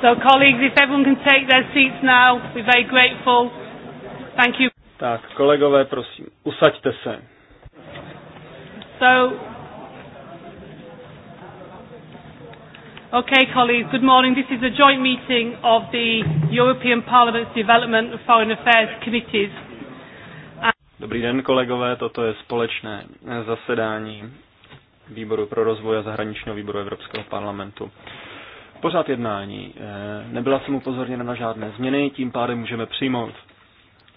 So, colleagues, if everyone can take their seats now, we're very grateful. Thank you. Tak, kolegové, prosím, usaďte se. So, okay, colleagues, good morning. This is a joint meeting of the European Parliament's Development and Foreign Affairs Committees. Dobrý den, kolegové, toto je společné zasedání výboru pro rozvoj a zahraničního výboru Evropského parlamentu. Pořád jednání. Eh, nebyla jsem upozorněna na žádné změny, tím pádem můžeme přijmout.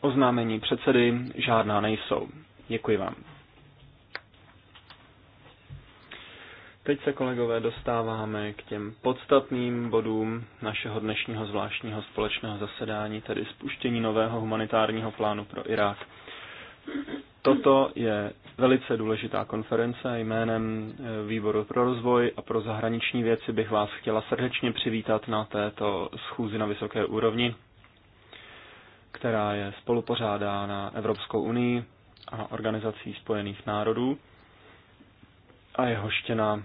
Oznámení předsedy žádná nejsou. Děkuji vám. Teď se, kolegové, dostáváme k těm podstatným bodům našeho dnešního zvláštního společného zasedání, tedy spuštění nového humanitárního plánu pro Irák. Toto je velice důležitá konference. Jménem eh, Výboru pro rozvoj a pro zahraniční věci bych vás chtěla srdečně přivítat na této schůzi na vysoké úrovni, která je spolupořádána Evropskou unii a Organizací spojených národů a je hoštěna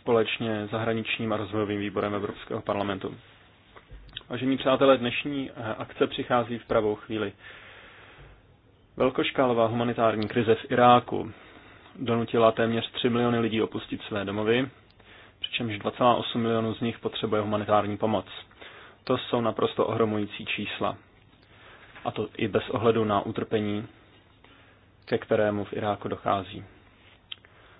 společně zahraničním a rozvojovým výborem Evropského parlamentu. Vážení přátelé, dnešní eh, akce přichází v pravou chvíli. Velkoškálová humanitární krize v Iráku donutila téměř 3 miliony lidí opustit své domovy, přičemž 2,8 milionů z nich potřebuje humanitární pomoc. To jsou naprosto ohromující čísla. A to i bez ohledu na utrpení, ke kterému v Iráku dochází.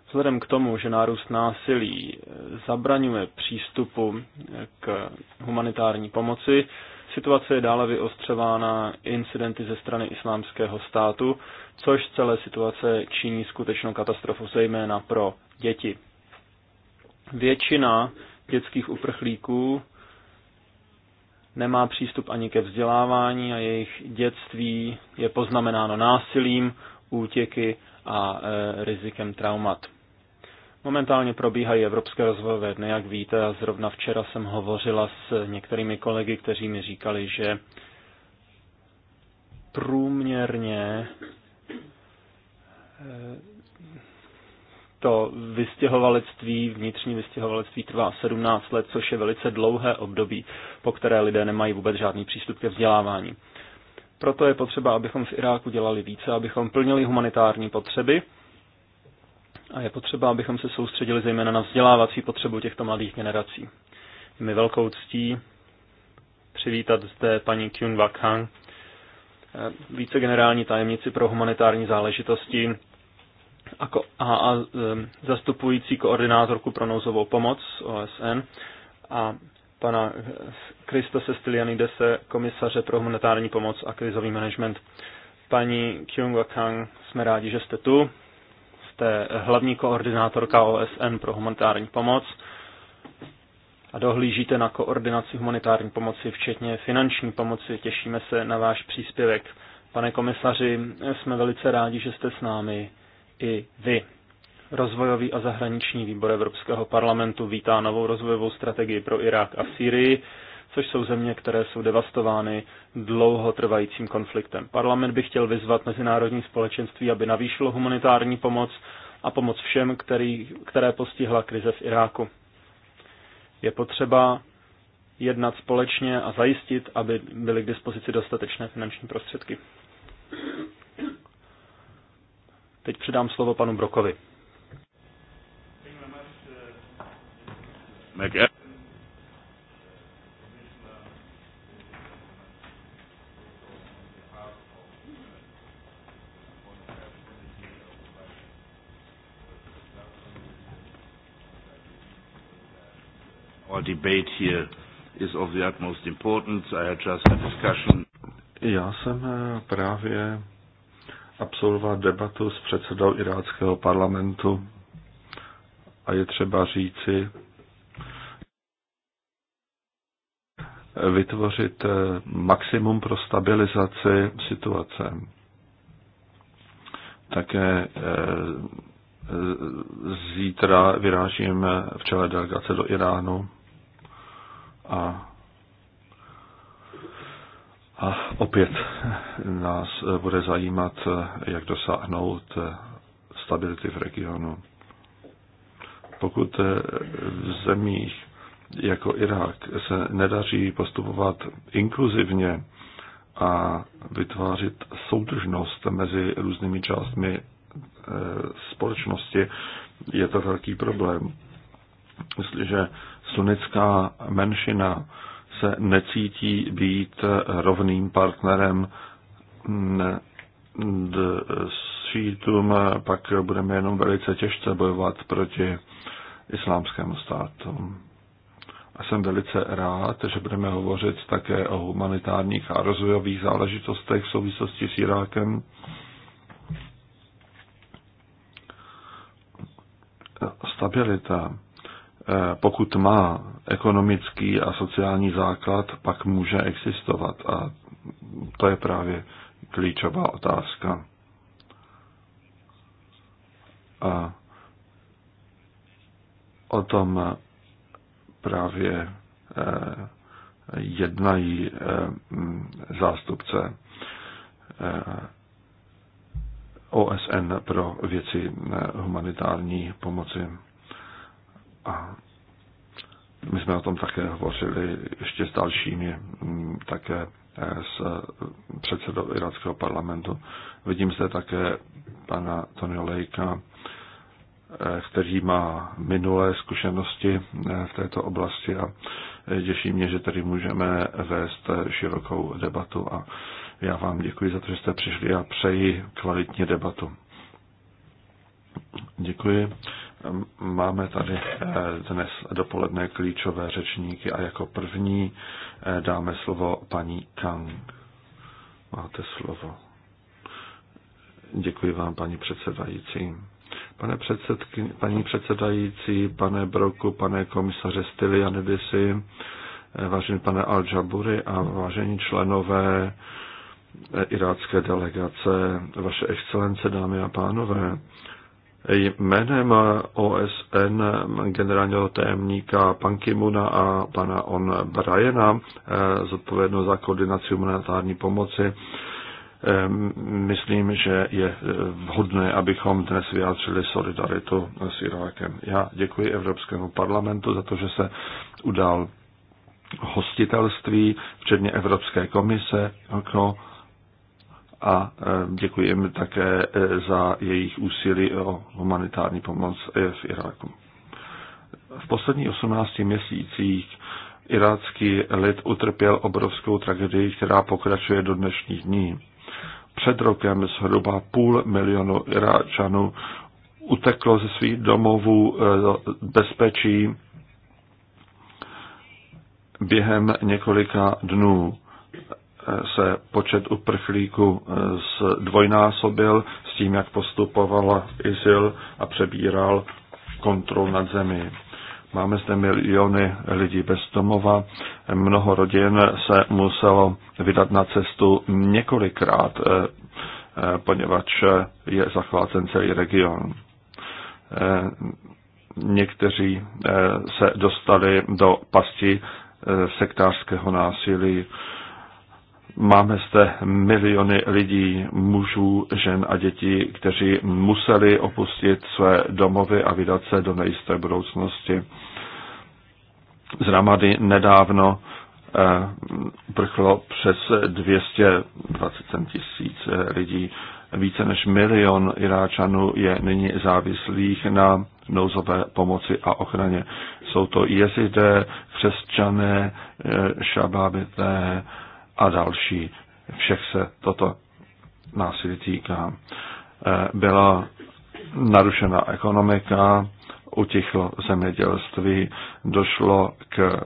Vzhledem k tomu, že nárůst násilí eh, zabraňuje přístupu eh, k humanitární pomoci, Situace je dále vyostřována incidenty ze strany islámského státu, což celé situace činí skutečnou katastrofu zejména pro děti. Většina dětských uprchlíků nemá přístup ani ke vzdělávání a jejich dětství je poznamenáno násilím, útěky a e, rizikem traumat. Momentálně probíhají Evropské rozvojové dny, jak víte, a zrovna včera jsem hovořila s některými kolegy, kteří mi říkali, že průměrně eh, to vystěhovalectví, vnitřní vystěhovalectví trvá 17 let, což je velice dlouhé období, po které lidé nemají vůbec žádný přístup ke vzdělávání. Proto je potřeba, abychom v Iráku dělali více, abychom plnili humanitární potřeby a je potřeba, abychom se soustředili zejména na vzdělávací potřebu těchto mladých generací. Je mi velkou ctí přivítat zde paní Kyun Wakhang, eh, generální tajemnici pro humanitární záležitosti a, ko- a, a eh, zastupující koordinátorku pro nouzovou pomoc OSN a pana eh, Krista Sestilianidese, komisaře pro humanitární pomoc a krizový management. Paní Kyung Wakhang, jsme rádi, že jste tu jste hlavní koordinátorka OSN pro humanitární pomoc a dohlížíte na koordinaci humanitární pomoci, včetně finanční pomoci. Těšíme se na váš příspěvek. Pane komisaři, jsme velice rádi, že jste s námi i vy. Rozvojový a zahraniční výbor Evropského parlamentu vítá novou rozvojovou strategii pro Irák a Sýrii což jsou země, které jsou devastovány dlouhotrvajícím konfliktem. Parlament by chtěl vyzvat mezinárodní společenství, aby navýšilo humanitární pomoc a pomoc všem, který, které postihla krize v Iráku. Je potřeba jednat společně a zajistit, aby byly k dispozici dostatečné finanční prostředky. Teď předám slovo panu Brokovi. our debate here is of the utmost importance. I had just a discussion. Já jsem eh, právě absolvoval debatu s předsedou iráckého parlamentu a je třeba říci, vytvořit eh, maximum pro stabilizaci situace. Také eh, zítra vyrážím v čele delegace do Iránu a, a opět nás bude zajímat, jak dosáhnout stability v regionu. Pokud v zemích jako Irák se nedaří postupovat inkluzivně a vytvářet soudržnost mezi různými částmi eh, společnosti, je to velký problém. Jestliže sunnická menšina se necítí být rovným partnerem šítům, pak budeme jenom velice těžce bojovat proti islámskému státu. A jsem velice rád, že budeme hovořit také o humanitárních a rozvojových záležitostech v souvislosti s Irákem. Stabilita Eh, pokud má ekonomický a sociální základ, pak může existovat. A to je právě klíčová otázka. A o tom právě eh, jednají eh, zástupce OSN pro věci humanitární pomoci. A my jsme o tom také hovořili ještě s dalšími, mm, také eh, s eh, předsedou iráckého parlamentu. Vidím zde také pana Tony Lejka, eh, který má minulé zkušenosti v této oblasti a těší mě, že tady můžeme vést širokou debatu a já vám děkuji za to, že jste přišli a přeji kvalitní debatu. Děkuji. Máme tady eh, dnes dopoledne klíčové řečníky a jako první eh, dáme slovo paní Kang. Máte slovo. Děkuji vám, paní předsedající. Pane předsedky, paní předsedající, pane Broku, pane komisaře Stylianidisi, eh, vážený pane al a vážení členové irácké delegace, vaše excelence, dámy a pánové, jménem OSN generálního tajemníka Pan Kimuna a pana On Briana, eh, zodpovědnou za koordinaci humanitární pomoci, eh, myslím, že je eh, vhodné, abychom dnes vyjádřili solidaritu s Irákem. Já děkuji Evropskému parlamentu za to, že se udal hostitelství, včetně Evropské komise, jako a e, děkuji jim také e, za jejich úsilí o humanitární pomoc e, v Iráku. V posledních 18 měsících irácký lid utrpěl obrovskou tragédii, která pokračuje do dnešních dní. Před rokem zhruba půl milionu Iráčanů uteklo ze svých domovů bezpečí během několika dnů se počet uprchlíků zdvojnásobil eh, s tím, jak postupovala ISIL a přebíral kontrol nad zemí. Máme zde miliony lidí bez domova. Mnoho rodin se muselo vydat na cestu několikrát, eh, eh, poněvadž je zachvácen celý region. Někteří se dostali do pasti sektářského násilí Máme zde miliony lidí, mužů, žen a dětí, kteří museli opustit své domovy a vydat se do nejisté budoucnosti. Z Ramady nedávno eh, prchlo přes 220 tisíc eh, lidí. Více než milion Iráčanů je nyní závislých na nouzové pomoci a ochraně. Jsou to jezidé, křesťané, eh, šababité, a další. Všech se toto násilí týká. Eh, byla narušena ekonomika, utichlo zemědělství, došlo k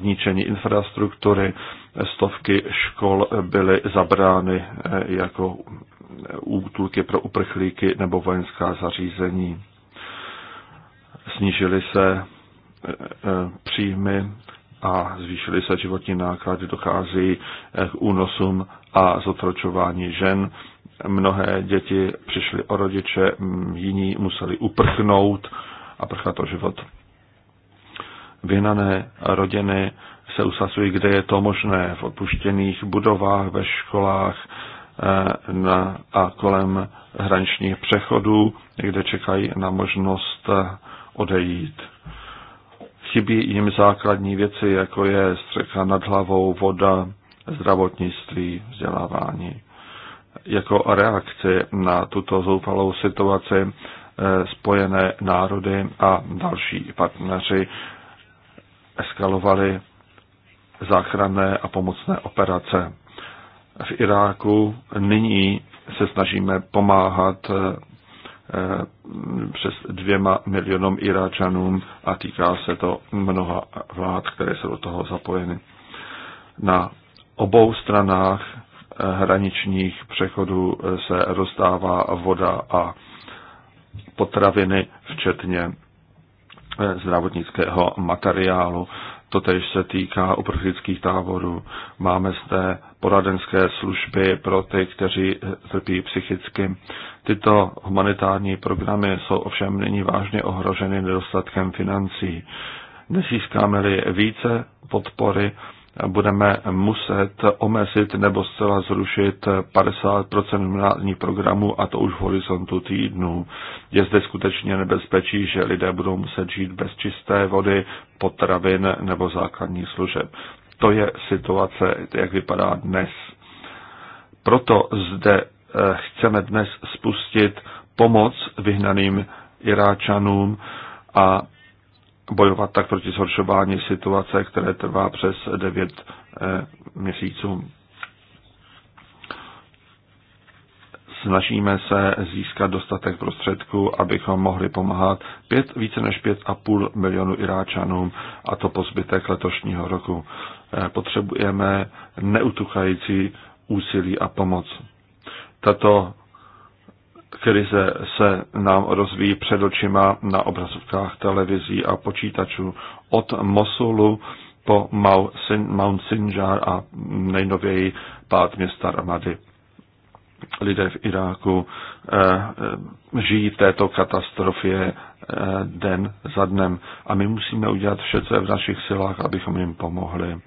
zničení infrastruktury, stovky škol byly zabrány eh, jako útulky pro uprchlíky nebo vojenská zařízení. Snížily se eh, příjmy a zvýšily se životní náklady, dochází eh, k únosům a zotročování žen. Mnohé děti přišly o rodiče, mm, jiní museli uprchnout a prchat o život. Vyhnané rodiny se usazují, kde je to možné, v odpuštěných budovách, ve školách eh, na, a kolem hraničních přechodů, kde čekají na možnost eh, odejít Chybí jim základní věci, jako je střecha nad hlavou, voda, zdravotnictví, vzdělávání. Jako reakci na tuto zoufalou situaci eh, Spojené národy a další partneři eskalovali záchranné a pomocné operace. V Iráku nyní se snažíme pomáhat eh, Eh, přes dvěma milionům Iráčanům a týká se to mnoha vlád, které jsou do toho zapojeny. Na obou stranách hraničních přechodů se rozdává voda a potraviny, včetně eh, zdravotnického materiálu to tež se týká uprchlických táborů. Máme zde poradenské služby pro ty, kteří eh, trpí psychicky. Tyto humanitární programy jsou ovšem nyní vážně ohroženy nedostatkem financí. Nezískáme-li více podpory, budeme muset omezit nebo zcela zrušit 50% humanitárních programů a to už v horizontu týdnu. Je zde skutečně nebezpečí, že lidé budou muset žít bez čisté vody, potravin nebo základních služeb. To je situace, jak vypadá dnes. Proto zde eh, chceme dnes spustit pomoc vyhnaným Iráčanům a bojovat tak proti zhoršování situace, které trvá přes 9 eh, měsíců. Snažíme se získat dostatek prostředků, abychom mohli pomáhat pět, více než 5,5 milionu Iráčanům, a to po zbytek letošního roku. Eh, potřebujeme neutuchající úsilí a pomoc. Tato krize se nám rozvíjí před očima na obrazovkách televizí a počítačů od Mosulu po Mount Sinjar a nejnověji pád města Ramady. Lidé v Iráku eh, žijí v této katastrofě eh, den za dnem a my musíme udělat vše, co je v našich silách, abychom jim pomohli.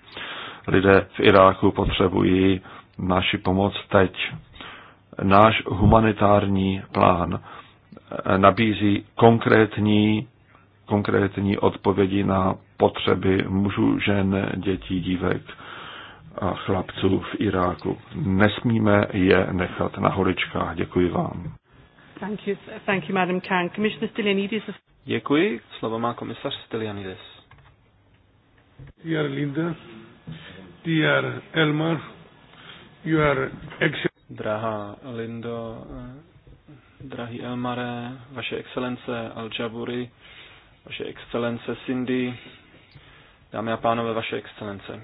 Lidé v Iráku potřebují naši pomoc teď náš humanitární plán eh, nabízí konkrétní, konkrétní odpovědi na potřeby mužů, žen, dětí, dívek a chlapců v Iráku. Nesmíme je nechat na holičkách. Děkuji vám. Thank you, thank you, Madam Khan. Commissioner Stylianides. Děkuji. Slovo má komisař Stylianides. Dear Linda, dear Elmar, you are excellent. Drahá Lindo, drahý Elmare, vaše excelence Al-Jaburi, vaše excelence Cindy, dámy a pánové, vaše excelence.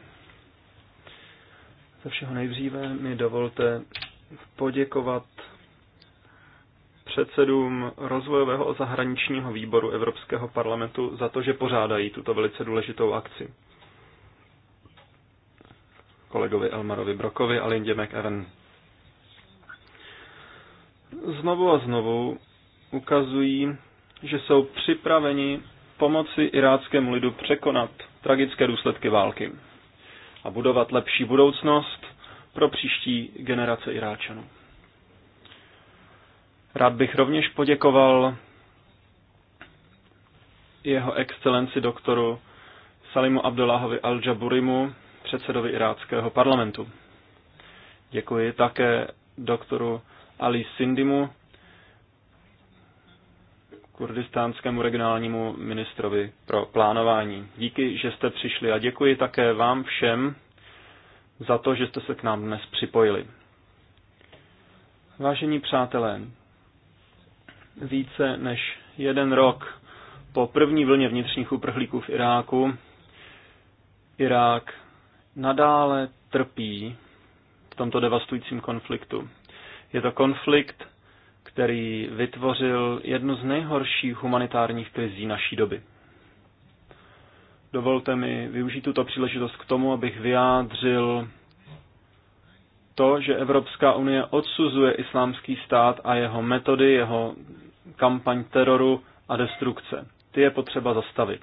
Ze všeho nejdříve mi dovolte poděkovat předsedům rozvojového a zahraničního výboru Evropského parlamentu za to, že pořádají tuto velice důležitou akci. Kolegovi Elmarovi Brokovi a Lindě McEwen znovu a znovu ukazují, že jsou připraveni pomoci iráckému lidu překonat tragické důsledky války a budovat lepší budoucnost pro příští generace Iráčanů. Rád bych rovněž poděkoval jeho excelenci doktoru Salimu Abdullahovi Al-Jaburimu, předsedovi iráckého parlamentu. Děkuji také doktoru Ali Sindimu, kurdistánskému regionálnímu ministrovi pro plánování. Díky, že jste přišli a děkuji také vám všem za to, že jste se k nám dnes připojili. Vážení přátelé, více než jeden rok po první vlně vnitřních uprchlíků v Iráku, Irák nadále trpí v tomto devastujícím konfliktu. Je to konflikt, který vytvořil jednu z nejhorších humanitárních krizí naší doby. Dovolte mi využít tuto příležitost k tomu, abych vyjádřil to, že Evropská unie odsuzuje islámský stát a jeho metody, jeho kampaň teroru a destrukce. Ty je potřeba zastavit.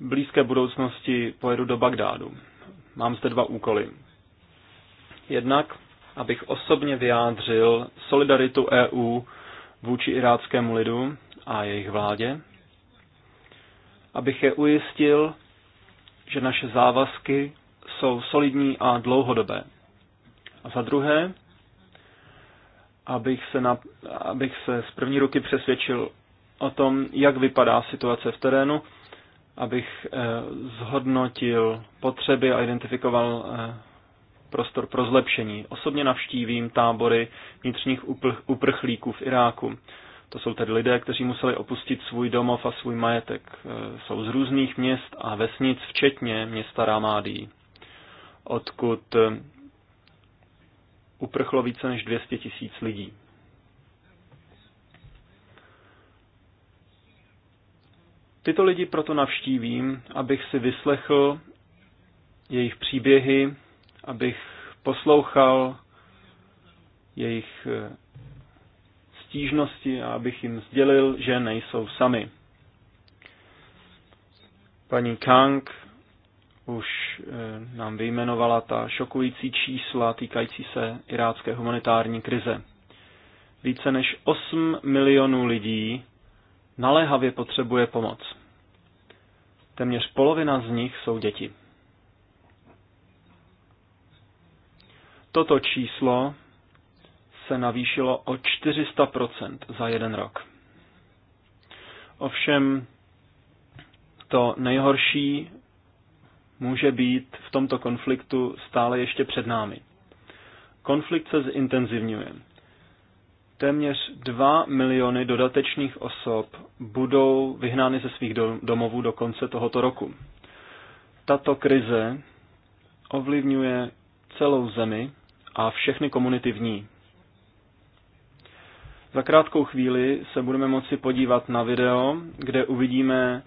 V blízké budoucnosti pojedu do Bagdádu. Mám zde dva úkoly. Jednak, abych osobně vyjádřil solidaritu EU vůči iráckému lidu a jejich vládě, abych je ujistil, že naše závazky jsou solidní a dlouhodobé. A za druhé, abych se, na, abych se z první ruky přesvědčil o tom, jak vypadá situace v terénu abych eh, zhodnotil potřeby a identifikoval eh, prostor pro zlepšení. Osobně navštívím tábory vnitřních uprchlíků v Iráku. To jsou tedy lidé, kteří museli opustit svůj domov a svůj majetek. Eh, jsou z různých měst a vesnic, včetně města Ramádí, odkud uprchlo více než 200 tisíc lidí. Tyto lidi proto navštívím, abych si vyslechl jejich příběhy, abych poslouchal jejich eh, stížnosti a abych jim sdělil, že nejsou sami. Paní Kang už eh, nám vyjmenovala ta šokující čísla týkající se irácké humanitární krize. Více než 8 milionů lidí naléhavě potřebuje pomoc. Téměř polovina z nich jsou děti. Toto číslo se navýšilo o 400% za jeden rok. Ovšem to nejhorší může být v tomto konfliktu stále ještě před námi. Konflikt se zintenzivňuje téměř 2 miliony dodatečných osob budou vyhnány ze svých domovů do konce tohoto roku. Tato krize ovlivňuje celou zemi a všechny komunity v ní. Za krátkou chvíli se budeme moci podívat na video, kde uvidíme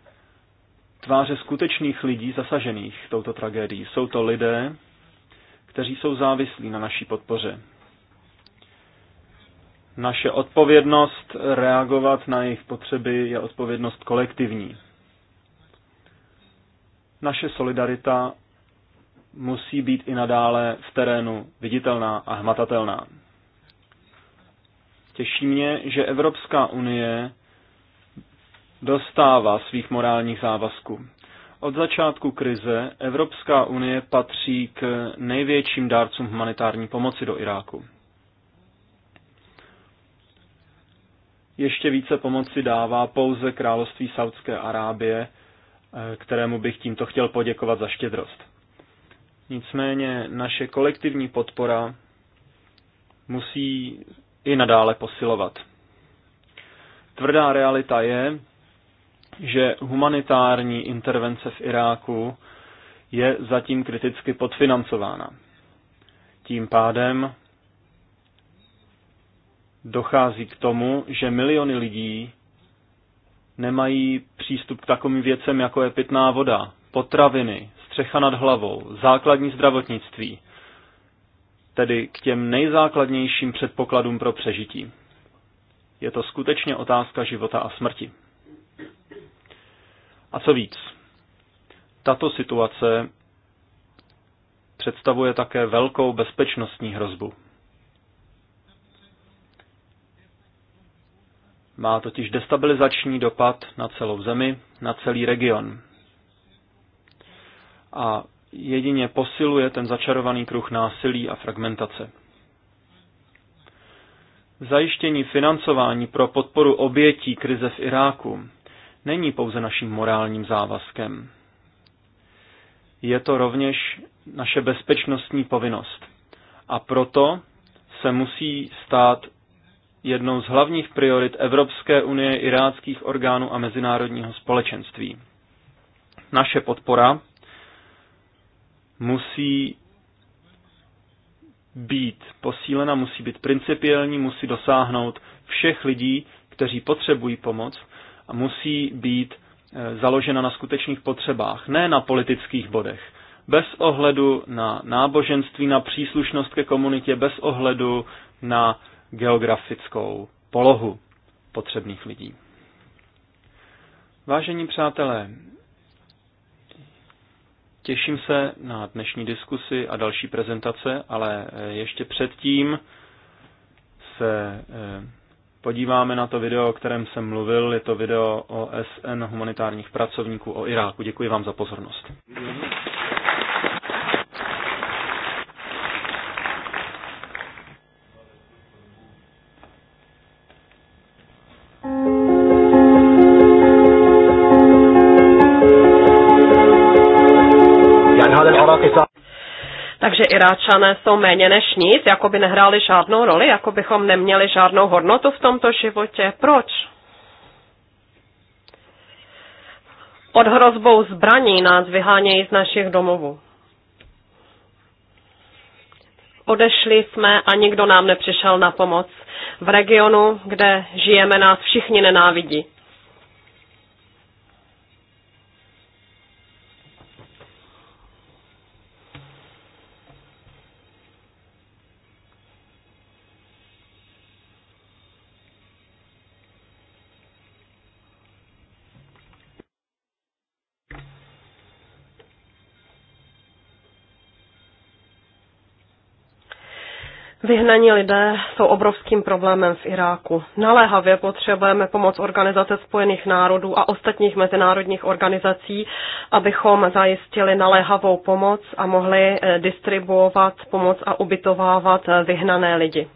tváře skutečných lidí zasažených touto tragédií. Jsou to lidé, kteří jsou závislí na naší podpoře. Naše odpovědnost reagovat na jejich potřeby je odpovědnost kolektivní. Naše solidarita musí být i nadále v terénu viditelná a hmatatelná. Těší mě, že Evropská unie dostává svých morálních závazků. Od začátku krize Evropská unie patří k největším dárcům humanitární pomoci do Iráku. ještě více pomoci dává pouze království Saudské Arábie, eh, kterému bych tímto chtěl poděkovat za štědrost. Nicméně naše kolektivní podpora musí i nadále posilovat. Tvrdá realita je, že humanitární intervence v Iráku je zatím kriticky podfinancována. Tím pádem dochází k tomu, že miliony lidí nemají přístup k takovým věcem, jako je pitná voda, potraviny, střecha nad hlavou, základní zdravotnictví, tedy k těm nejzákladnějším předpokladům pro přežití. Je to skutečně otázka života a smrti. A co víc, tato situace představuje také velkou bezpečnostní hrozbu. Má totiž destabilizační dopad na celou zemi, na celý region. A jedině posiluje ten začarovaný kruh násilí a fragmentace. Zajištění financování pro podporu obětí krize v Iráku není pouze naším morálním závazkem. Je to rovněž naše bezpečnostní povinnost. A proto se musí stát jednou z hlavních priorit Evropské unie, iráckých orgánů a mezinárodního společenství. Naše podpora musí být posílena, musí být principiální, musí dosáhnout všech lidí, kteří potřebují pomoc a musí být eh, založena na skutečných potřebách, ne na politických bodech. Bez ohledu na náboženství, na příslušnost ke komunitě, bez ohledu na geografickou polohu potřebných lidí. Vážení přátelé, těším se na dnešní diskusi a další prezentace, ale eh, ještě předtím se eh, podíváme na to video, o kterém jsem mluvil. Je to video o SN humanitárních pracovníků o Iráku. Děkuji vám za pozornost. že Iráčané jsou méně než nic, jako by nehráli žádnou roli, jako bychom neměli žádnou hodnotu v tomto životě. Proč? Pod hrozbou zbraní nás vyhánějí z našich domovů. Odešli jsme a nikdo nám nepřišel na pomoc. V regionu, kde žijeme, nás všichni nenávidí. Vyhnaní lidé jsou obrovským problémem v Iráku. Naléhavě potřebujeme pomoc Organizace spojených národů a ostatních mezinárodních organizací, abychom zajistili naléhavou pomoc a mohli eh, distribuovat pomoc a ubytovávat eh, vyhnané lidi.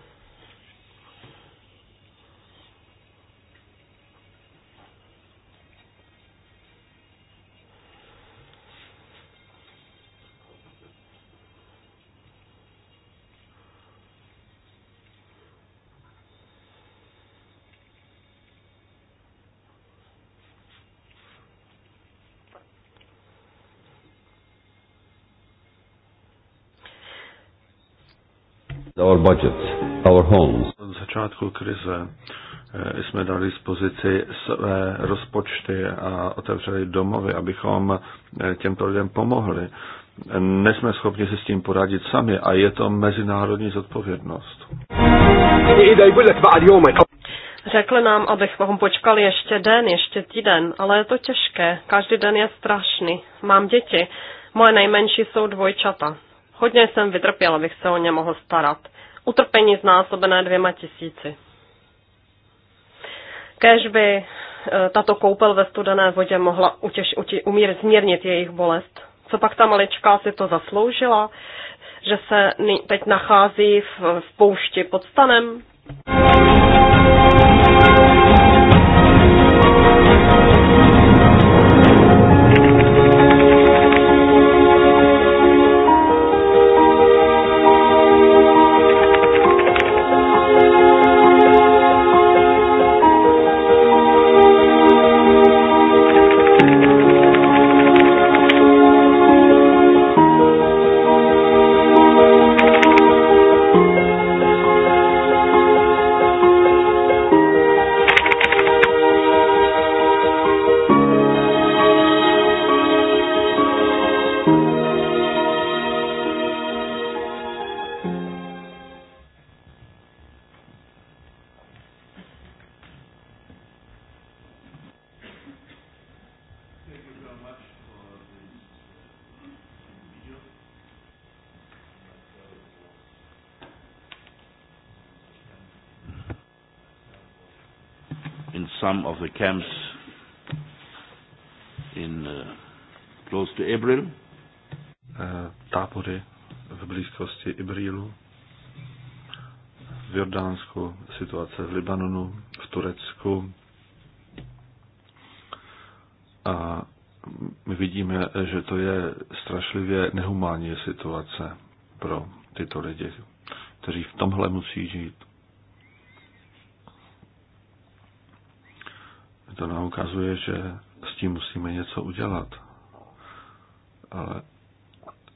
our budgets, our homes. Od začátku krize eh, jsme dali dispozici své rozpočty a otevřeli domovy, abychom eh, těmto lidem pomohli. Nesme schopni se s tím poradit sami a je to mezinárodní zodpovědnost. Řekli nám, abychom počkali ještě den, ještě týden, ale je to těžké. Každý den je strašný. Mám děti. Moje nejmenší jsou dvojčata. Hodně jsem vytrpěl, abych se o ně mohl starat utrpení znásobené dvěma tisíci. Kež by e, tato koupel ve studené vodě mohla utěž, utě, umír zmírnit jejich bolest. Co pak ta maličká si to zasloužila, že se teď nachází v, v poušti pod stanem? the camps in uh, close to April. Uh, v blízkosti Ibrilu, v Jordánsku, situace v Libanonu, v Turecku. A my vidíme, že to je strašlivě nehumánní situace pro tyto lidi, kteří v tomhle musí žít. To nám ukazuje, že s tím musíme něco udělat. Ale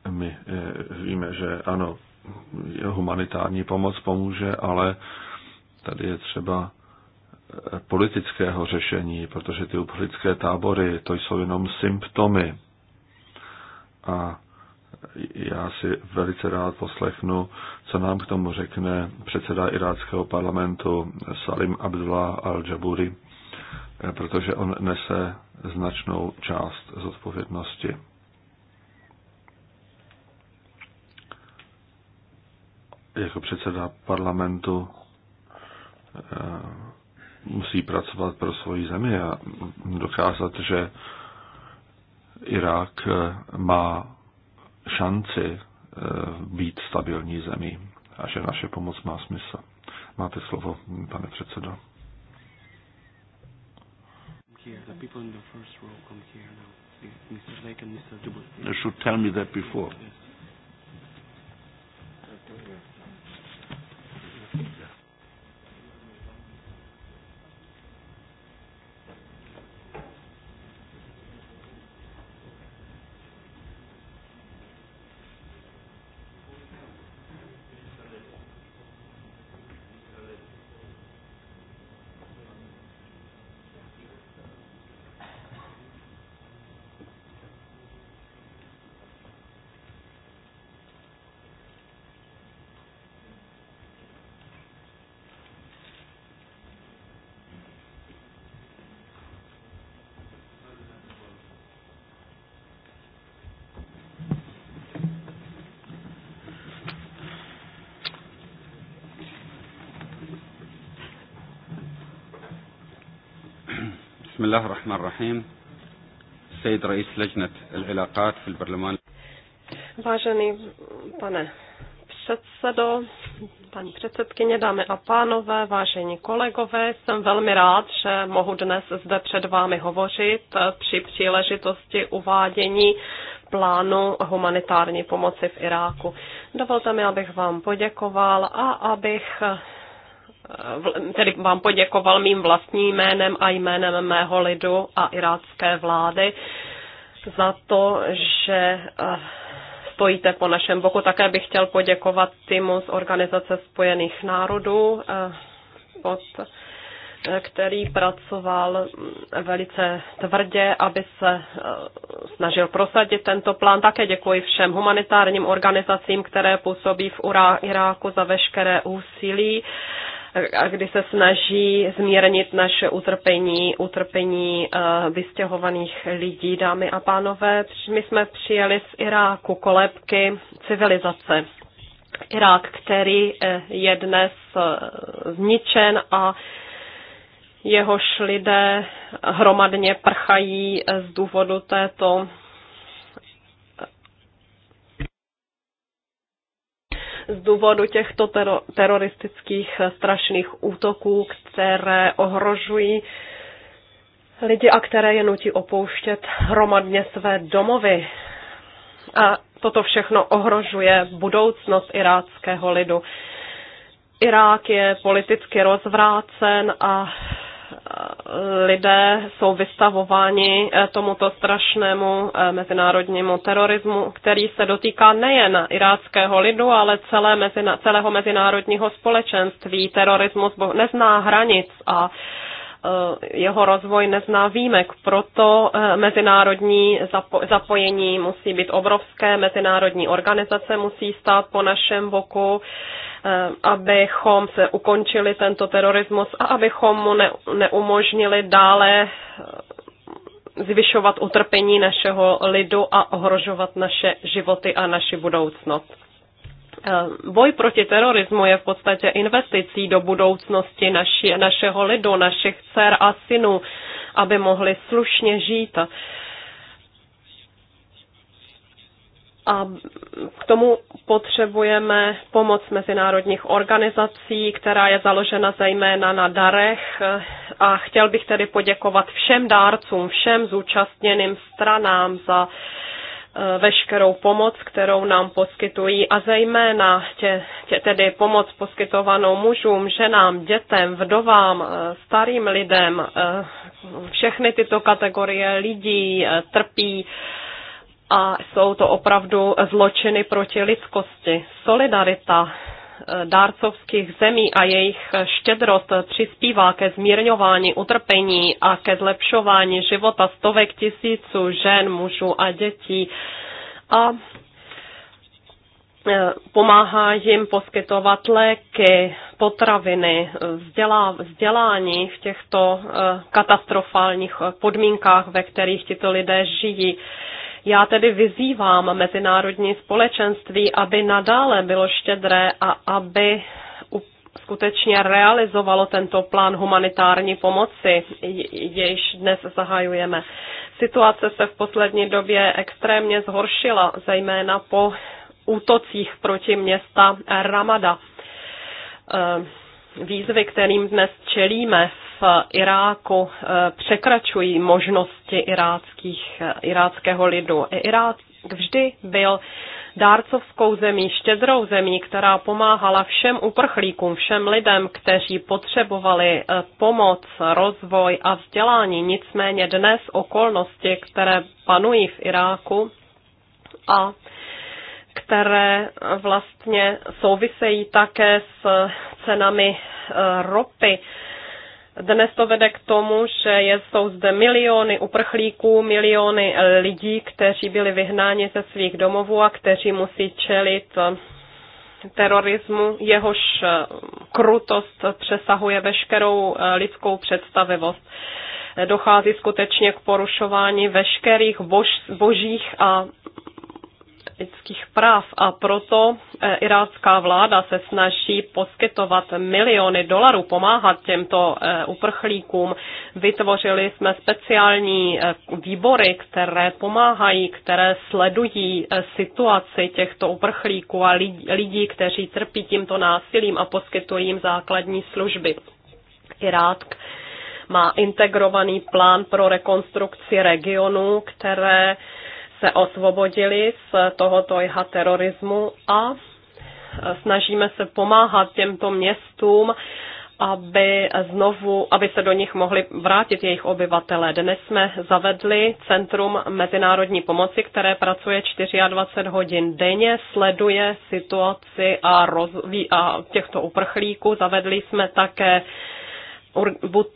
my eh, víme, že ano, humanitární pomoc pomůže, ale tady je třeba eh, politického řešení, protože ty uprchlické tábory, to jsou jenom symptomy. A já si velice rád poslechnu, co nám k tomu řekne předseda iráckého parlamentu Salim Abdullah al-Jaburi. Eh, protože on nese značnou část zodpovědnosti. Jako předseda parlamentu eh, musí pracovat pro svoji zemi a dokázat, že Irák eh, má šanci být stabilní zemí a že naše pomoc má smysl. Máte slovo, pane předsedo here. The people in the first row come here now. Mr. Lake and Mr. Dubois. They should tell me that before. Yes. الله الرحمن الرحيم سيد رئيس لجنة العلاقات في البرلمان Vážený pane předsedo, paní předsedkyně, dámy a pánové, vážení kolegové, jsem velmi rád, že mohu dnes zde před vámi hovořit při příležitosti uvádění plánu humanitární pomoci v Iráku. Dovolte mi, abych vám poděkoval a abych tedy vám poděkoval mým vlastním jménem a jménem mého lidu a irácké vlády za to, že eh, stojíte po našem boku. Také bych chtěl poděkovat týmu z Organizace spojených národů, pod, eh, eh, který pracoval mm, velice tvrdě, aby se snažil prosadit tento plán. Také děkuji všem humanitárním organizacím, které působí v Iráku za veškeré úsilí a kdy se snaží zmírnit naše utrpení, utrpení eh, vystěhovaných lidí, dámy a pánové. My jsme přijeli z Iráku kolebky civilizace. Irák, který eh, je dnes eh, zničen a jehož lidé hromadně prchají z důvodu této z důvodu těchto teroristických eh, strašných útoků, které ohrožují lidi a které je nutí opouštět hromadně své domovy. A toto všechno ohrožuje budoucnost iráckého lidu. Irák je politicky rozvrácen a lidé jsou vystavováni eh, tomuto strašnému eh, mezinárodnímu terorismu, který se dotýká nejen iráckého lidu, ale celé mezina, celého mezinárodního společenství. Terorismus nezná hranic a Eh, jeho rozvoj nezná výjimek, proto eh, mezinárodní zapojení musí být obrovské, mezinárodní organizace musí stát po našem boku, eh, abychom se ukončili tento terorismus a abychom mu neumožnili dále zvyšovat utrpení našeho lidu a ohrožovat naše životy a naši budoucnost. Eh, boj proti terorismu je v podstatě investicí do budoucnosti naši, našeho lidu, našich dcer a synů, aby mohli slušně žít. A k tomu potřebujeme pomoc mezinárodních organizací, která je založena zejména na darech. A chtěl bych tedy poděkovat všem dárcům, všem zúčastněným stranám za uh, Eh, veškerou pomoc, kterou nám poskytují a zejména tě, tě, tedy pomoc poskytovanou mužům, ženám, dětem, vdovám, eh, starým lidem. Eh, všechny tyto kategorie lidí trpí a jsou to opravdu zločiny proti lidskosti. Solidarita Eh, dárcovských zemí a jejich štědrost přispívá ke zmírňování utrpení a ke zlepšování života stovek tisíců žen, mužů a dětí. A eh, pomáhá jim poskytovat léky, potraviny, vzdělání v těchto eh, katastrofálních podmínkách, ve kterých tito lidé žijí. Já tedy vyzývám mezinárodní společenství, aby nadále bylo štědré a aby skutečně realizovalo tento plán humanitární pomoci, jejž dnes zahajujeme. Situace se v poslední době extrémně zhoršila, zejména po útocích proti města Ramada. Eh, výzvy, kterým dnes čelíme v Iráku, eh, překračují možnosti iráckých, eh, iráckého lidu. Irák vždy byl dárcovskou zemí, štědrou zemí, která pomáhala všem uprchlíkům, všem lidem, kteří potřebovali eh, pomoc, rozvoj a vzdělání. Nicméně dnes okolnosti, které panují v Iráku a které vlastně souvisejí také s cenami eh, ropy. Dnes to vede k tomu, že jsou zde miliony uprchlíků, miliony lidí, kteří byli vyhnáni ze svých domovů a kteří musí čelit eh, terorismu, jehož eh, krutost přesahuje veškerou lidskou představivost. Dochází skutečně k porušování veškerých bož, božích a lidských práv a proto eh, irácká vláda se snaží poskytovat miliony dolarů, pomáhat těmto eh, uprchlíkům. Vytvořili jsme speciální eh, výbory, které pomáhají, které sledují situaci těchto uprchlíků a lidí, kteří trpí tímto násilím a poskytují jim základní služby. Irák má integrovaný plán pro rekonstrukci regionu, které se osvobodili z tohoto jeho terorismu a snažíme se pomáhat těmto městům, aby znovu, aby se do nich mohli vrátit jejich obyvatelé. Dnes jsme zavedli Centrum mezinárodní pomoci, které pracuje 24 hodin denně, sleduje situaci a, rozví, a těchto uprchlíků. Zavedli jsme také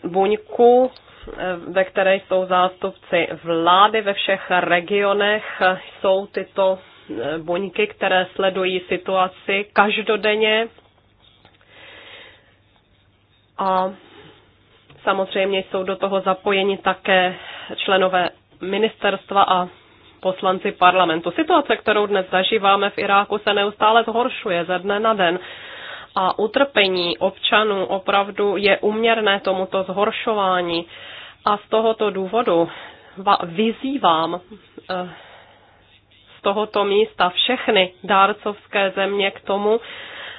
buňku Eh, ve které jsou zástupci vlády ve všech regionech, jsou tyto eh, buňky, které sledují situaci každodenně. A samozřejmě jsou do toho zapojeni také členové ministerstva a poslanci parlamentu. Situace, kterou dnes zažíváme v Iráku, se neustále zhoršuje ze dne na den a utrpení občanů opravdu je uměrné tomuto zhoršování. A z tohoto důvodu vyzývám eh, z tohoto místa všechny dárcovské země k tomu,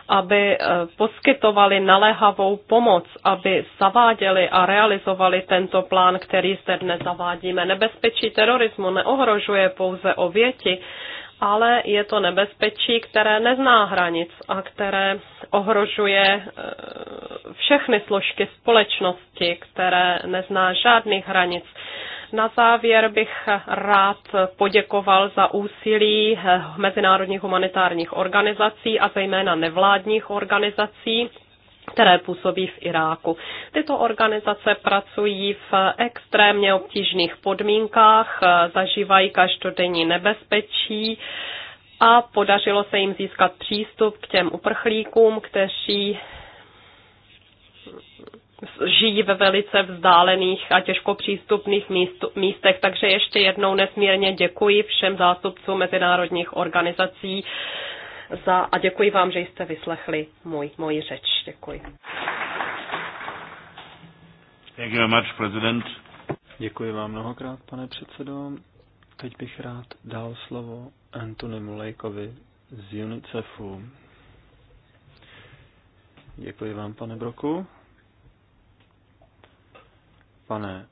aby eh, poskytovali naléhavou pomoc, aby zaváděli a realizovali tento plán, který zde dnes zavádíme. Nebezpečí terorismu neohrožuje pouze oběti, ale je to nebezpečí, které nezná hranic a které ohrožuje eh, všechny složky společnosti, které nezná žádných hranic. Na závěr bych rád poděkoval za úsilí eh, mezinárodních humanitárních organizací a zejména nevládních organizací, které působí v Iráku. Tyto organizace pracují v extrémně obtížných podmínkách, eh, zažívají každodenní nebezpečí a podařilo se jim získat přístup k těm uprchlíkům, kteří žijí ve velice vzdálených a těžko přístupných místech. Takže ještě jednou nesmírně děkuji všem zástupcům mezinárodních organizací za, a děkuji vám, že jste vyslechli můj, moji řeč. Děkuji. Thank you very much, President. Děkuji vám mnohokrát, pane předsedo. Teď bych rád dal slovo Antonimu Lejkovi z UNICEFu. Děkuji vám, pane Broku. Pane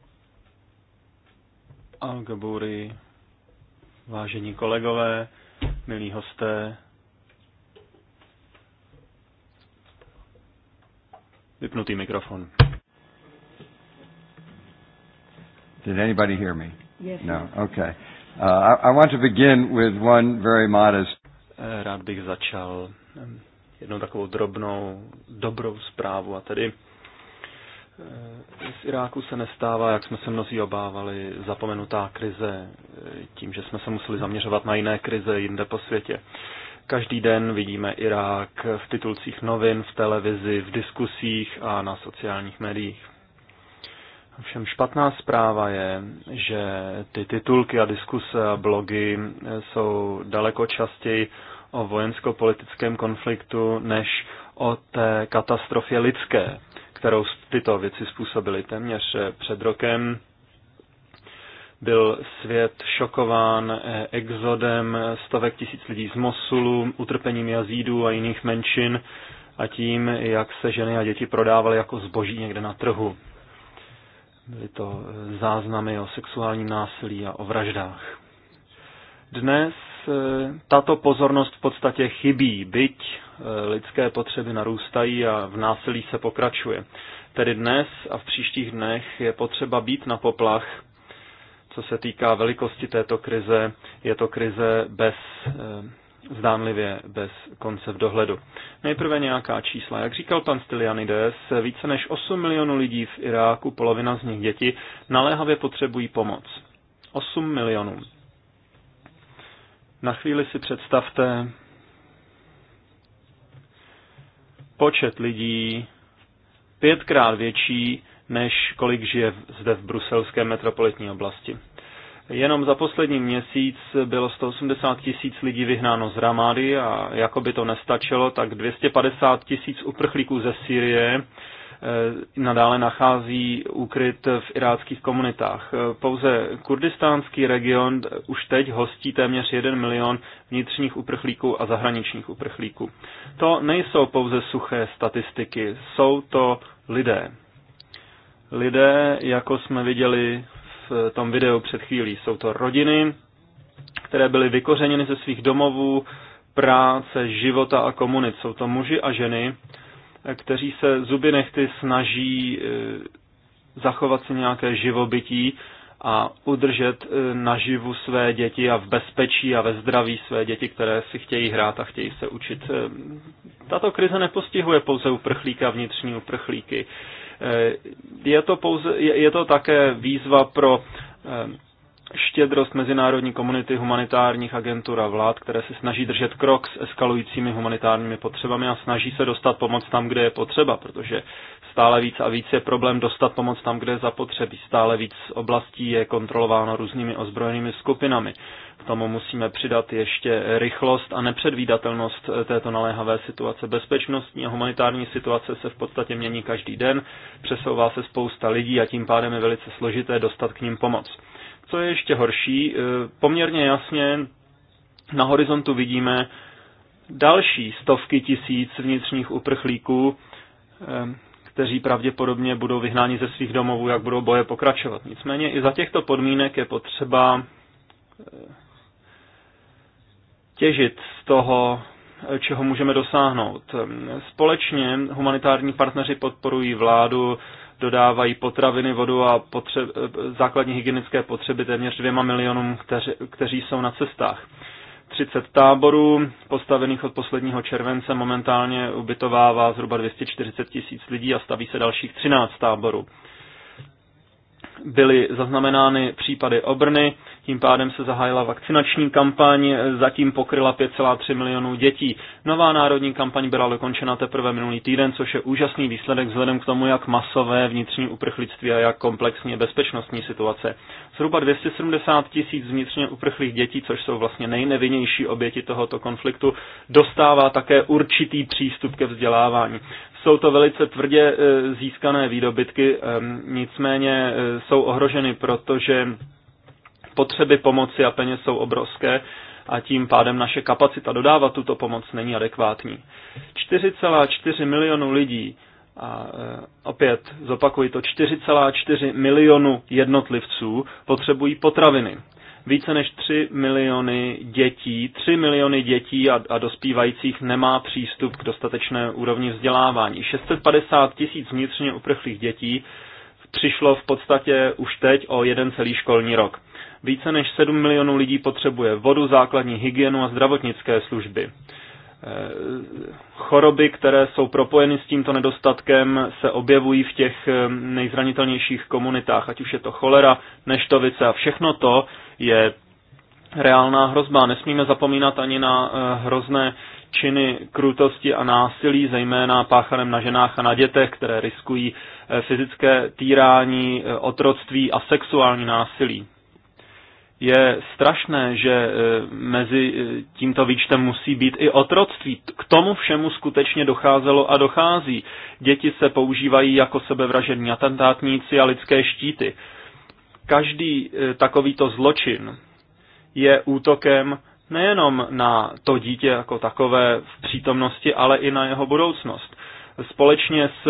Algabury, vážení kolegové, milí hosté, vypnutý mikrofon. Did anybody hear me? Yes. No. Okay. Uh, I want to begin with one very modest. Eh, rád bych začal jednou takovou drobnou, dobrou zprávu a tedy eh, z Iráku se nestává, jak jsme se mnozí obávali, zapomenutá krize, eh, tím, že jsme se museli zaměřovat na jiné krize jinde po světě. Každý den vidíme Irák v titulcích novin, v televizi, v diskusích a na sociálních médiích. Všem špatná zpráva je, že ty titulky a diskuse a blogy jsou daleko častěji o vojensko-politickém konfliktu než o té katastrofě lidské, kterou tyto věci způsobily. Téměř eh, před rokem byl svět šokován eh, exodem stovek tisíc lidí z Mosulu, utrpením jazídů a jiných menšin a tím, jak se ženy a děti prodávaly jako zboží někde na trhu. Byly to eh, záznamy o sexuálním násilí a o vraždách. Dnes eh, tato pozornost v podstatě chybí, byť eh, lidské potřeby narůstají a v násilí se pokračuje. Tedy dnes a v příštích dnech je potřeba být na poplach, co se týká velikosti této krize. Je to krize bez zdánlivě bez konce v dohledu. Nejprve nějaká čísla. Jak říkal pan Stylianides, více než 8 milionů lidí v Iráku, polovina z nich děti, naléhavě potřebují pomoc. 8 milionů. Na chvíli si představte počet lidí pětkrát větší, než kolik žije zde v bruselské metropolitní oblasti. Jenom za poslední měsíc bylo 180 tisíc lidí vyhnáno z Ramády a jako by to nestačilo, tak 250 tisíc uprchlíků ze Sýrie eh, nadále nachází úkryt v iráckých komunitách. Pouze kurdistánský region už teď hostí téměř 1 milion vnitřních uprchlíků a zahraničních uprchlíků. To nejsou pouze suché statistiky, jsou to lidé. Lidé, jako jsme viděli v tom videu před chvílí. Jsou to rodiny, které byly vykořeněny ze svých domovů, práce, života a komunit. Jsou to muži a ženy, kteří se zuby nechty snaží eh, zachovat si nějaké živobytí a udržet eh, naživu své děti a v bezpečí a ve zdraví své děti, které si chtějí hrát a chtějí se učit. Eh, tato krize nepostihuje pouze uprchlíka, vnitřní uprchlíky. Eh, je to, pouze, je to také výzva pro eh, štědrost mezinárodní komunity humanitárních agentur a vlád, které se snaží držet krok s eskalujícími humanitárními potřebami a snaží se dostat pomoc tam, kde je potřeba, protože stále víc a víc je problém dostat pomoc tam, kde je zapotřebí. Stále víc oblastí je kontrolováno různými ozbrojenými skupinami. K tomu musíme přidat ještě rychlost a nepředvídatelnost této naléhavé situace. Bezpečnostní a humanitární situace se v podstatě mění každý den, přesouvá se spousta lidí a tím pádem je velice složité dostat k ním pomoc. Co je ještě horší, eh, poměrně jasně na horizontu vidíme další stovky tisíc vnitřních uprchlíků, eh, kteří pravděpodobně budou vyhnáni ze svých domovů, jak budou boje pokračovat. Nicméně i za těchto podmínek je potřeba eh, těžit z toho, eh, čeho můžeme dosáhnout. Eh, společně humanitární partneři podporují vládu, dodávají potraviny, vodu a potře- základní hygienické potřeby téměř dvěma milionům, kteři, kteří jsou na cestách. 30 táborů postavených od posledního července momentálně ubytovává zhruba 240 tisíc lidí a staví se dalších 13 táborů byly zaznamenány případy obrny, tím pádem se zahájila vakcinační kampaň, zatím pokryla 5,3 milionů dětí. Nová národní kampaň byla dokončena teprve minulý týden, což je úžasný výsledek vzhledem k tomu, jak masové vnitřní uprchlictví a jak komplexní bezpečnostní situace. Zhruba 270 tisíc vnitřně uprchlých dětí, což jsou vlastně nejnevinnější oběti tohoto konfliktu, dostává také určitý přístup ke vzdělávání. Jsou to velice tvrdě eh, získané výdobytky, eh, nicméně eh, jsou ohroženy, protože potřeby pomoci a peněz jsou obrovské a tím pádem naše kapacita dodávat tuto pomoc není adekvátní. 4,4 milionu lidí, a opět zopakuji to, 4,4 milionu jednotlivců potřebují potraviny více než 3 miliony dětí, 3 miliony dětí a, a dospívajících nemá přístup k dostatečné úrovni vzdělávání. 650 tisíc vnitřně uprchlých dětí přišlo v podstatě už teď o jeden celý školní rok. Více než 7 milionů lidí potřebuje vodu, základní hygienu a zdravotnické služby. Eh, choroby, které jsou propojeny s tímto nedostatkem, se objevují v těch eh, nejzranitelnějších komunitách, ať už je to cholera, neštovice a všechno to je reálná hrozba. Nesmíme zapomínat ani na eh, hrozné činy krutosti a násilí, zejména páchanem na ženách a na dětech, které riskují fyzické týrání, otroctví a sexuální násilí je strašné, že e, mezi e, tímto výčtem musí být i otroctví. K tomu všemu skutečně docházelo a dochází. Děti se používají jako sebevražední atentátníci a lidské štíty. Každý e, takovýto zločin je útokem nejenom na to dítě jako takové v přítomnosti, ale i na jeho budoucnost. Společně s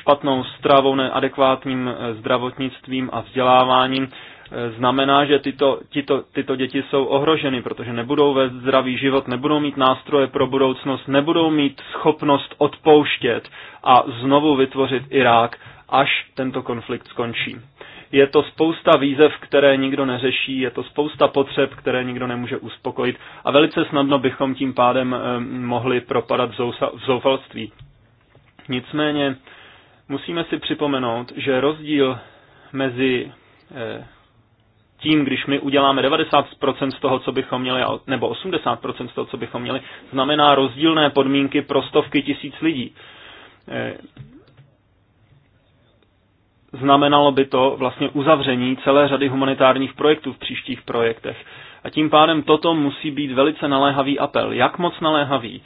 špatnou stravou, neadekvátním zdravotnictvím a vzděláváním znamená, že tyto, tyto, tyto děti jsou ohroženy, protože nebudou vést zdravý život, nebudou mít nástroje pro budoucnost, nebudou mít schopnost odpouštět a znovu vytvořit Irák, až tento konflikt skončí. Je to spousta výzev, které nikdo neřeší, je to spousta potřeb, které nikdo nemůže uspokojit a velice snadno bychom tím pádem eh, mohli propadat v zoufalství. Nicméně musíme si připomenout, že rozdíl mezi eh, tím, když my uděláme 90% z toho, co bychom měli, nebo 80% z toho, co bychom měli, znamená rozdílné podmínky pro stovky tisíc lidí. Eh, znamenalo by to vlastně uzavření celé řady humanitárních projektů v příštích projektech. A tím pádem toto musí být velice naléhavý apel. Jak moc naléhavý?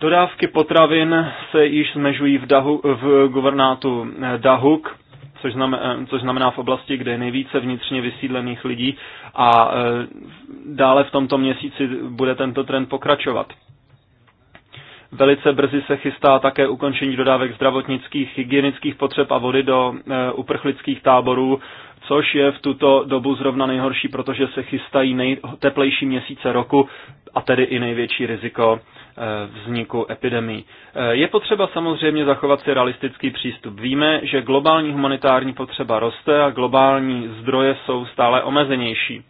Dodávky potravin se již zmežují v, Dahu, v guvernátu eh, Dahuk což znamená, eh, což znamená v oblasti, kde je nejvíce vnitřně vysídlených lidí a eh, dále v tomto měsíci bude tento trend pokračovat. Velice brzy se chystá také ukončení dodávek zdravotnických, hygienických potřeb a vody do eh, uprchlických táborů, což je v tuto dobu zrovna nejhorší, protože se chystají nejteplejší měsíce roku a tedy i největší riziko Eh, vzniku epidemii. Eh, je potřeba samozřejmě zachovat si realistický přístup. Víme, že globální humanitární potřeba roste a globální zdroje jsou stále omezenější.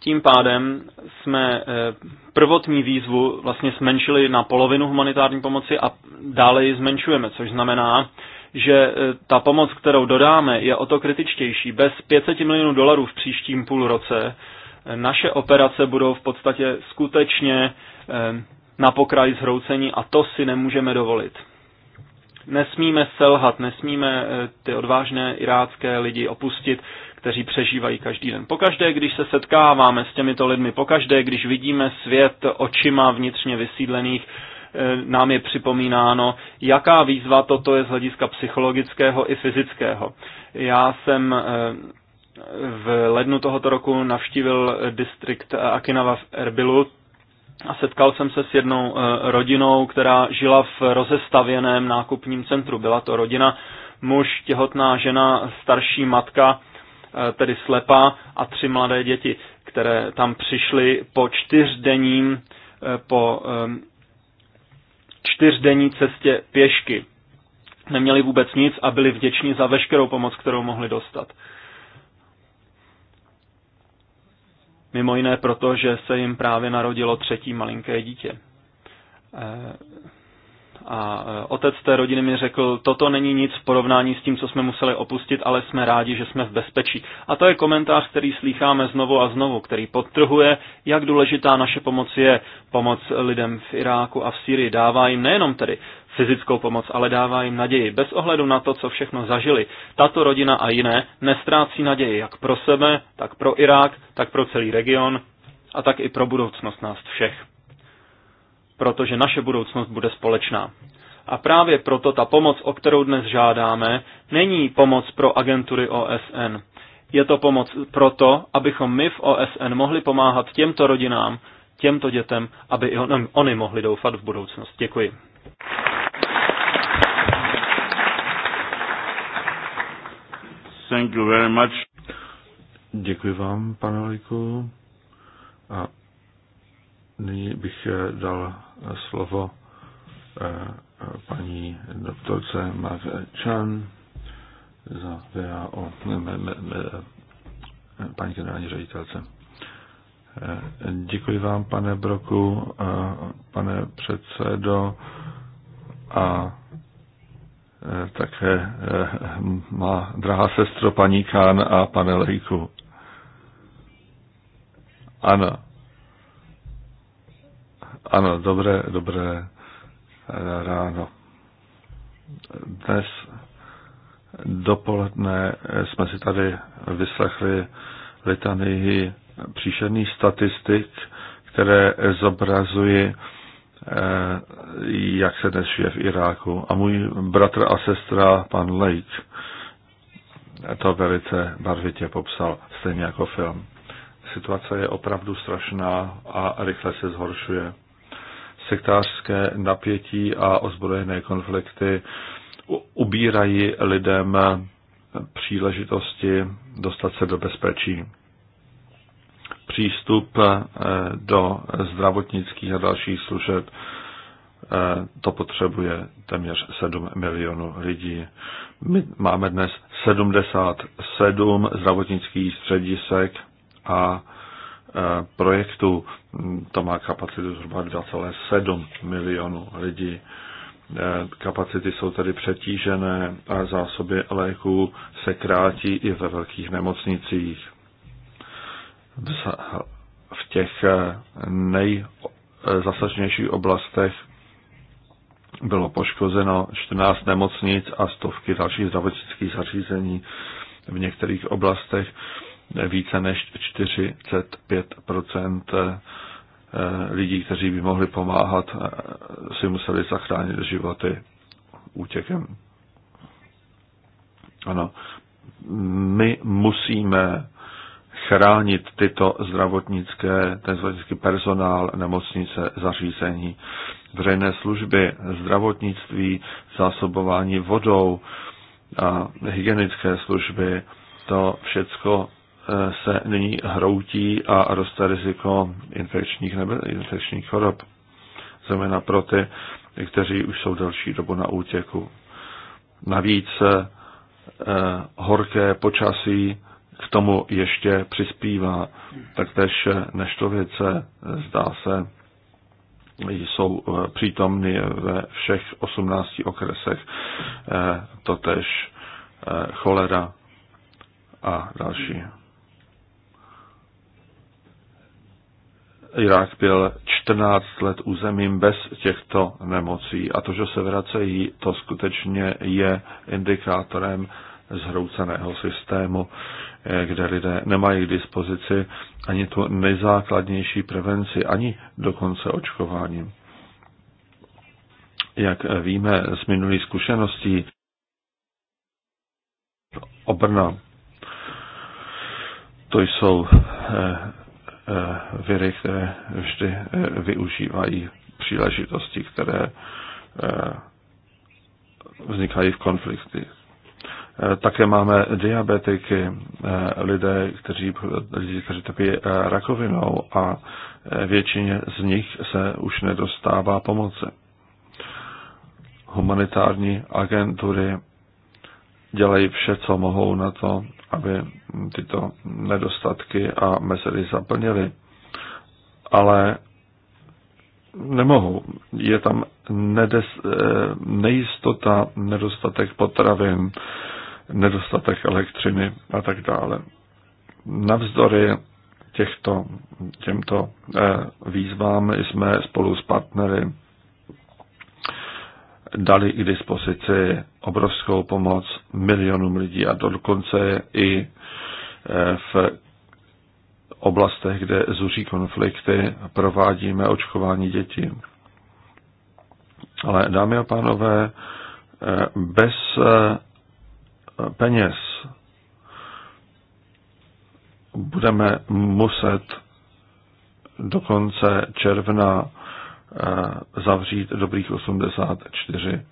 Tím pádem jsme eh, prvotní výzvu vlastně zmenšili na polovinu humanitární pomoci a dále ji zmenšujeme, což znamená, že ta pomoc, kterou dodáme, je o to kritičtější. Bez 500 milionů dolarů v příštím půl roce naše operace budou v podstatě skutečně eh, na pokraji zhroucení a to si nemůžeme dovolit. Nesmíme selhat, nesmíme eh, ty odvážné irácké lidi opustit, kteří přežívají každý den. Pokaždé, když se setkáváme s těmito lidmi, pokaždé, když vidíme svět očima vnitřně vysídlených, eh, nám je připomínáno, jaká výzva toto je z hlediska psychologického i fyzického. Já jsem v lednu tohoto roku navštívil distrikt Akinava v Erbilu a setkal jsem se s jednou eh, rodinou, která žila v rozestavěném nákupním centru. Byla to rodina, muž, těhotná žena, starší matka, eh, tedy slepa a tři mladé děti, které tam přišly po čtyřdenním, eh, po čtyřdenní cestě pěšky. Neměli vůbec nic a byli vděční za veškerou pomoc, kterou mohli dostat. Mimo jiné proto, že se jim právě narodilo třetí malinké dítě. E, a e, otec té rodiny mi řekl, toto není nic v porovnání s tím, co jsme museli opustit, ale jsme rádi, že jsme v bezpečí. A to je komentář, který slýcháme znovu a znovu, který podtrhuje, jak důležitá naše pomoc je. Pomoc lidem v Iráku a v Syrii dává jim nejenom tedy fyzickou pomoc, ale dává jim naději. Bez ohledu na to, co všechno zažili, tato rodina a jiné nestrácí naději jak pro sebe, tak pro Irák, tak pro celý region a tak i pro budoucnost nás všech. Protože naše budoucnost bude společná. A právě proto ta pomoc, o kterou dnes žádáme, není pomoc pro agentury OSN. Je to pomoc proto, abychom my v OSN mohli pomáhat těmto rodinám, těmto dětem, aby i on, oni mohli doufat v budoucnost. Děkuji. Thank you very much. Děkuji vám, pane Lejku. A nyní bych eh, dal eh, slovo eh, paní doktorce Mav Chan za VAO, paní generální ředitelce. Děkuji vám, pane Broku, pane předsedo a Eh, také eh, má drahá sestro paní Kán a pane Lejku. Ano. Ano, dobré, dobré eh, ráno. Dnes dopoledne jsme si tady vyslechli litany, příšerných statistik, které zobrazují Eh, jak se dnes žije v Iráku. A můj bratr a sestra, pan Lake, to velice barvitě popsal, stejně jako film. Situace je opravdu strašná a rychle se zhoršuje. Sektářské napětí a ozbrojené konflikty ubírají lidem příležitosti dostat se do bezpečí přístup eh, do zdravotnických a dalších služeb. Eh, to potřebuje téměř 7 milionů lidí. My máme dnes 77 zdravotnických středisek a eh, projektů. To má kapacitu zhruba 2,7 milionů lidí. Kapacity jsou tedy přetížené a zásoby léků se krátí i ve velkých nemocnicích v těch eh, nejzasaženějších oblastech bylo poškozeno 14 nemocnic a stovky dalších zdravotnických zařízení. V některých oblastech více než 45 eh, eh, lidí, kteří by mohli pomáhat, si museli zachránit životy útěkem. Ano, my musíme chránit tyto zdravotnické, ten zdravotnický personál, nemocnice, zařízení, veřejné služby, zdravotnictví, zásobování vodou a hygienické služby. To všecko eh, se nyní hroutí a roste riziko infekčních, nebe, infekčních chorob, zejména pro ty, kteří už jsou delší dobu na útěku. Navíc eh, horké počasí k tomu ještě přispívá. Taktéž neštovice, zdá se, jsou eh, přítomny ve všech 18 okresech, eh, totež eh, cholera a další. Irák byl 14 let územím bez těchto nemocí a to, že se vracejí, to skutečně je indikátorem zhrouceného systému kde lidé nemají k dispozici ani tu nejzákladnější prevenci, ani dokonce očkování. Jak víme z minulých zkušeností, obrna, to jsou eh, eh, viry, které vždy eh, využívají příležitosti, které vznikají v konfliktech. Eh, také máme diabetiky, eh, lidé, kteří, lidi, kteří trpí eh, rakovinou a většině z nich se už nedostává pomoci. Humanitární agentury dělají vše, co mohou na to, aby tyto nedostatky a mezery zaplnili. Ale nemohou. Je tam nedes, nejistota, nedostatek potravin, nedostatek elektřiny a tak dále. Navzdory těchto, těmto eh, výzvám jsme spolu s partnery dali k dispozici obrovskou pomoc milionům lidí a dokonce i eh, v oblastech, kde zuří konflikty, provádíme očkování dětí. Ale dámy a pánové, eh, bez peněz budeme muset do konce června eh, zavřít dobrých 84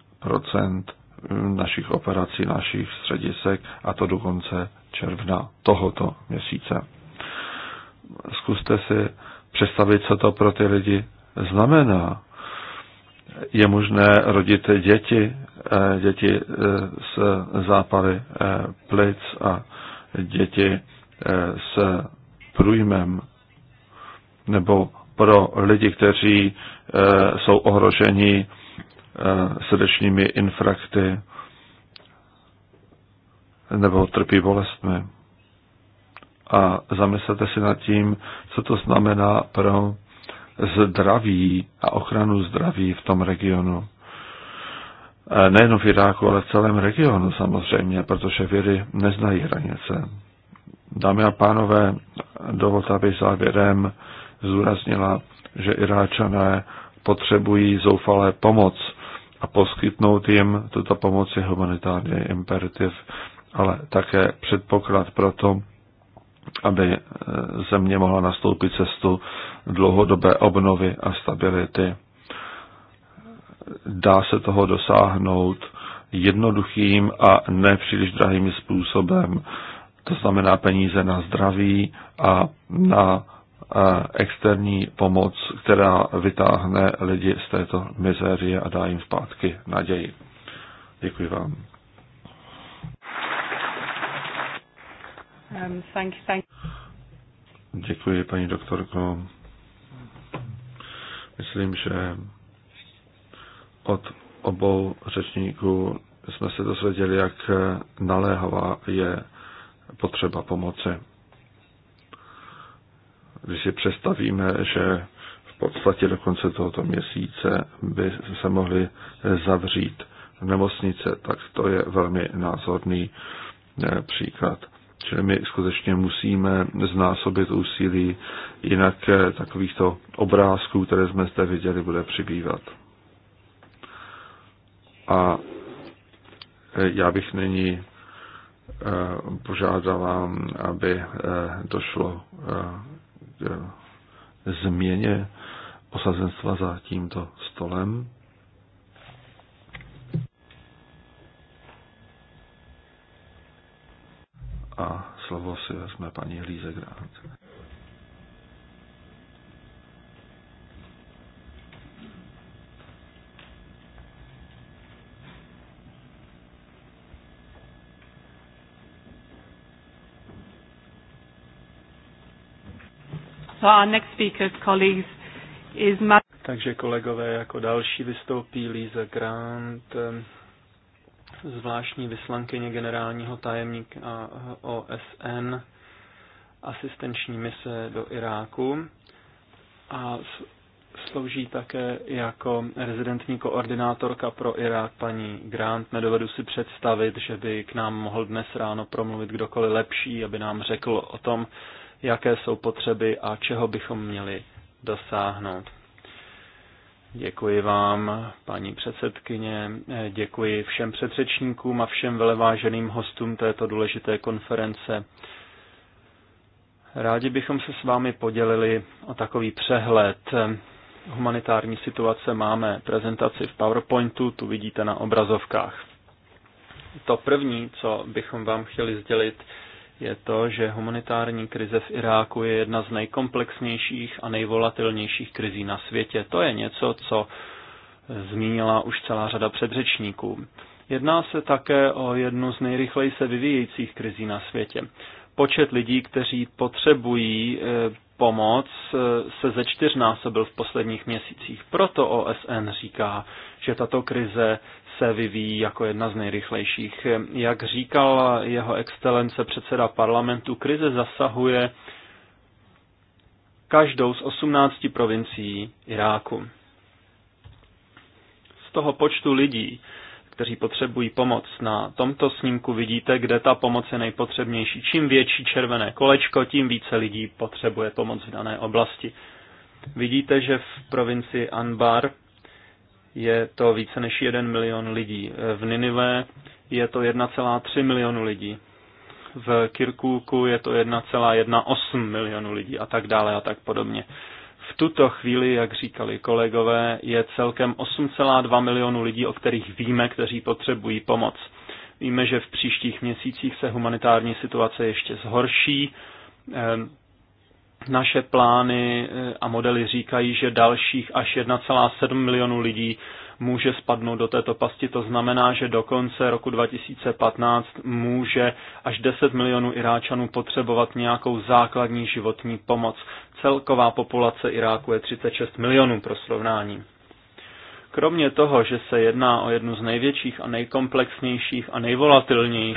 našich operací, našich středisek a to do konce června tohoto měsíce. Zkuste si představit, co to pro ty lidi znamená. Je možné rodit děti, Eh, děti s eh, zápaly eh, plic a děti s průjmem nebo pro lidi, kteří jsou ohroženi srdečními infrakty nebo trpí bolestmi. A zamyslete si nad tím, co to znamená pro zdraví a ochranu zdraví v tom regionu nejenom v Iráku, ale v celém regionu samozřejmě, protože věry neznají hranice. Dámy a pánové, dovolte, aby závěrem zúraznila, že Iráčané potřebují zoufalé pomoc a poskytnout jim tuto pomoc je humanitární imperativ, ale také předpoklad pro to, aby eh, země mohla nastoupit cestu dlouhodobé obnovy a stability dá se toho dosáhnout jednoduchým a nepříliš drahým způsobem. To znamená peníze na zdraví a na eh, externí pomoc, která vytáhne lidi z této mizérie a dá jim zpátky naději. Děkuji vám. Um, thank, thank. Děkuji, paní doktorko. Myslím, že od obou řečníků jsme se dozvěděli, jak naléhavá je potřeba pomoci. Když si představíme, že v podstatě do konce tohoto měsíce by se mohly zavřít nemocnice, tak to je velmi názorný eh, příklad. Čili my skutečně musíme znásobit úsilí, jinak eh, takovýchto obrázků, které jsme zde viděli, bude přibývat. A e, já bych nyní e, požádala, aby e, došlo k změně osazenstva za tímto stolem. A slovo si vezme paní Líze Grant. Takže kolegové, jako další vystoupí Lisa Grant, zvláštní vyslankyně generálního tajemníka OSN, asistenční mise do Iráku a slouží také jako rezidentní koordinátorka pro Irák paní Grant. Nedovedu si představit, že by k nám mohl dnes ráno promluvit kdokoliv lepší, aby nám řekl o tom, jaké jsou potřeby a čeho bychom měli dosáhnout. Děkuji vám, paní předsedkyně, děkuji všem předřečníkům a všem veleváženým hostům této důležité konference. Rádi bychom se s vámi podělili o takový přehled. Humanitární situace máme prezentaci v PowerPointu, tu vidíte na obrazovkách. To první, co bychom vám chtěli sdělit, je to, že humanitární krize v Iráku je jedna z nejkomplexnějších a nejvolatilnějších krizí na světě. To je něco, co zmínila už celá řada předřečníků. Jedná se také o jednu z nejrychleji se vyvíjejících krizí na světě. Počet lidí, kteří potřebují eh, pomoc eh, se ze čtyřnásobil v posledních měsících. Proto OSN říká, že tato krize se vyvíjí jako jedna z nejrychlejších. Jak říkal jeho excelence předseda parlamentu, krize zasahuje každou z 18 provincií Iráku. Z toho počtu lidí, kteří potřebují pomoc. Na tomto snímku vidíte, kde ta pomoc je nejpotřebnější. Čím větší červené kolečko, tím více lidí potřebuje pomoc v dané oblasti. Vidíte, že v provincii Anbar je to více než 1 milion lidí. V Ninive je to 1,3 milionu lidí. V Kirkuku je to 1,18 milionu lidí a tak dále a tak podobně. V tuto chvíli, jak říkali kolegové, je celkem 8,2 milionu lidí, o kterých víme, kteří potřebují pomoc. Víme, že v příštích měsících se humanitární situace ještě zhorší. Ehm, naše plány e, a modely říkají, že dalších až 1,7 milionu lidí může spadnout do této pasti. To znamená, že do konce roku 2015 může až 10 milionů Iráčanů potřebovat nějakou základní životní pomoc. Celková populace Iráku je 36 milionů pro srovnání. Kromě toho, že se jedná o jednu z největších a nejkomplexnějších a nejvolatilnějších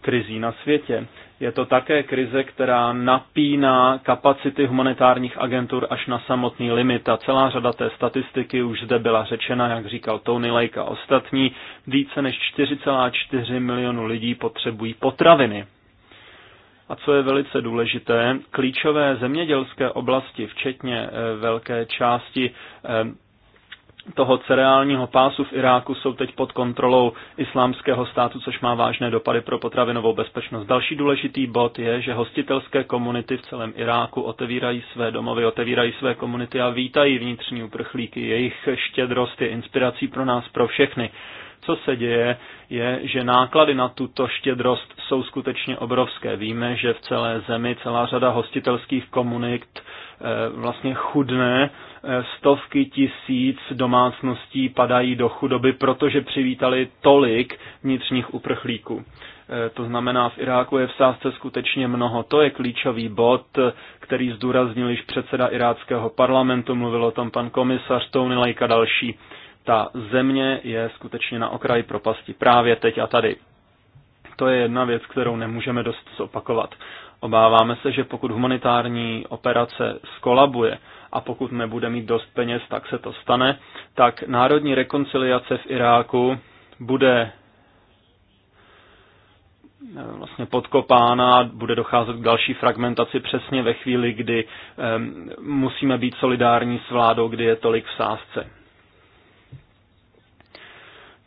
krizí na světě, je to také krize, která napíná kapacity humanitárních agentur až na samotný limit a celá řada té statistiky už zde byla řečena, jak říkal Tony Lake a ostatní, více než 4,4 milionu lidí potřebují potraviny. A co je velice důležité, klíčové zemědělské oblasti, včetně eh, velké části eh, toho cereálního pásu v Iráku jsou teď pod kontrolou islámského státu, což má vážné dopady pro potravinovou bezpečnost. Další důležitý bod je, že hostitelské komunity v celém Iráku otevírají své domovy, otevírají své komunity a vítají vnitřní uprchlíky. Jejich štědrost je inspirací pro nás, pro všechny. Co se děje, je, že náklady na tuto štědrost jsou skutečně obrovské. Víme, že v celé zemi celá řada hostitelských komunit eh, vlastně chudne stovky tisíc domácností padají do chudoby, protože přivítali tolik vnitřních uprchlíků. E, to znamená, v Iráku je v sázce skutečně mnoho. To je klíčový bod, který zdůraznil již předseda iráckého parlamentu, mluvil o tom pan komisař a další. Ta země je skutečně na okraji propasti právě teď a tady. To je jedna věc, kterou nemůžeme dost zopakovat. Obáváme se, že pokud humanitární operace skolabuje, a pokud nebude mít dost peněz, tak se to stane, tak národní rekonciliace v Iráku bude eh, vlastně podkopána, bude docházet k další fragmentaci přesně ve chvíli, kdy eh, musíme být solidární s vládou, kdy je tolik v sázce.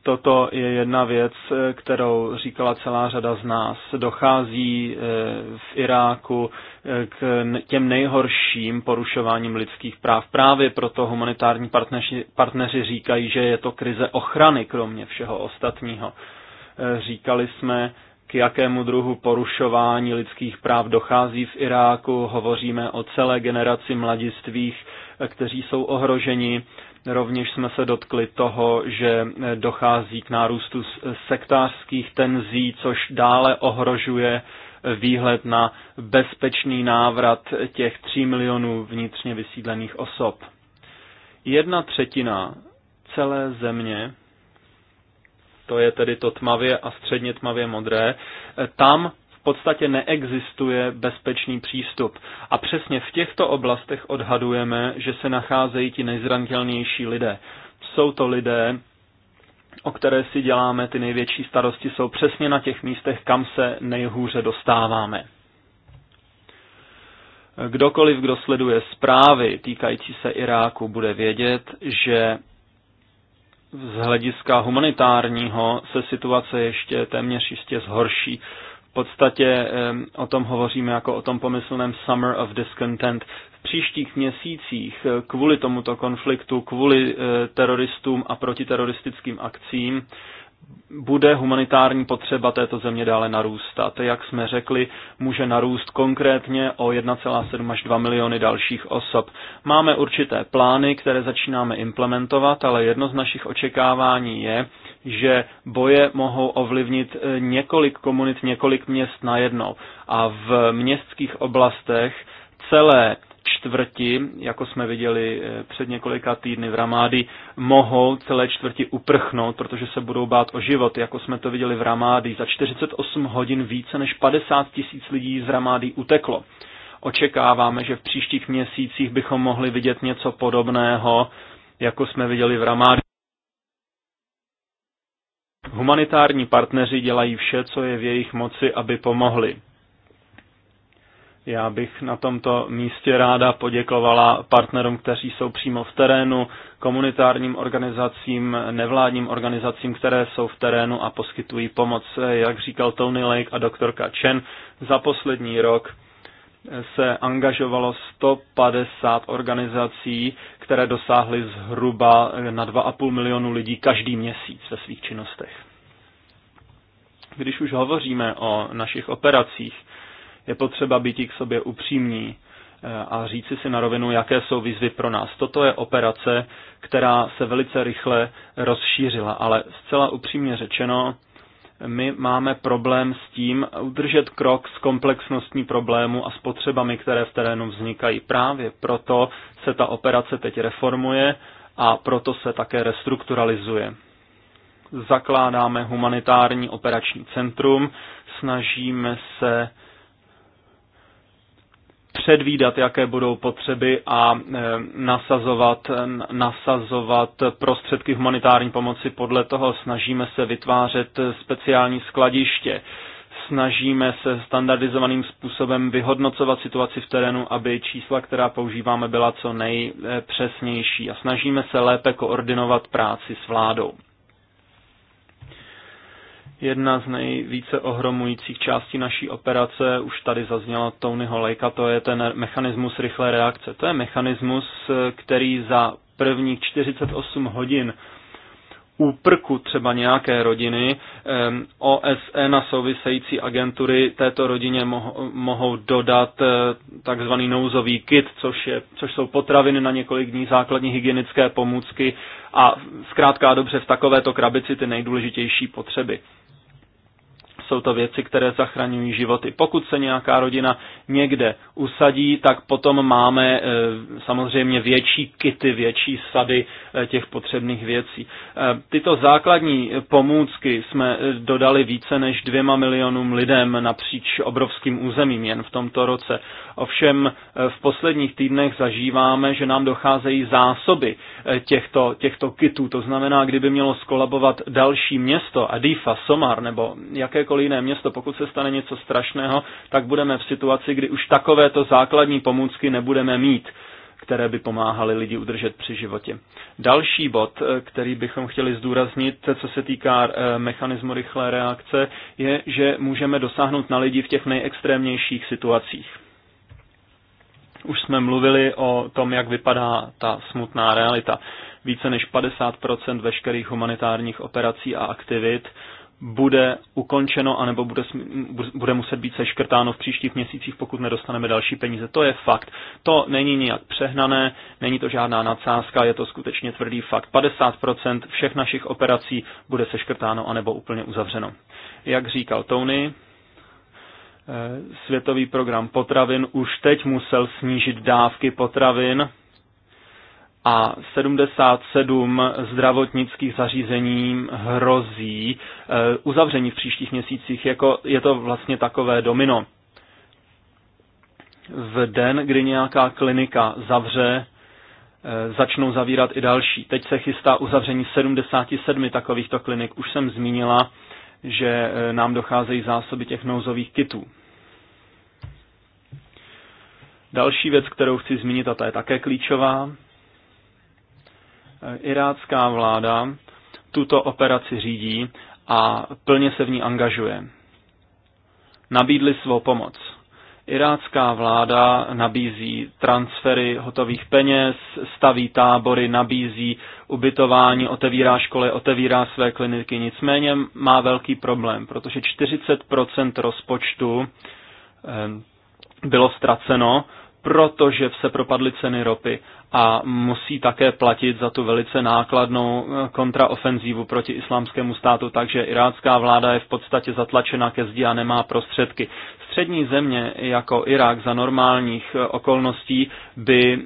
Toto je jedna věc, eh, kterou říkala celá řada z nás. Dochází eh, v Iráku eh, k těm nejhorším porušováním lidských práv. Právě proto humanitární partneři, partneři říkají, že je to krize ochrany, kromě všeho ostatního. Říkali jsme, k jakému druhu porušování lidských práv dochází v Iráku. Hovoříme o celé generaci mladistvých, kteří jsou ohroženi Rovněž jsme se dotkli toho, že dochází k nárůstu sektářských tenzí, což dále ohrožuje výhled na bezpečný návrat těch 3 milionů vnitřně vysídlených osob. Jedna třetina celé země, to je tedy to tmavě a středně tmavě modré, tam podstatě neexistuje bezpečný přístup. A přesně v těchto oblastech odhadujeme, že se nacházejí ti nejzranitelnější lidé. Jsou to lidé, o které si děláme ty největší starosti, jsou přesně na těch místech, kam se nejhůře dostáváme. Kdokoliv, kdo sleduje zprávy týkající se Iráku, bude vědět, že z hlediska humanitárního se situace ještě téměř jistě zhorší v podstatě o tom hovoříme jako o tom pomyslném Summer of Discontent. V příštích měsících e, kvůli tomuto konfliktu, kvůli e, teroristům a protiteroristickým akcím, bude humanitární potřeba této země dále narůstat. Jak jsme řekli, může narůst konkrétně o 1,7 až 2 miliony dalších osob. Máme určité plány, které začínáme implementovat, ale jedno z našich očekávání je, že boje mohou ovlivnit eh, několik komunit, několik měst najednou. A v městských oblastech celé čtvrti, jako jsme viděli eh, před několika týdny v Ramádi, mohou celé čtvrti uprchnout, protože se budou bát o život, jako jsme to viděli v Ramádi. Za 48 hodin více než 50 tisíc lidí z Ramádi uteklo. Očekáváme, že v příštích měsících bychom mohli vidět něco podobného, jako jsme viděli v Ramádi. Humanitární partneři dělají vše, co je v jejich moci, aby pomohli. Já bych na tomto místě ráda poděkovala partnerům, kteří jsou přímo v terénu, komunitárním organizacím, nevládním organizacím, které jsou v terénu a poskytují pomoc. Jak říkal Tony Lake a doktorka Chen, za poslední rok se angažovalo 150 organizací, které dosáhly zhruba na 2,5 milionu lidí každý měsíc ve svých činnostech. Když už hovoříme o našich operacích, je potřeba být k sobě upřímní eh, a říci si na rovinu, jaké jsou výzvy pro nás. Toto je operace, která se velice rychle rozšířila, ale zcela upřímně řečeno, my máme problém s tím udržet krok s komplexností problému a s potřebami, které v terénu vznikají. Právě proto se ta operace teď reformuje a proto se také restrukturalizuje zakládáme humanitární operační centrum, snažíme se předvídat, jaké budou potřeby a e, nasazovat, nasazovat prostředky humanitární pomoci podle toho. Snažíme se vytvářet speciální skladiště, snažíme se standardizovaným způsobem vyhodnocovat situaci v terénu, aby čísla, která používáme, byla co nejpřesnější a snažíme se lépe koordinovat práci s vládou. Jedna z nejvíce ohromujících částí naší operace, už tady zazněla Tonyho Lejka, to je ten mechanismus rychlé reakce. To je mechanismus, který za prvních 48 hodin úprku třeba nějaké rodiny, OSN e a související agentury této rodině mohou dodat eh, takzvaný nouzový kit, což, je, což jsou potraviny na několik dní, základní hygienické pomůcky a zkrátka dobře v takovéto krabici ty nejdůležitější potřeby. Jsou to věci, které zachraňují životy. Pokud se nějaká rodina někde usadí, tak potom máme eh, samozřejmě větší kity, větší sady eh, těch potřebných věcí. Eh, tyto základní pomůcky jsme dodali více než dvěma milionům lidem napříč obrovským územím jen v tomto roce. Ovšem v posledních týdnech zažíváme, že nám docházejí zásoby těchto, těchto kitů. To znamená, kdyby mělo skolabovat další město, Adifa, Somar nebo jakékoliv jakékoliv jiné město, pokud se stane něco strašného, tak budeme v situaci, kdy už takovéto základní pomůcky nebudeme mít které by pomáhaly lidi udržet při životě. Další bod, eh, který bychom chtěli zdůraznit, co se týká eh, mechanismu rychlé reakce, je, že můžeme dosáhnout na lidi v těch nejextrémnějších situacích. Už jsme mluvili o tom, jak vypadá ta smutná realita. Více než 50 veškerých humanitárních operací a aktivit bude ukončeno anebo bude, bude muset být seškrtáno v příštích měsících, pokud nedostaneme další peníze. To je fakt. To není nijak přehnané, není to žádná nadsázka, je to skutečně tvrdý fakt. 50% všech našich operací bude seškrtáno anebo úplně uzavřeno. Jak říkal Tony, eh, světový program potravin už teď musel snížit dávky potravin a 77 zdravotnických zařízení hrozí eh, uzavření v příštích měsících. Jako, je to vlastně takové domino. V den, kdy nějaká klinika zavře, eh, začnou zavírat i další. Teď se chystá uzavření 77 takovýchto klinik. Už jsem zmínila, že eh, nám docházejí zásoby těch nouzových kitů. Další věc, kterou chci zmínit, a ta je také klíčová, Eh, irácká vláda tuto operaci řídí a plně se v ní angažuje. Nabídli svou pomoc. Irácká vláda nabízí transfery hotových peněz, staví tábory, nabízí ubytování, otevírá školy, otevírá své kliniky. Nicméně má velký problém, protože 40 rozpočtu eh, bylo ztraceno protože se propadly ceny ropy a musí také platit za tu velice nákladnou eh, kontraofenzívu proti islámskému státu, takže irácká vláda je v podstatě zatlačena ke zdi a nemá prostředky. Střední země jako Irák za normálních eh, okolností by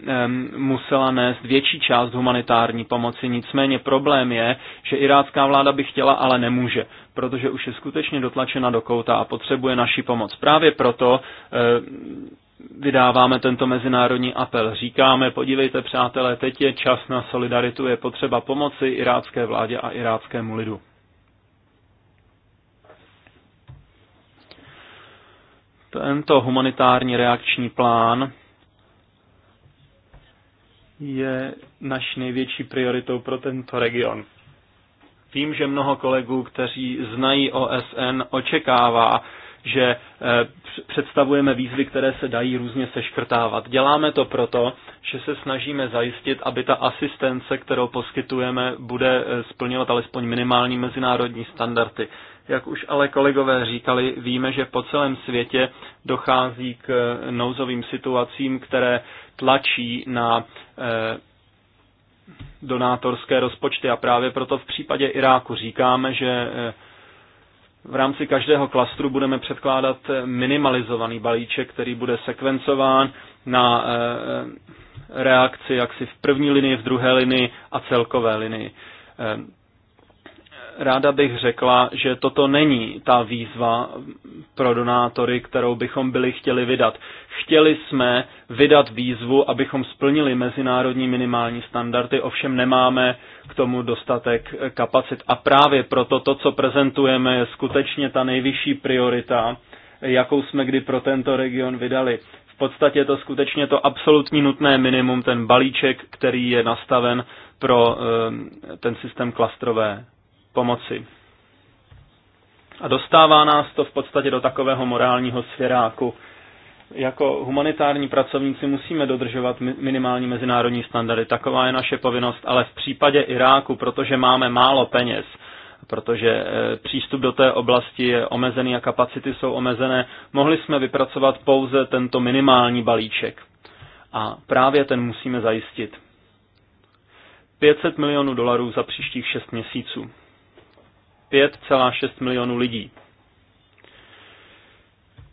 musela nést větší část humanitární pomoci, nicméně problém je, že irácká vláda by chtěla, ale nemůže, protože už je skutečně dotlačena do kouta a potřebuje naši pomoc. Právě proto eh, vydáváme tento mezinárodní apel. Říkáme, podívejte přátelé, teď je čas na solidaritu, je potřeba pomoci irácké vládě a iráckému lidu. Tento humanitární reakční plán je naší největší prioritou pro tento region. Vím, že mnoho kolegů, kteří znají OSN, očekává, že eh, představujeme výzvy, které se dají různě seškrtávat. Děláme to proto, že se snažíme zajistit, aby ta asistence, kterou poskytujeme, bude eh, splňovat alespoň minimální mezinárodní standardy. Jak už ale kolegové říkali, víme, že po celém světě dochází k eh, nouzovým situacím, které tlačí na donátorské rozpočty a právě proto v případě Iráku říkáme, že v rámci každého klastru budeme předkládat eh, minimalizovaný balíček, který bude sekvencován na eh, reakci jaksi v první linii, v druhé linii a celkové linii. Eh, ráda bych řekla, že toto není ta výzva pro donátory, kterou bychom byli chtěli vydat. Chtěli jsme vydat výzvu, abychom splnili mezinárodní minimální standardy, ovšem nemáme k tomu dostatek kapacit. A právě proto to, co prezentujeme, je skutečně ta nejvyšší priorita, jakou jsme kdy pro tento region vydali. V podstatě je to skutečně to absolutní nutné minimum, ten balíček, který je nastaven pro eh, ten systém klastrové pomoci. A dostává nás to v podstatě do takového morálního svěráku. Jako humanitární pracovníci musíme dodržovat minimální mezinárodní standardy. Taková je naše povinnost, ale v případě Iráku, protože máme málo peněz, protože eh, přístup do té oblasti je omezený a kapacity jsou omezené, mohli jsme vypracovat pouze tento minimální balíček. A právě ten musíme zajistit. 500 milionů dolarů za příštích 6 měsíců. 5,6 milionů lidí.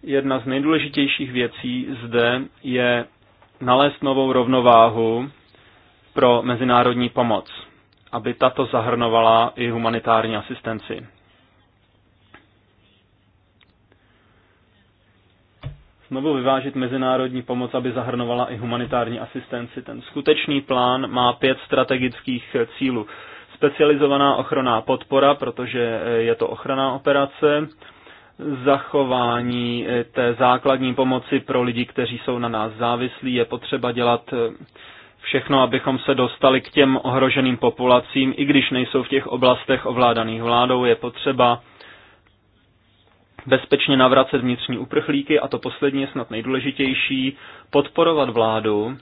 Jedna z nejdůležitějších věcí zde je nalézt novou rovnováhu pro mezinárodní pomoc, aby tato zahrnovala i humanitární asistenci. Znovu vyvážit mezinárodní pomoc, aby zahrnovala i humanitární asistenci. Ten skutečný plán má pět strategických cílů specializovaná ochranná podpora, protože eh, je to ochranná operace, zachování eh, té základní pomoci pro lidi, kteří jsou na nás závislí. Je potřeba dělat eh, všechno, abychom se dostali k těm ohroženým populacím, i když nejsou v těch oblastech ovládaných vládou. Je potřeba bezpečně navracet vnitřní uprchlíky a to poslední je snad nejdůležitější, podporovat vládu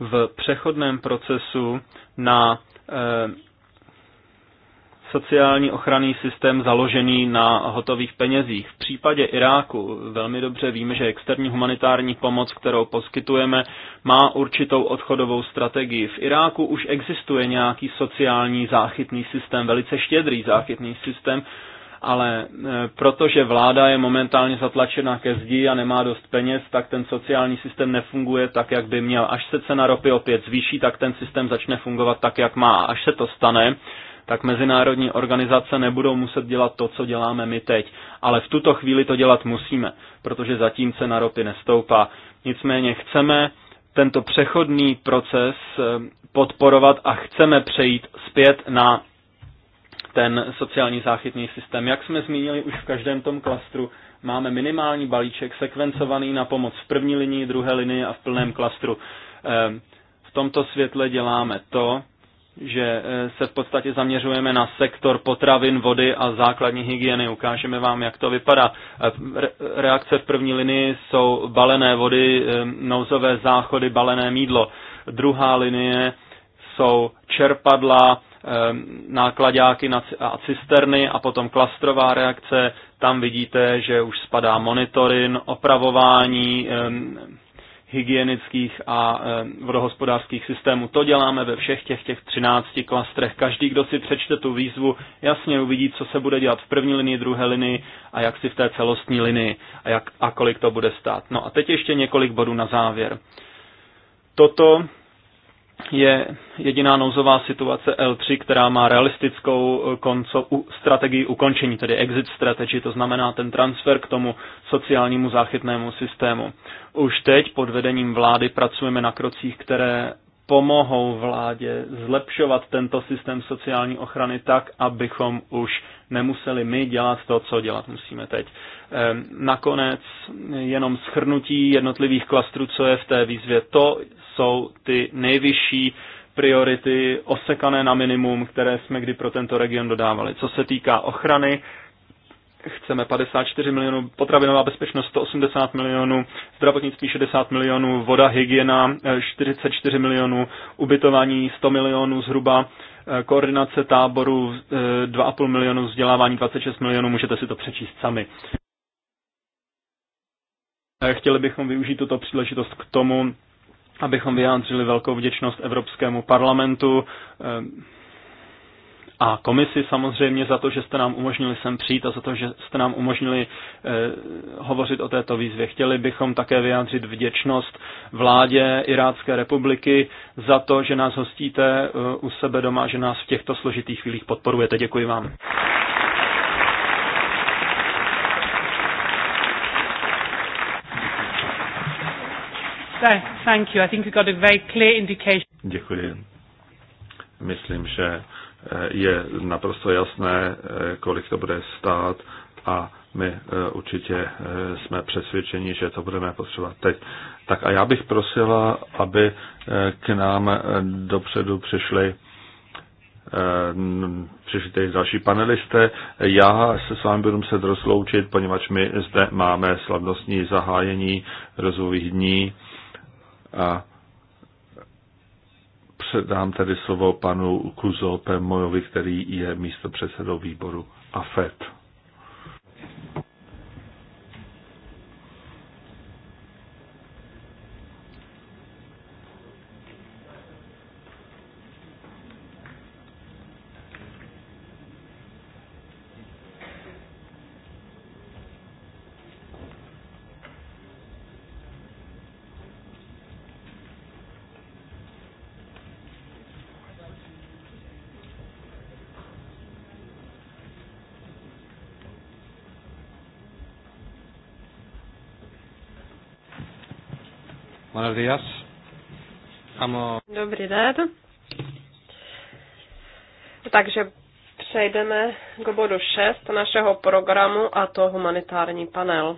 v přechodném procesu na eh, sociální ochranný systém založený na hotových penězích. V případě Iráku velmi dobře víme, že externí humanitární pomoc, kterou poskytujeme, má určitou odchodovou strategii. V Iráku už existuje nějaký sociální záchytný systém, velice štědrý záchytný systém, ale e, protože vláda je momentálně zatlačena ke zdi a nemá dost peněz, tak ten sociální systém nefunguje tak, jak by měl. Až se cena ropy opět zvýší, tak ten systém začne fungovat tak, jak má. Až se to stane, tak mezinárodní organizace nebudou muset dělat to, co děláme my teď. Ale v tuto chvíli to dělat musíme, protože zatím cena ropy nestoupá. Nicméně chceme tento přechodný proces eh, podporovat a chceme přejít zpět na ten sociální záchytný systém. Jak jsme zmínili už v každém tom klastru, máme minimální balíček sekvencovaný na pomoc v první linii, druhé linii a v plném klastru. Eh, v tomto světle děláme to, že eh, se v podstatě zaměřujeme na sektor potravin, vody a základní hygieny. Ukážeme vám, jak to vypadá. Eh, reakce v první linii jsou balené vody, eh, nouzové záchody, balené mídlo. Druhá linie jsou čerpadla, nákladáky a cisterny a potom klastrová reakce. Tam vidíte, že už spadá monitorin, opravování, hygienických a eh, vodohospodářských systémů. To děláme ve všech těch, těch 13 klastrech. Každý, kdo si přečte tu výzvu, jasně uvidí, co se bude dělat v první linii, druhé linii a jak si v té celostní linii a, jak, a kolik to bude stát. No a teď ještě několik bodů na závěr. Toto je jediná nouzová situace L3, která má realistickou eh, konco, u, strategii ukončení, tedy exit strategy, to znamená ten transfer k tomu sociálnímu záchytnému systému. Už teď pod vedením vlády pracujeme na krocích, které pomohou vládě zlepšovat tento systém sociální ochrany tak, abychom už nemuseli my dělat to, co dělat musíme teď. Ehm, nakonec jenom schrnutí jednotlivých klastrů, co je v té výzvě, to jsou ty nejvyšší priority osekané na minimum, které jsme kdy pro tento region dodávali. Co se týká ochrany, chceme 54 milionů, potravinová bezpečnost 180 milionů, zdravotnictví 60 milionů, voda, hygiena 44 eh, milionů, ubytování 100 milionů zhruba, eh, koordinace táboru 2,5 eh, milionů vzdělávání 26 milionů, můžete si to přečíst sami. Chtěli bychom využít tuto příležitost k tomu, abychom vyjádřili velkou vděčnost Evropskému parlamentu, a komisi samozřejmě za to, že jste nám umožnili sem přijít a za to, že jste nám umožnili eh, hovořit o této výzvě. Chtěli bychom také vyjádřit vděčnost vládě Irácké republiky za to, že nás hostíte eh, u sebe doma, že nás v těchto složitých chvílích podporujete. Děkuji vám. Děkuji. Myslím, že je naprosto jasné, kolik to bude stát a my eh, určitě eh, jsme přesvědčeni, že to budeme potřebovat teď. Tak a já bych prosila, aby eh, k nám dopředu přišli přišli tady další panelisté. Já se s vámi budu muset rozloučit, poněvadž my zde máme slavnostní zahájení rozvojových dní a předám tedy slovo panu Kuzo Pemojovi, který je místopředsedou výboru AFET. días. Amo... Dobrý den. Takže přejdeme k bodu 6 našeho programu a to humanitární panel.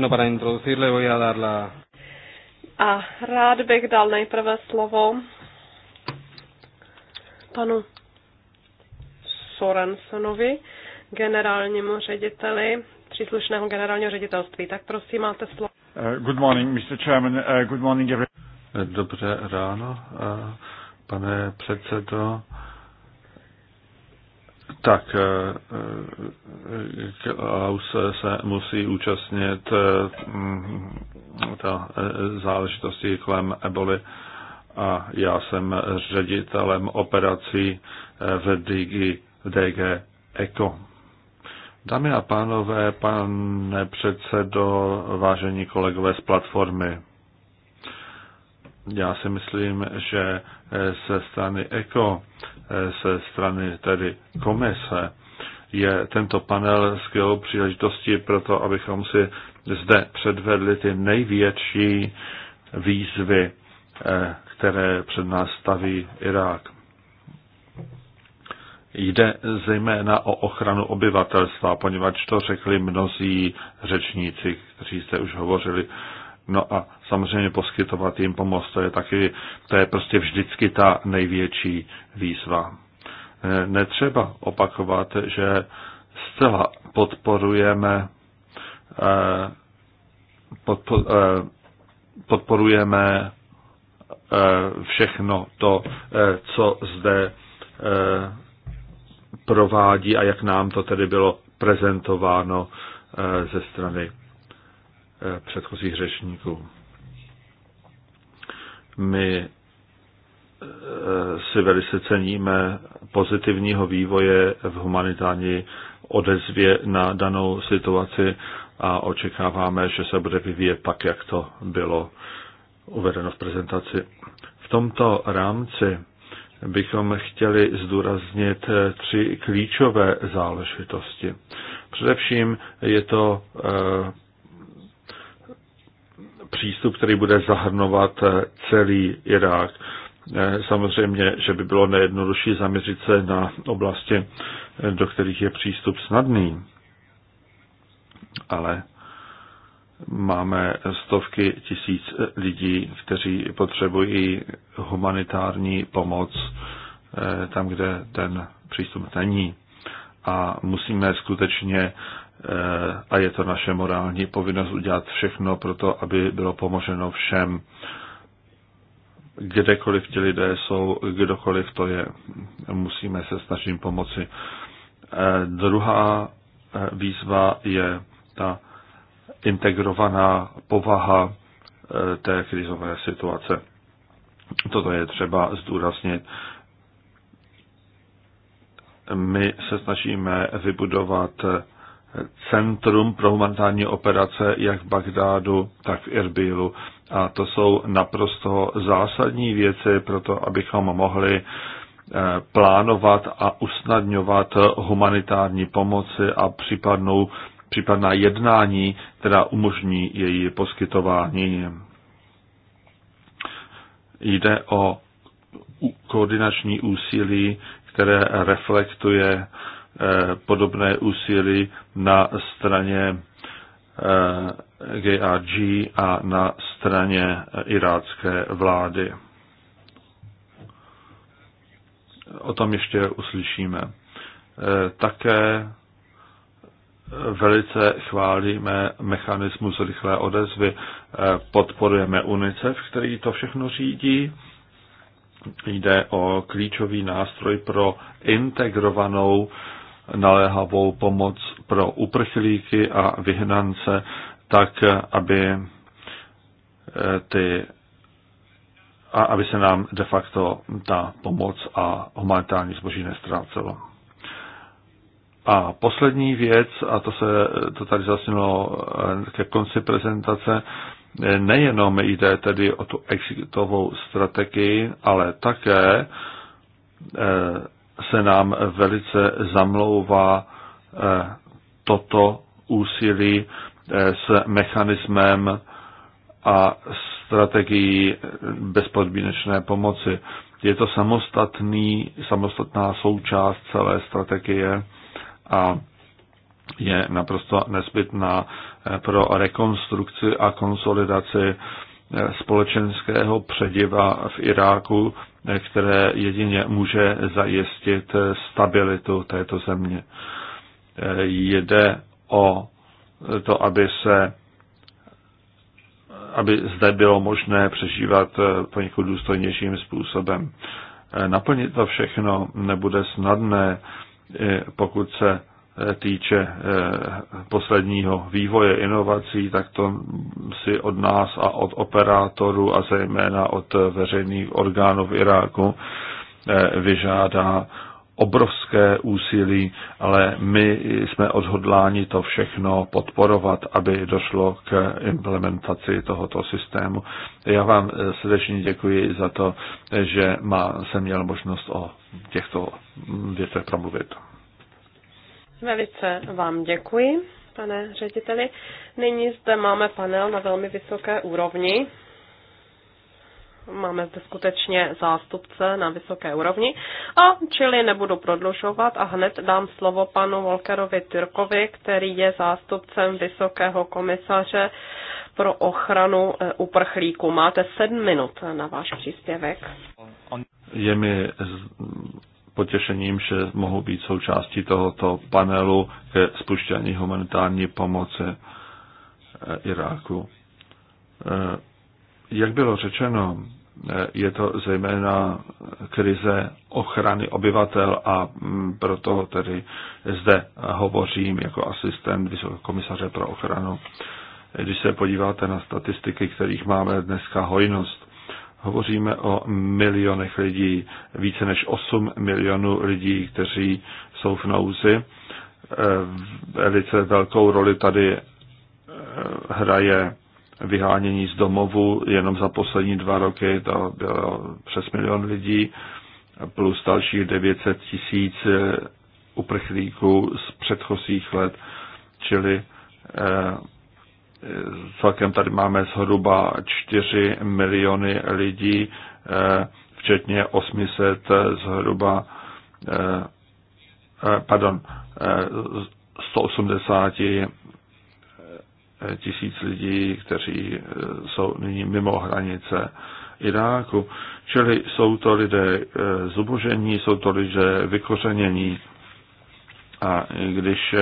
Bueno, para introducirle voy a dar la... A rád bych dal nejprve slovo panu Sorensonovi, generálnímu řediteli příslušného generálního ředitelství. Tak prosím, máte slovo. Uh, good morning, Mr. Chairman. Uh, good morning, everyone. Dobře ráno, uh, pane předsedo, tak eh, eh, Klaus se musí účastnit mm, ta eh, záležitosti kolem eboli a já jsem ředitelem operací v DG, DG ECO. Dámy a pánové, pane předsedo, vážení kolegové z platformy, já si myslím, že eh, ze strany ECO, eh, ze strany tedy komise, je tento panel skvělou příležitostí pro to, abychom si zde předvedli ty největší výzvy, eh, které před nás staví Irák. Jde zejména o ochranu obyvatelstva, poněvadž to řekli mnozí řečníci, kteří jste už hovořili. No a samozřejmě poskytovat jim pomoc, to je taky, to je prostě vždycky ta největší výzva. E, netřeba opakovat, že zcela podporujeme e, e, podporujeme všechno to, co zde provádí a jak nám to tedy bylo prezentováno ze strany Eh, předchozích řečníků. My eh, si velice ceníme pozitivního vývoje v humanitární odezvě na danou situaci a očekáváme, že se bude vyvíjet tak, jak to bylo uvedeno v prezentaci. V tomto rámci bychom chtěli zdůraznit eh, tři klíčové záležitosti. Především je to přístup, který bude zahrnovat eh, celý Irák. Eh, samozřejmě, že by bylo nejjednodušší zaměřit se na oblasti, eh, do kterých je přístup snadný. Ale máme stovky tisíc lidí, kteří potřebují humanitární pomoc tam, kde ten přístup není. A musíme skutečně Eh, a je to naše morální povinnost udělat všechno pro to, aby bylo pomoženo všem. Kdekoliv ti lidé jsou, kdokoliv to je, musíme se snažit pomoci. Eh, druhá eh, výzva je ta integrovaná povaha té krizové situace. Toto je třeba zdůraznit. My se snažíme vybudovat centrum pro humanitární operace jak v Bagdádu, tak v Irbílu. A to jsou naprosto zásadní věci pro to, abychom mohli eh, plánovat a usnadňovat humanitární pomoci a případnou, případná jednání, která umožní její poskytování. Jde o koordinační úsilí, které reflektuje uh, Eh, podobné úsilí na straně GRG eh, a na straně irácké vlády. O tom ještě uslyšíme. Eh, také velice chválíme mechanismus rychlé odezvy, podporujeme UNICEF, který to všechno řídí. Jde o klíčový nástroj pro integrovanou naléhavou pomoc pro uprchlíky a vyhnance, tak aby eh, ty a aby se nám de facto ta pomoc a humanitární zboží nestrácelo. A poslední věc, a to se to tady zasnělo eh, ke konci prezentace, eh, nejenom jde tedy o tu exitovou strategii, ale také se nám velice zamlouvá eh, toto úsilí eh, s mechanismem a strategií bezpodmínečné pomoci. Je to samostatný, samostatná součást celé strategie a je naprosto nezbytná eh, pro rekonstrukci a konsolidaci společenského přediva v Iráku, Eh, které jedině může zajistit eh, stabilitu této země. Eh, jde o to, aby se aby zde bylo možné přežívat poněkud důstojnějším způsobem. Naplnit to všechno nebude snadné, pokud se týče eh, posledního vývoje inovací, tak to si od nás a od operátorů a zejména od veřejných orgánů v Iráku eh, vyžádá obrovské úsilí, ale my jsme odhodláni to všechno podporovat, aby došlo k implementaci tohoto systému. Já vám eh, srdečně děkuji za to, že má, jsem měl možnost o těchto věcech promluvit. Velice vám děkuji, pane řediteli. Nyní zde máme panel na velmi vysoké úrovni. Máme zde skutečně zástupce na vysoké úrovni. A čili nebudu prodlužovat a hned dám slovo panu Volkerovi Tyrkovi, který je zástupcem vysokého komisaře pro ochranu e, uprchlíků. Máte sedm minut na váš příspěvek. Je mi potěšením, že mohu být součástí tohoto panelu ke spuštění humanitární pomoci e, Iráku. E, jak bylo řečeno, e, je to zejména krize ochrany obyvatel a mm, proto tedy zde hovořím jako asistent komisaře pro ochranu. Když se podíváte na statistiky, kterých máme dneska hojnost, hovoříme o milionech lidí, více než 8 milionů lidí, kteří jsou v nouzi. Eh, velice velkou roli tady eh, hraje vyhánění z domovu. Jenom za poslední dva roky to bylo přes milion lidí plus dalších 900 tisíc eh, uprchlíků z předchozích let, čili Celkem tady máme zhruba 4 miliony lidí, eh, včetně 800 zhruba, eh, eh, pardon, 180 tisíc lidí, kteří jsou nyní mimo hranice Iráku. Čili jsou to lidé zubožení, jsou to lidé vykořenění. A když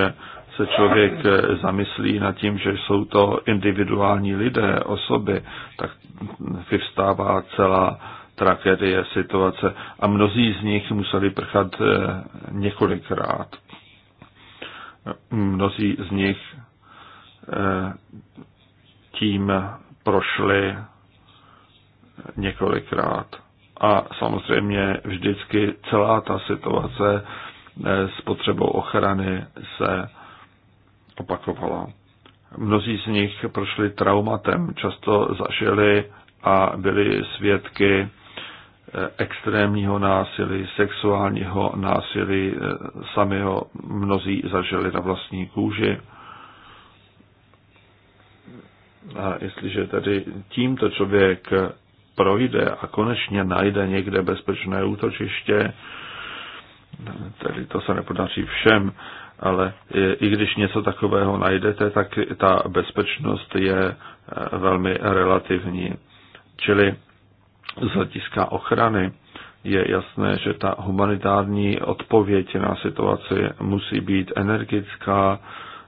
se člověk eh, zamyslí nad tím, že jsou to individuální lidé, osoby, tak vyvstává celá tragédie situace a mnozí z nich museli prchat eh, několikrát. Mnozí z nich eh, tím prošli několikrát. A samozřejmě vždycky celá ta situace s potřebou ochrany se opakovala. Mnozí z nich prošli traumatem, často zažili a byli svědky eh, extrémního násilí, sexuálního násilí, eh, sami ho mnozí zažili na vlastní kůži. A jestliže tedy tímto člověk projde a konečně najde někde bezpečné útočiště, tedy to se nepodaří všem, ale i když něco takového najdete, tak ta bezpečnost je eh, velmi relativní. Čili z hlediska ochrany je jasné, že ta humanitární odpověď na situaci musí být energická,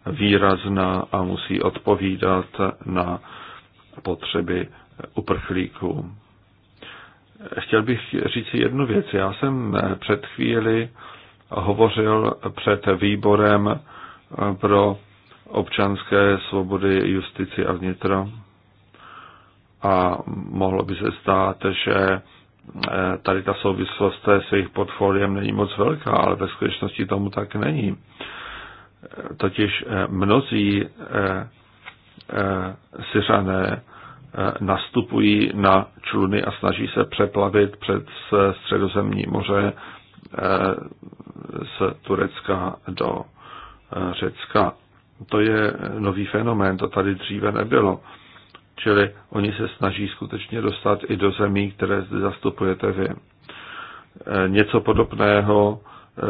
výrazná a musí odpovídat na potřeby uprchlíků. Chtěl bych říct jednu věc. Já jsem eh, před chvíli hovořil před výborem pro občanské svobody, justici a vnitra. A mohlo by se stát, že eh, tady ta souvislost s jejich portfoliem není moc velká, ale ve skutečnosti tomu tak není. Totiž eh, mnozí eh, Syřané nastupují na čluny a snaží se přeplavit před středozemní moře z Turecka do eh, Řecka. To je nový fenomén, to tady dříve nebylo. Čili oni se snaží skutečně dostat i do zemí, které zde zastupujete vy. Eh, něco podobného eh,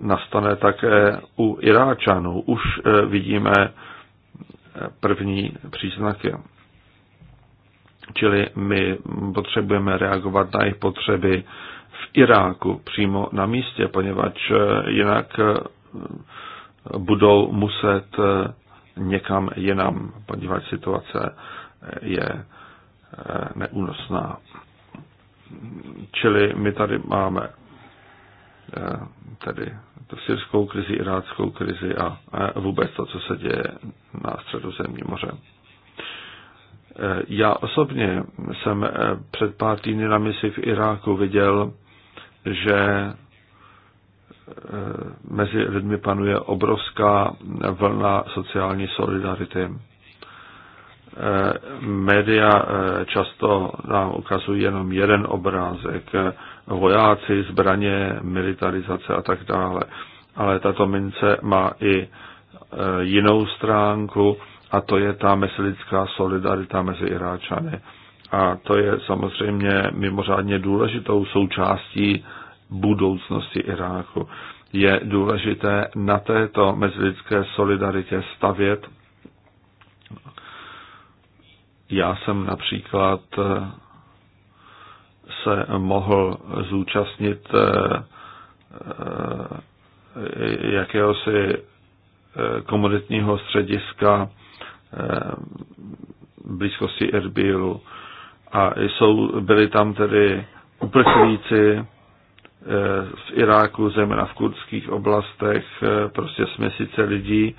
nastane také u Iráčanů. Už vidíme první příznaky. Čili my potřebujeme reagovat na jejich potřeby Iráku přímo na místě, poněvadž eh, jinak eh, budou muset eh, někam jinam, poněvadž situace je neúnosná. Čili my tady máme tedy tu syrskou krizi, iráckou krizi a vůbec to, co se děje na středu středozemní moře. Já osobně jsem před pár týdny na misi v Iráku viděl že eh, mezi lidmi panuje obrovská vlna sociální solidarity. Eh, média eh, často nám ukazují jenom jeden obrázek, vojáci, zbraně, militarizace a tak dále. Ale tato mince má i jinou stránku a to je ta mezilidská solidarita mezi Iráčany a to je samozřejmě mimořádně důležitou součástí budoucnosti Iráku. Je důležité na této mezilidské solidaritě stavět. Já jsem například eh, se mohl zúčastnit eh, eh, jakéhosi komoditního střediska blízkosti Erbilu a jsou, byli tam tedy uprchlíci eh, v Iráku, zejména v kurdských oblastech, eh, prostě směsice lidí.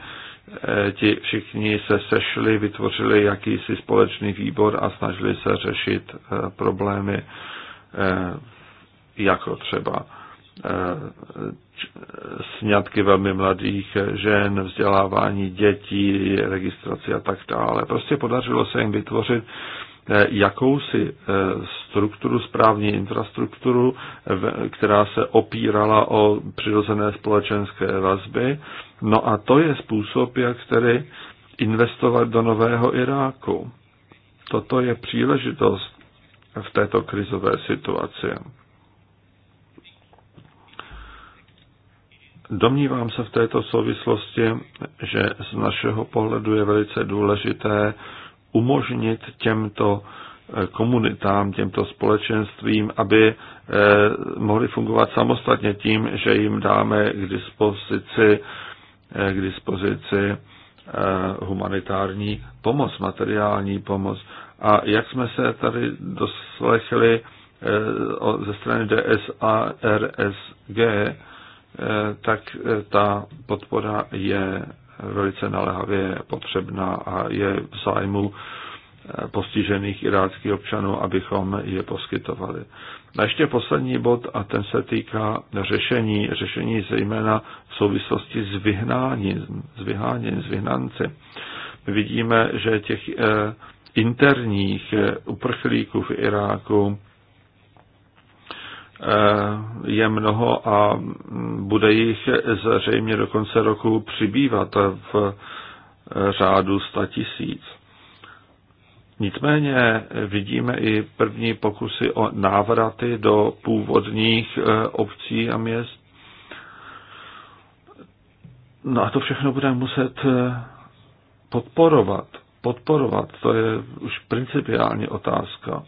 Eh, ti všichni se sešli, vytvořili jakýsi společný výbor a snažili se řešit problémy jako třeba sňatky velmi mladých žen, vzdělávání dětí, registraci a tak dále. Prostě podařilo se jim vytvořit Eh, jakousi eh, strukturu, správní infrastrukturu, eh, která se opírala o přirozené společenské vazby. No a to je způsob, jak tedy investovat do nového Iráku. Toto je příležitost v této krizové situaci. Domnívám se v této souvislosti, že z našeho pohledu je velice důležité umožnit těmto eh, komunitám, těmto společenstvím, aby eh, mohli fungovat samostatně tím, že jim dáme k dispozici, eh, k dispozici humanitární pomoc, materiální pomoc. A jak jsme se tady doslechli ze strany DSARSG, tak ta podpora je velice naléhavě potřebná a je v zájmu postižených iráckých občanů, abychom je poskytovali. A ještě poslední bod, a ten se týká řešení, řešení zejména v souvislosti s vyhnáním, s vyháněním, s vyhnanci. My vidíme, že těch eh, interních eh, uprchlíků v Iráku Eh, je mnoho a bude jich zřejmě do konce roku přibývat v eh, řádu 100 tisíc. Nicméně vidíme i první pokusy o návraty do původních eh, obcí a měst. No a to všechno budeme muset podporovat. Podporovat, to je už principiální otázka.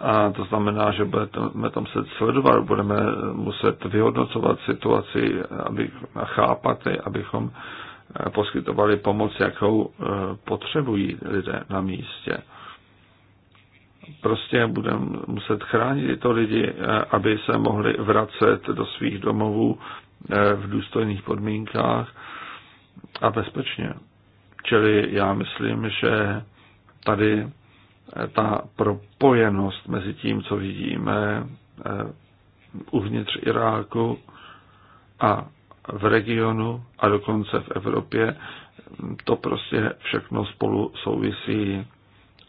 A to znamená, že budeme tam se sledovat, budeme muset vyhodnocovat situaci aby, a chápat, abychom eh, poskytovali pomoc, jakou eh, potřebují lidé na místě. Prostě budeme muset chránit tyto lidi, eh, aby se mohli vracet do svých domovů v důstojných podmínkách a bezpečně. Čili já myslím, že tady ta propojenost mezi tím, co vidíme eh, uvnitř Iráku a v regionu a dokonce v Evropě, to prostě všechno spolu souvisí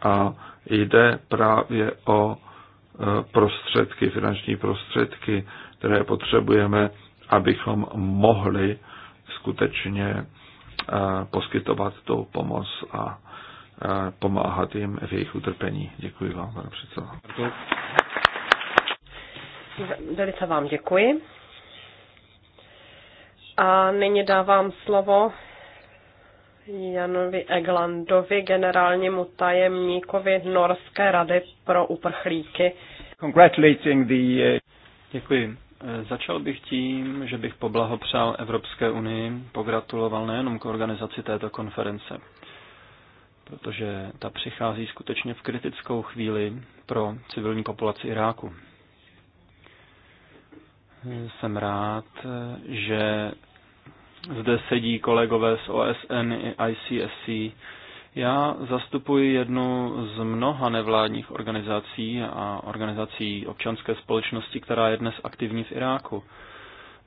a jde právě o eh, prostředky, finanční prostředky, které potřebujeme, abychom mohli skutečně eh, poskytovat tu pomoc a pomáhat jim v jejich utrpení. Děkuji vám, pane předsedo. Velice vám děkuji. A nyní dávám slovo Janovi Eglandovi, generálnímu tajemníkovi Norské rady pro uprchlíky. Uh, děkuji. Začal bych tím, že bych poblahopřál Evropské unii, pogratuloval nejenom k organizaci této konference protože ta přichází skutečně v kritickou chvíli pro civilní populaci Iráku. Jsem rád, že zde sedí kolegové z OSN i ICSC. Já zastupuji jednu z mnoha nevládních organizací a organizací občanské společnosti, která je dnes aktivní v Iráku.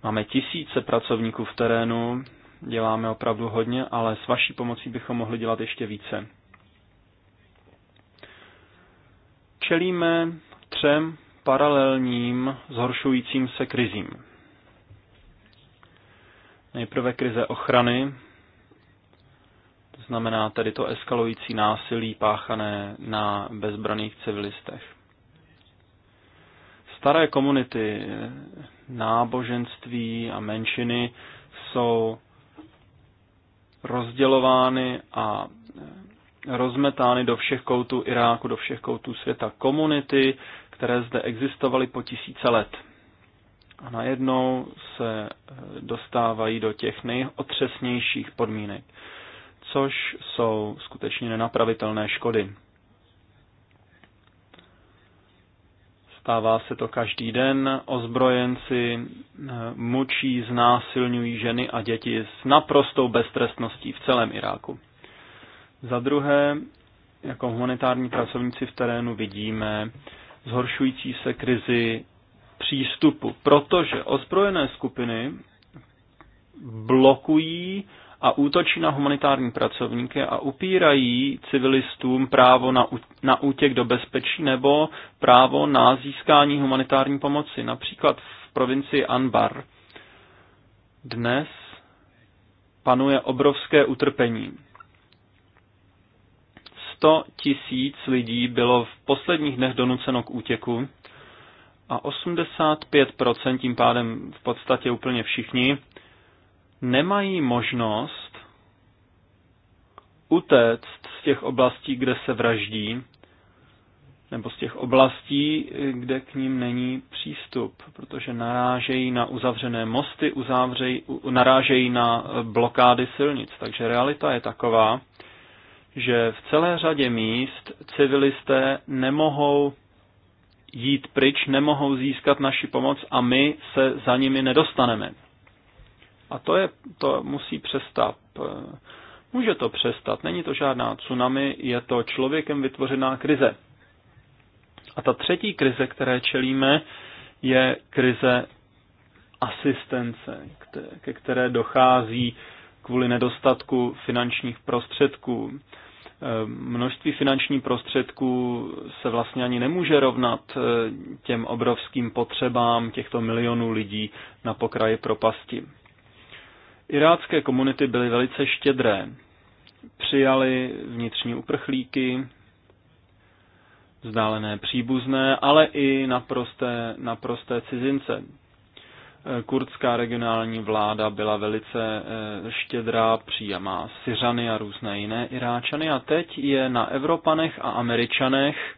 Máme tisíce pracovníků v terénu, Děláme opravdu hodně, ale s vaší pomocí bychom mohli dělat ještě více. Čelíme třem paralelním zhoršujícím se krizím. Nejprve krize ochrany, to znamená tedy to eskalující násilí páchané na bezbraných civilistech. Staré komunity náboženství a menšiny jsou rozdělovány a rozmetány do všech koutů Iráku, do všech koutů světa komunity, které zde existovaly po tisíce let. A najednou se eh, dostávají do těch nejotřesnějších podmínek, což jsou skutečně nenapravitelné škody. Stává se to každý den. Ozbrojenci eh, mučí, znásilňují ženy a děti s naprostou beztrestností v celém Iráku. Za druhé, jako humanitární pracovníci v terénu vidíme zhoršující se krizi přístupu, protože ozbrojené skupiny blokují a útočí na humanitární pracovníky a upírají civilistům právo na, na útěk do bezpečí nebo právo na získání humanitární pomoci, například v provincii Anbar. Dnes panuje obrovské utrpení. 100 tisíc lidí bylo v posledních dnech donuceno k útěku a 85% tím pádem v podstatě úplně všichni nemají možnost utéct z těch oblastí, kde se vraždí, nebo z těch oblastí, kde k ním není přístup, protože narážejí na uzavřené mosty, uzavřej, narážejí na eh, blokády silnic. Takže realita je taková, že v celé řadě míst civilisté nemohou jít pryč, nemohou získat naši pomoc a my se za nimi nedostaneme. A to, je, to musí přestat. Může to přestat, není to žádná tsunami, je to člověkem vytvořená krize. A ta třetí krize, které čelíme, je krize asistence, ke které dochází kvůli nedostatku finančních prostředků. Množství finančních prostředků se vlastně ani nemůže rovnat eh, těm obrovským potřebám těchto milionů lidí na pokraji propasti. Irácké komunity byly velice štědré. Přijali vnitřní uprchlíky, vzdálené příbuzné, ale i naprosté, naprosté cizince. Eh, kurdská regionální vláda byla velice eh, štědrá, příjemná. Syřany a různé jiné Iráčany a teď je na Evropanech a Američanech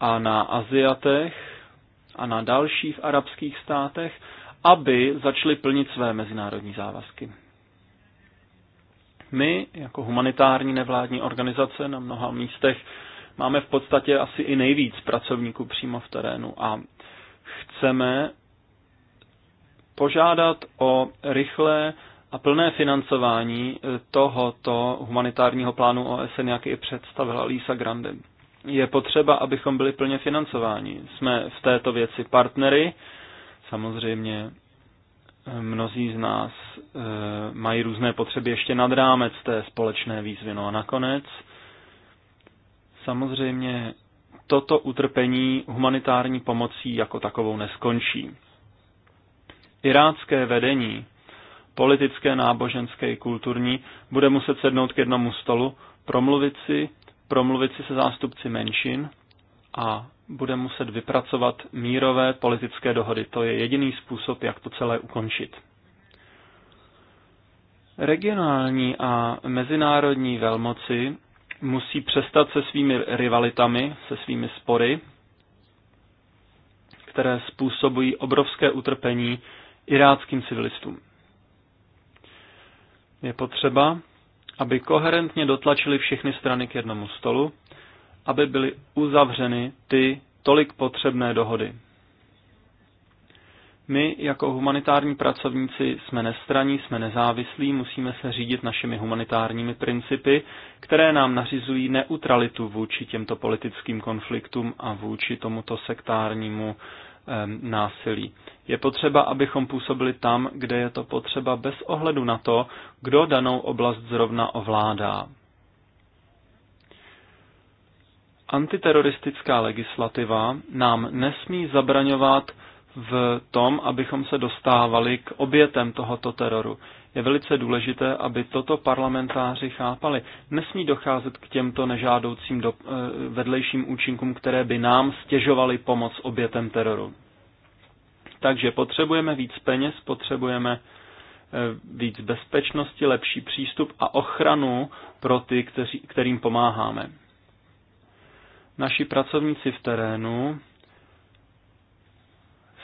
a na Aziatech a na dalších arabských státech, aby začaly plnit své mezinárodní závazky. My, jako humanitární nevládní organizace na mnoha místech, máme v podstatě asi i nejvíc pracovníků přímo v terénu a chceme požádat o rychlé a plné financování tohoto humanitárního plánu OSN, jak ji představila Lisa Grande. Je potřeba, abychom byli plně financováni. Jsme v této věci partnery, Samozřejmě eh, mnozí z nás eh, mají různé potřeby ještě nad rámec té společné výzvy. No a nakonec, samozřejmě toto utrpení humanitární pomocí jako takovou neskončí. Irácké vedení, politické, náboženské i kulturní, bude muset sednout k jednomu stolu, promluvit si, promluvit si se zástupci menšin a bude muset vypracovat mírové politické dohody. To je jediný způsob, jak to celé ukončit. Regionální a mezinárodní velmoci musí přestat se svými rivalitami, se svými spory, které způsobují obrovské utrpení iráckým civilistům. Je potřeba, aby koherentně dotlačili všechny strany k jednomu stolu aby byly uzavřeny ty tolik potřebné dohody. My jako humanitární pracovníci jsme nestraní, jsme nezávislí, musíme se řídit našimi humanitárními principy, které nám nařizují neutralitu vůči těmto politickým konfliktům a vůči tomuto sektárnímu násilí. Je potřeba, abychom působili tam, kde je to potřeba, bez ohledu na to, kdo danou oblast zrovna ovládá. Antiteroristická legislativa nám nesmí zabraňovat v tom, abychom se dostávali k obětem tohoto teroru. Je velice důležité, aby toto parlamentáři chápali. Nesmí docházet k těmto nežádoucím do, eh, vedlejším účinkům, které by nám stěžovaly pomoc obětem teroru. Takže potřebujeme víc peněz, potřebujeme eh, víc bezpečnosti, lepší přístup a ochranu pro ty, kteří, kterým pomáháme. Naši pracovníci v terénu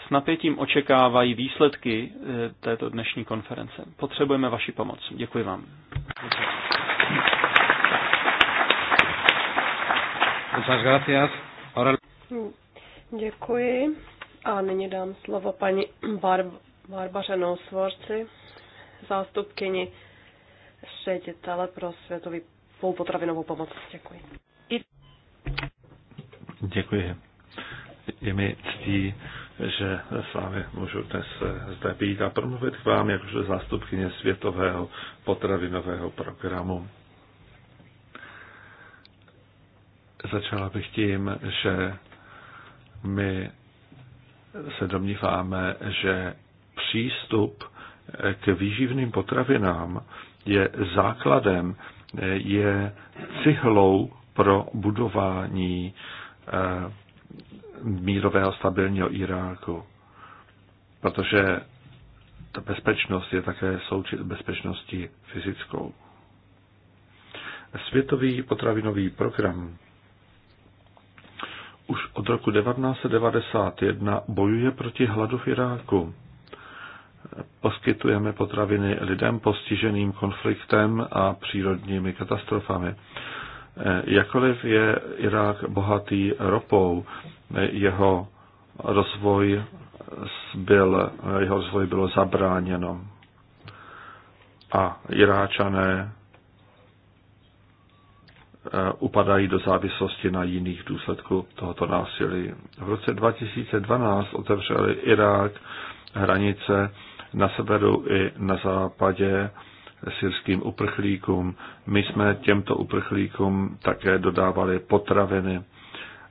s napětím očekávají výsledky eh, této dnešní konference. Potřebujeme vaši pomoc. Děkuji vám. Děkuji. A nyní dám slovo paní Barb- Barbaře Nosvorci, zástupkyni ředitele pro světový potravinovou pomoc. Děkuji. Děkuji. Je mi ctí, že s vámi můžu dnes eh, zde být a promluvit k vám jakožto zástupkyně Světového potravinového programu. Začala bych tím, že my se domníváme, že přístup eh, k výživným potravinám je základem, eh, je cihlou pro budování Eh, mírového stabilního Iráku. Protože ta bezpečnost je také součet bezpečnosti fyzickou. Světový potravinový program už od roku 1991 bojuje proti hladu v Iráku. Poskytujeme potraviny lidem postiženým konfliktem a přírodními katastrofami. Eh, Jakoliv je Irák bohatý ropou, eh, jeho rozvoj byl, eh, jeho rozvoj bylo zabráněno. A Iráčané upadají do závislosti na jiných důsledků tohoto násilí. V roce 2012 otevřeli Irák hranice na severu i na západě syrským uprchlíkům. My jsme těmto uprchlíkům také dodávali potraviny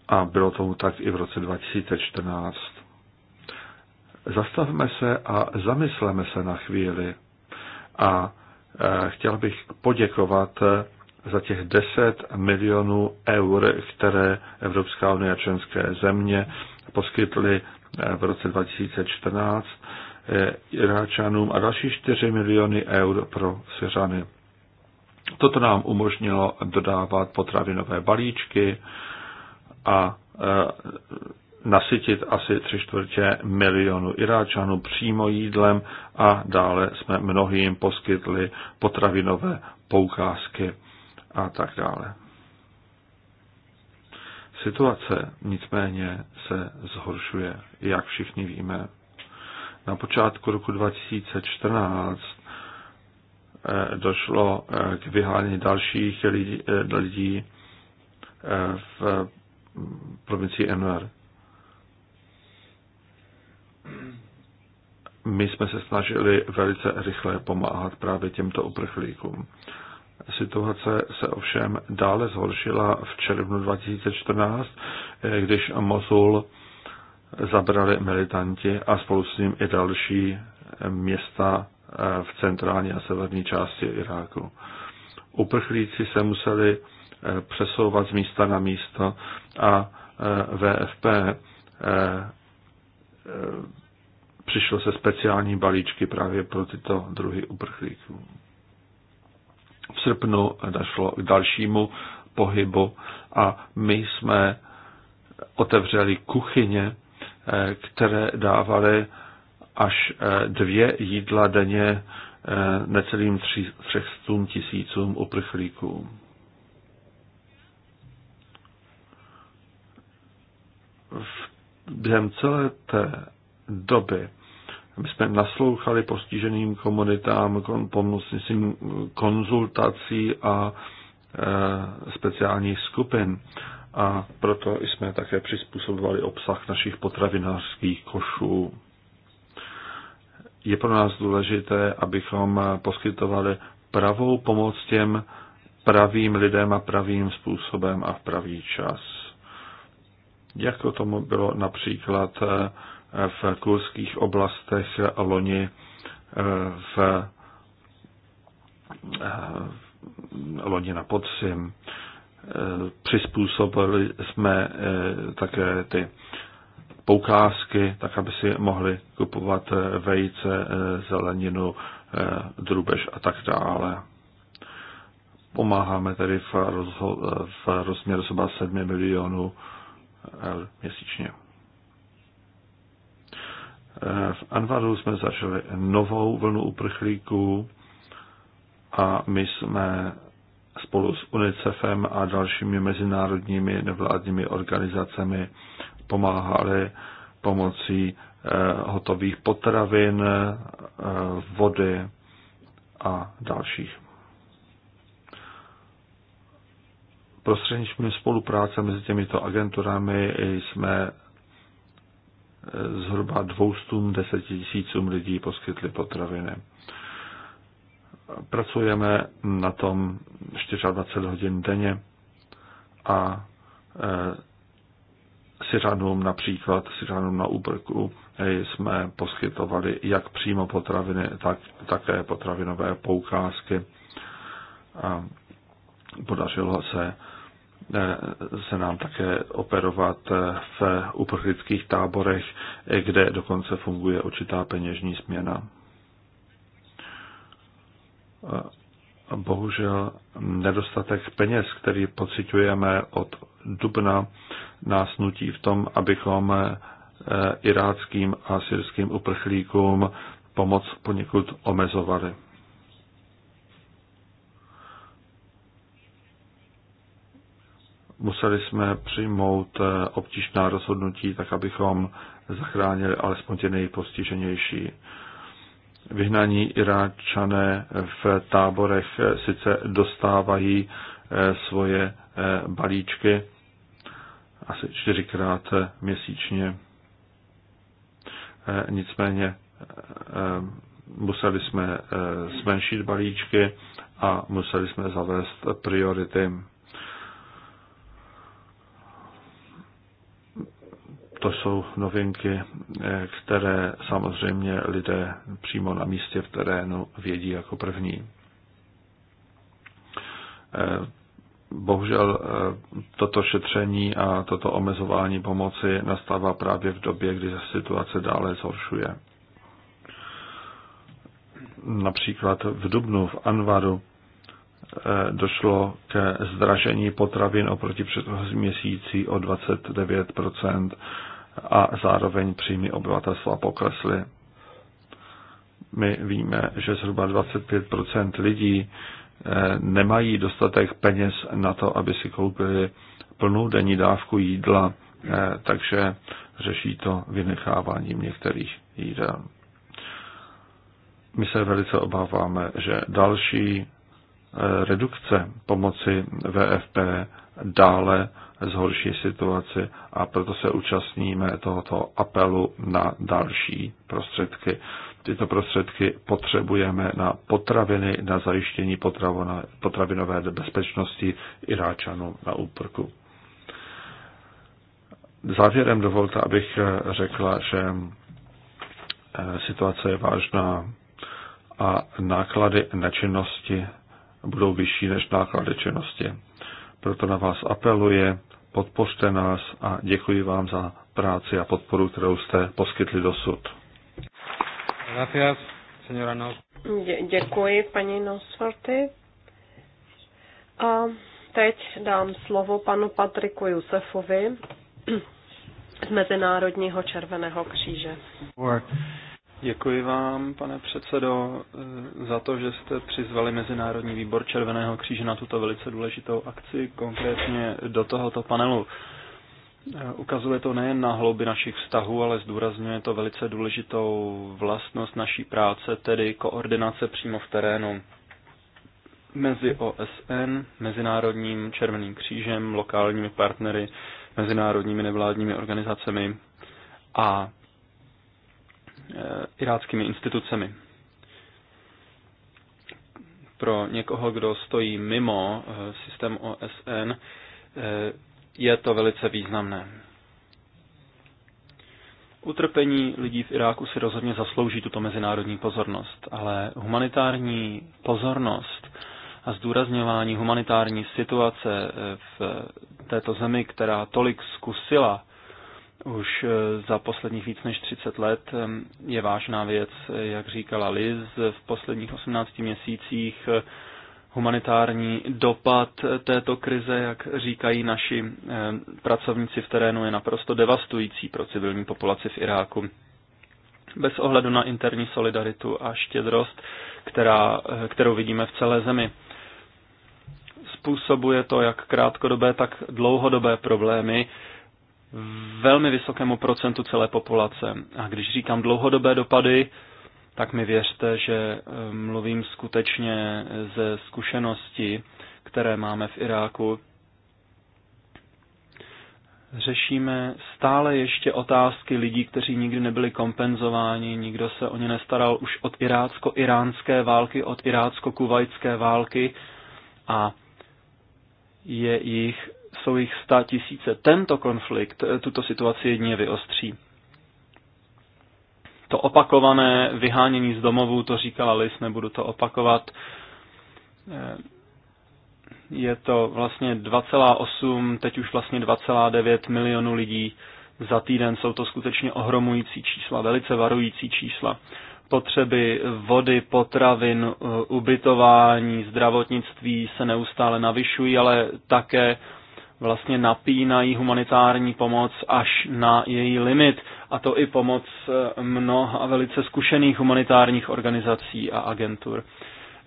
a bylo tomu tak i v roce 2014. Zastavme se a zamysleme se na chvíli. A e, chtěl bych poděkovat e, za těch 10 milionů eur, které Evropská unie a členské země poskytly e, v roce 2014 Eh, Iráčanům a další 4 miliony eur pro Syřany. Toto nám umožnilo dodávat potravinové balíčky a eh, nasytit asi tři čtvrtě milionu Iráčanů přímo jídlem a dále jsme mnohým poskytli potravinové poukázky a tak dále. Situace nicméně se zhoršuje, jak všichni víme na počátku roku 2014 eh, došlo eh, k vyhání dalších lidí eh, v mm, provincii Enver. My jsme se snažili velice rychle pomáhat právě těmto uprchlíkům. Situace se ovšem dále zhoršila v červnu 2014, když Mosul zabrali militanti a spolu s ním i další města eh, v centrální a severní části Iráku. Uprchlíci se museli eh, přesouvat z místa na místo a eh, VFP přišlo se speciální balíčky právě pro tyto druhy uprchlíků. V srpnu došlo k dalšímu pohybu a my jsme otevřeli kuchyně které dávaly až eh, dvě jídla denně eh, necelým tři, třechstům tisícům uprchlíků. V, během celé té doby my jsme naslouchali postiženým komunitám, kon, konzultací a e, speciálních skupin a proto jsme také přizpůsobovali obsah našich potravinářských košů. Je pro nás důležité, abychom poskytovali pravou pomoc těm pravým lidem a pravým způsobem a v pravý čas. to tomu bylo například eh, v kurských oblastech loni eh, v eh, loni na podzim přizpůsobili jsme eh, také ty poukázky, tak aby si mohli kupovat eh, vejce, eh, zeleninu, drubež a tak dále. Pomáháme tedy v, rozho- v rozměru zhruba 7 milionů eur měsíčně. V Anvaru jsme začali novou vlnu uprchlíků a my jsme spolu s UNICEFem a dalšími mezinárodními nevládními organizacemi pomáhali pomocí eh, hotových potravin, eh, vody a dalších. Prostřednictvím spolupráce mezi těmito agenturami jsme eh, zhruba 210 tisícům lidí poskytli potraviny pracujeme na tom 24 hodin denně a e, siřanům například, siřanům na úprku jsme poskytovali jak přímo potraviny, tak také potravinové poukázky. A podařilo se e, se nám také operovat v uprchlických táborech, kde dokonce funguje určitá peněžní směna bohužel nedostatek peněz, který pocitujeme od dubna, nás nutí v tom, abychom e, iráckým a syrským uprchlíkům pomoc poněkud omezovali. Museli jsme přijmout e, obtížná rozhodnutí, tak abychom zachránili alespoň ty nejpostiženější vyhnaní Iráčané v táborech sice dostávají eh, svoje eh, balíčky asi čtyřikrát eh, měsíčně. Nicméně museli jsme zmenšit balíčky a museli jsme zavést priority. to jsou novinky, eh, které samozřejmě lidé přímo na místě v terénu vědí jako první. Eh, bohužel eh, toto šetření a toto omezování pomoci nastává právě v době, kdy se situace dále zhoršuje. Například v Dubnu, v Anvaru, došlo ke zdražení potravin oproti předchozím měsíci o 29 a zároveň příjmy obyvatelstva poklesly. My víme, že zhruba 25 lidí eh, nemají dostatek peněz na to, aby si koupili plnou denní dávku jídla, eh, takže řeší to vynecháváním některých jídel. My se velice obáváme, že další redukce pomoci VFP dále zhorší situaci a proto se účastníme tohoto apelu na další prostředky. Tyto prostředky potřebujeme na potraviny, na zajištění potravinové bezpečnosti Iráčanů na úprku. Závěrem dovolte, abych řekla, že eh, situace je vážná a náklady nečinnosti budou vyšší než náklady činnosti. Proto na vás apeluje, podpořte nás a děkuji vám za práci a podporu, kterou jste poskytli dosud. děkuji, paní Nosfarty. A teď dám slovo panu Patriku Jusefovi z Mezinárodního červeného kříže. Děkuji vám, pane předsedo, za to, že jste přizvali Mezinárodní výbor Červeného kříže na tuto velice důležitou akci, konkrétně do tohoto panelu. Ukazuje to nejen na hlouby našich vztahů, ale zdůrazňuje to velice důležitou vlastnost naší práce, tedy koordinace přímo v terénu mezi OSN, Mezinárodním Červeným křížem, lokálními partnery, mezinárodními nevládními organizacemi a Eh, iráckými institucemi. Pro někoho, kdo stojí mimo eh, systém OSN, eh, je to velice významné. Utrpení lidí v Iráku si rozhodně zaslouží tuto mezinárodní pozornost, ale humanitární pozornost a zdůrazňování humanitární situace v této zemi, která tolik zkusila už eh, za posledních víc než 30 let eh, je vážná věc, eh, jak říkala Liz, v posledních 18 měsících humanitární dopad této krize, jak říkají naši pracovníci v terénu, je naprosto devastující pro civilní populaci v Iráku. Bez ohledu na interní solidaritu a štědrost, která, kterou vidíme v celé zemi. Způsobuje to jak krátkodobé, tak dlouhodobé problémy, velmi vysokému procentu celé populace. A když říkám dlouhodobé dopady, tak mi věřte, že eh, mluvím skutečně ze zkušenosti, které máme v Iráku. Řešíme stále ještě otázky lidí, kteří nikdy nebyli kompenzováni, nikdo se o ně nestaral už od irácko-iránské války, od irácko-kuvajské války a je jich jsou jich sta tisíce. Tento konflikt eh, tuto situaci jedině vyostří. To opakované vyhánění z domovů, to říkala Lis, nebudu to opakovat. Eh, je to vlastně 2,8, teď už vlastně 2,9 milionů lidí za týden. Jsou to skutečně ohromující čísla, velice varující čísla. Potřeby vody, potravin, eh, ubytování, zdravotnictví se neustále navyšují, ale také vlastně napínají humanitární pomoc až na její limit, a to i pomoc eh, mnoha velice zkušených humanitárních organizací a agentur.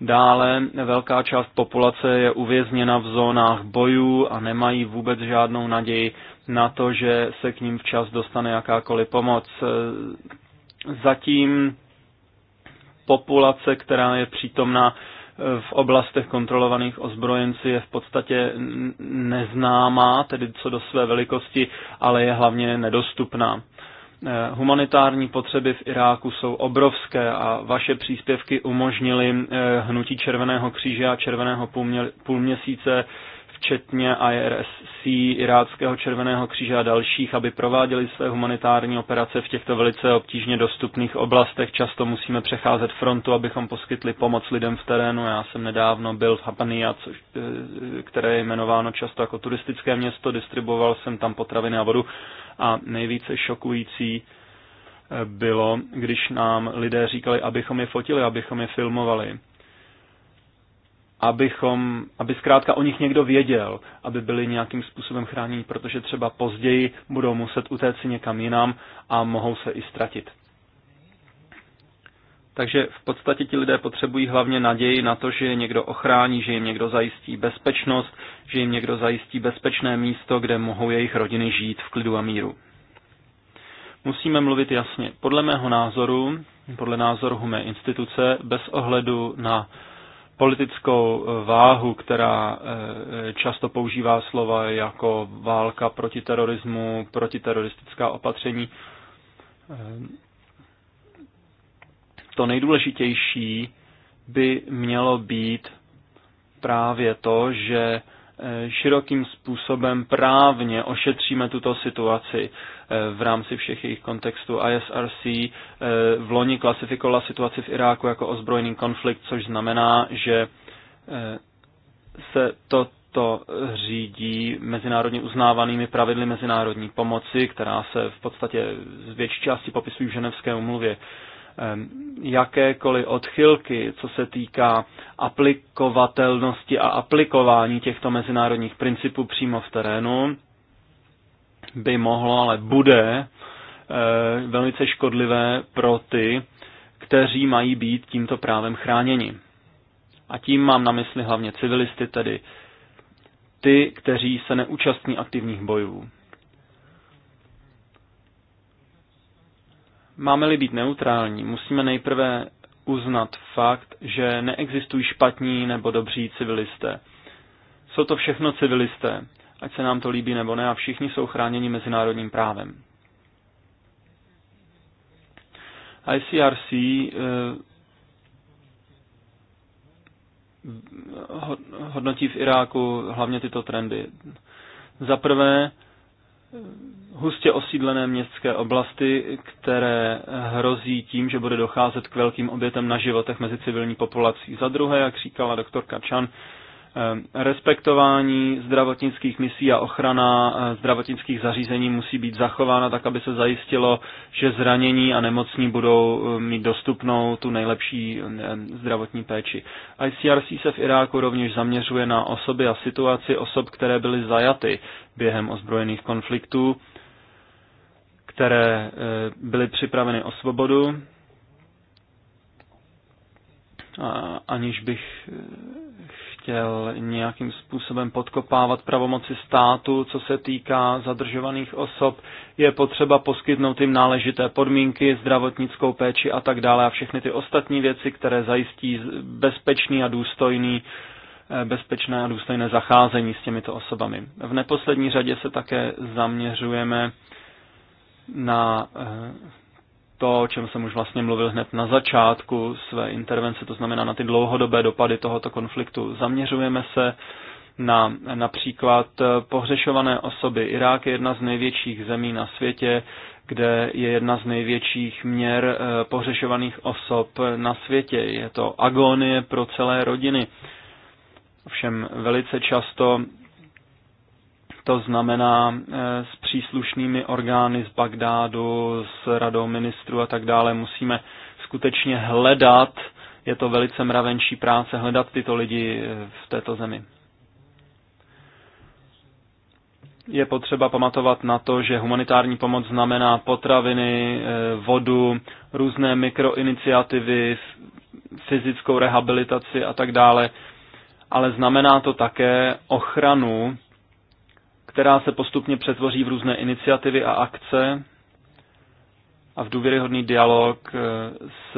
Dále velká část populace je uvězněna v zónách bojů a nemají vůbec žádnou naději na to, že se k ním včas dostane jakákoliv pomoc. Eh, zatím populace, která je přítomná v oblastech kontrolovaných ozbrojenci je v podstatě neznámá, tedy co do své velikosti, ale je hlavně nedostupná. E, humanitární potřeby v Iráku jsou obrovské a vaše příspěvky umožnily e, hnutí Červeného kříže a Červeného půlměsíce včetně IRSC, Iráckého červeného kříže a dalších, aby prováděli své humanitární operace v těchto velice obtížně dostupných oblastech. Často musíme přecházet frontu, abychom poskytli pomoc lidem v terénu. Já jsem nedávno byl v Hapania, což, eh, které je jmenováno často jako turistické město, distribuoval jsem tam potraviny a vodu a nejvíce šokující eh, bylo, když nám lidé říkali, abychom je fotili, abychom je filmovali abychom, aby zkrátka o nich někdo věděl, aby byli nějakým způsobem chráněni, protože třeba později budou muset utéct někam jinam a mohou se i ztratit. Takže v podstatě ti lidé potřebují hlavně naději na to, že je někdo ochrání, že jim někdo zajistí bezpečnost, že jim někdo zajistí bezpečné místo, kde mohou jejich rodiny žít v klidu a míru. Musíme mluvit jasně. Podle mého názoru, podle názoru mé instituce, bez ohledu na politickou eh, váhu, která eh, často používá slova jako válka proti terorismu, protiteroristická opatření. Eh, to nejdůležitější by mělo být právě to, že širokým způsobem právně ošetříme tuto situaci eh, v rámci všech jejich kontextů. ISRC eh, v loni klasifikovala situaci v Iráku jako ozbrojený konflikt, což znamená, že eh, se to to řídí mezinárodně uznávanými pravidly mezinárodní pomoci, která se v podstatě z větší části popisují v ženevské umluvě jakékoliv odchylky, co se týká aplikovatelnosti a aplikování těchto mezinárodních principů přímo v terénu, by mohlo, ale bude eh, velice škodlivé pro ty, kteří mají být tímto právem chráněni. A tím mám na mysli hlavně civilisty, tedy ty, kteří se neúčastní aktivních bojů. Máme-li být neutrální, musíme nejprve uznat fakt, že neexistují špatní nebo dobří civilisté. Jsou to všechno civilisté, ať se nám to líbí nebo ne, a všichni jsou chráněni mezinárodním právem. ICRC eh, hodnotí v Iráku hlavně tyto trendy. Za prvé, eh, hustě osídlené městské oblasti, které hrozí tím, že bude docházet k velkým obětem na životech mezi civilní populací. Za druhé, jak říkala doktorka Chan, Eh, respektování zdravotnických misí a ochrana eh, zdravotnických zařízení musí být zachována tak, aby se zajistilo, že zranění a nemocní budou eh, mít dostupnou tu nejlepší zdravotní péči. ICRC se v Iráku rovněž zaměřuje na osoby a situaci osob, které byly zajaty během ozbrojených konfliktů, které byly připraveny o svobodu, aniž bych chtěl nějakým způsobem podkopávat pravomoci státu, co se týká zadržovaných osob. Je potřeba poskytnout jim náležité podmínky, zdravotnickou péči a tak dále a všechny ty ostatní věci, které zajistí bezpečný a důstojný eh, bezpečné a důstojné zacházení s těmito osobami. V neposlední řadě se také zaměřujeme na eh, to, o čem jsem už vlastně mluvil hned na začátku své intervence, to znamená na ty dlouhodobé dopady tohoto konfliktu. Zaměřujeme se na například pohřešované osoby. Irák je jedna z největších zemí na světě, kde je jedna z největších měr eh, pohřešovaných osob na světě. Je to agonie pro celé rodiny. Ovšem velice často to znamená eh, s příslušnými orgány z Bagdádu, s radou ministrů a tak dále, musíme skutečně hledat, je to velice mravenčí práce, hledat tyto lidi eh, v této zemi. Je potřeba pamatovat na to, že humanitární pomoc znamená potraviny, eh, vodu, různé mikroiniciativy, fyzickou rehabilitaci a tak dále, ale znamená to také ochranu která se postupně přetvoří v různé iniciativy a akce a v důvěryhodný dialog eh, s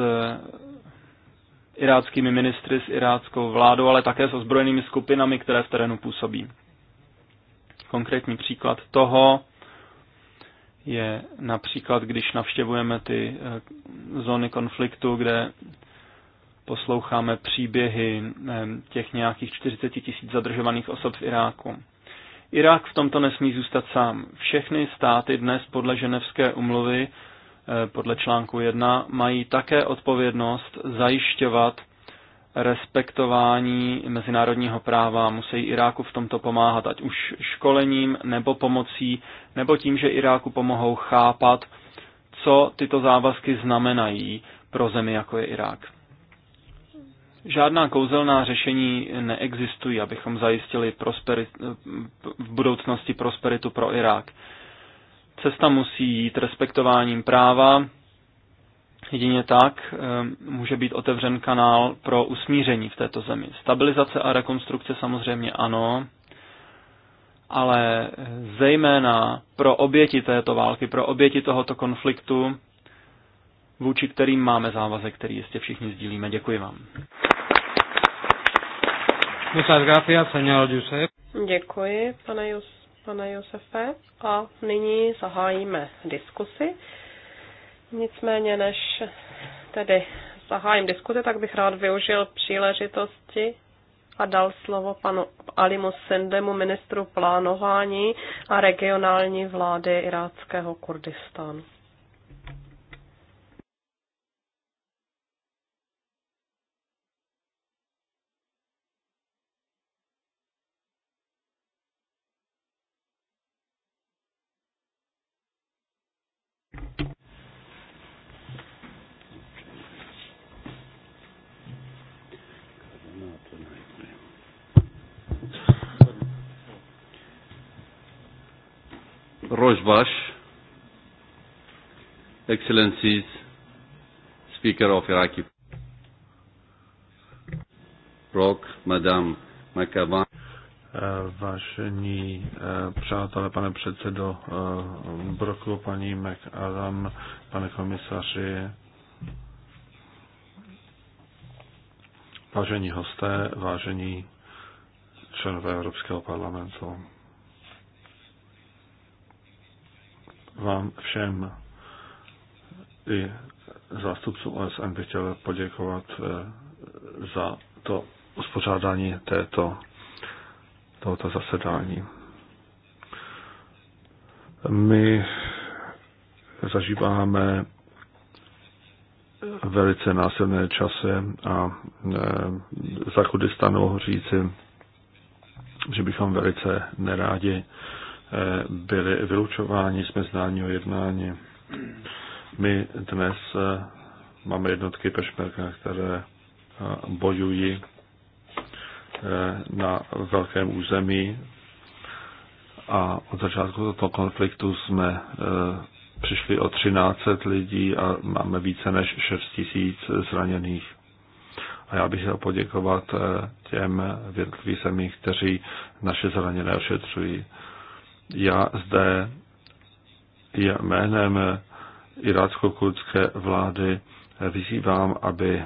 iráckými ministry, s iráckou vládou, ale také s ozbrojenými skupinami, které v terénu působí. Konkrétní příklad toho je například, když navštěvujeme ty eh, zóny konfliktu, kde posloucháme příběhy eh, těch nějakých 40 tisíc zadržovaných osob v Iráku. Irák v tomto nesmí zůstat sám. Všechny státy dnes podle Ženevské umluvy, eh, podle článku 1, mají také odpovědnost zajišťovat respektování mezinárodního práva. Musí Iráku v tomto pomáhat, ať už školením nebo pomocí, nebo tím, že Iráku pomohou chápat, co tyto závazky znamenají pro zemi, jako je Irák. Žádná kouzelná řešení neexistují, abychom zajistili prosperit, v budoucnosti prosperitu pro Irák. Cesta musí jít respektováním práva, jedině tak eh, může být otevřen kanál pro usmíření v této zemi. Stabilizace a rekonstrukce samozřejmě ano, ale eh, zejména pro oběti této války, pro oběti tohoto konfliktu, vůči kterým máme závazek, který jistě všichni sdílíme. Děkuji vám. Muchas gracias, señor Josef. Děkuji, pane, Jos- pane Josefe. A nyní zahájíme diskusi. Nicméně, než tedy zahájím diskuzi, tak bych rád využil příležitosti a dal slovo panu Alimu Sendemu, ministru plánování a regionální vlády iráckého Kurdistánu. Rojbash, Excellencies, Speaker of Iraqi Rock, Madame Makaban. Vážení eh, přátelé, pane předsedo eh, Broku, paní McAdam, pane komisaři, vážení hosté, vážení členové Evropského parlamentu. vám všem i zástupcům OSN bych chtěl poděkovat eh, za to uspořádání této, tohoto zasedání. My zažíváme velice násilné časy a eh, za stanou říci, že bychom velice nerádi byli vylučováni z mezinárodního jednání. My dnes eh, máme jednotky pešmerka, které eh, bojují eh, na velkém území a od začátku tohoto konfliktu jsme přišli o 13 lidí a máme více než 6 tisíc zraněných. A já bych chtěl poděkovat těm větkvý jednotlivých kteří naše zraněné ošetřují. Já zde jménem irácko-kurdské vlády vyzývám, aby eh,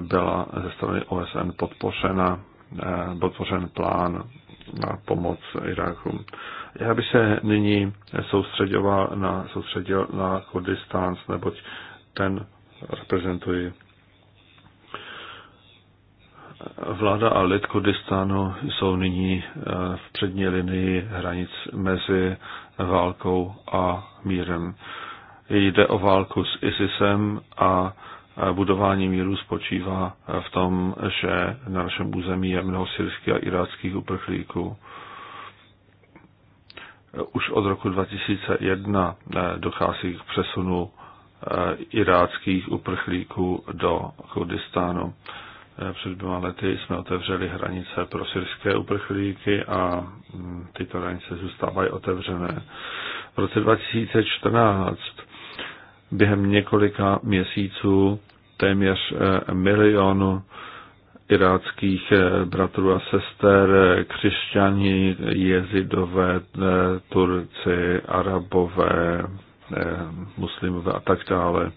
byla ze strany OSN podpořena, eh, podpořen plán na pomoc Iráku. Já bych se nyní soustředil na, soustředil na Kurdistán, neboť ten reprezentuji Vláda a lid Kurdistánu jsou nyní eh, v přední linii hranic mezi válkou a mírem. Jde o válku s ISISem a eh, budování míru spočívá eh, v tom, že na našem území je mnoho syrských a iráckých uprchlíků. Už od roku 2001 dochází k přesunu iráckých uprchlíků do Kurdistánu. Eh, před dvěma lety jsme otevřeli hranice pro syrské uprchlíky a mm, tyto hranice zůstávají otevřené. V roce 2014 během několika měsíců téměř eh, milionu iráckých eh, bratrů a sester, křesťani, jezidové, Turci, Arabové, muslimové a tak dále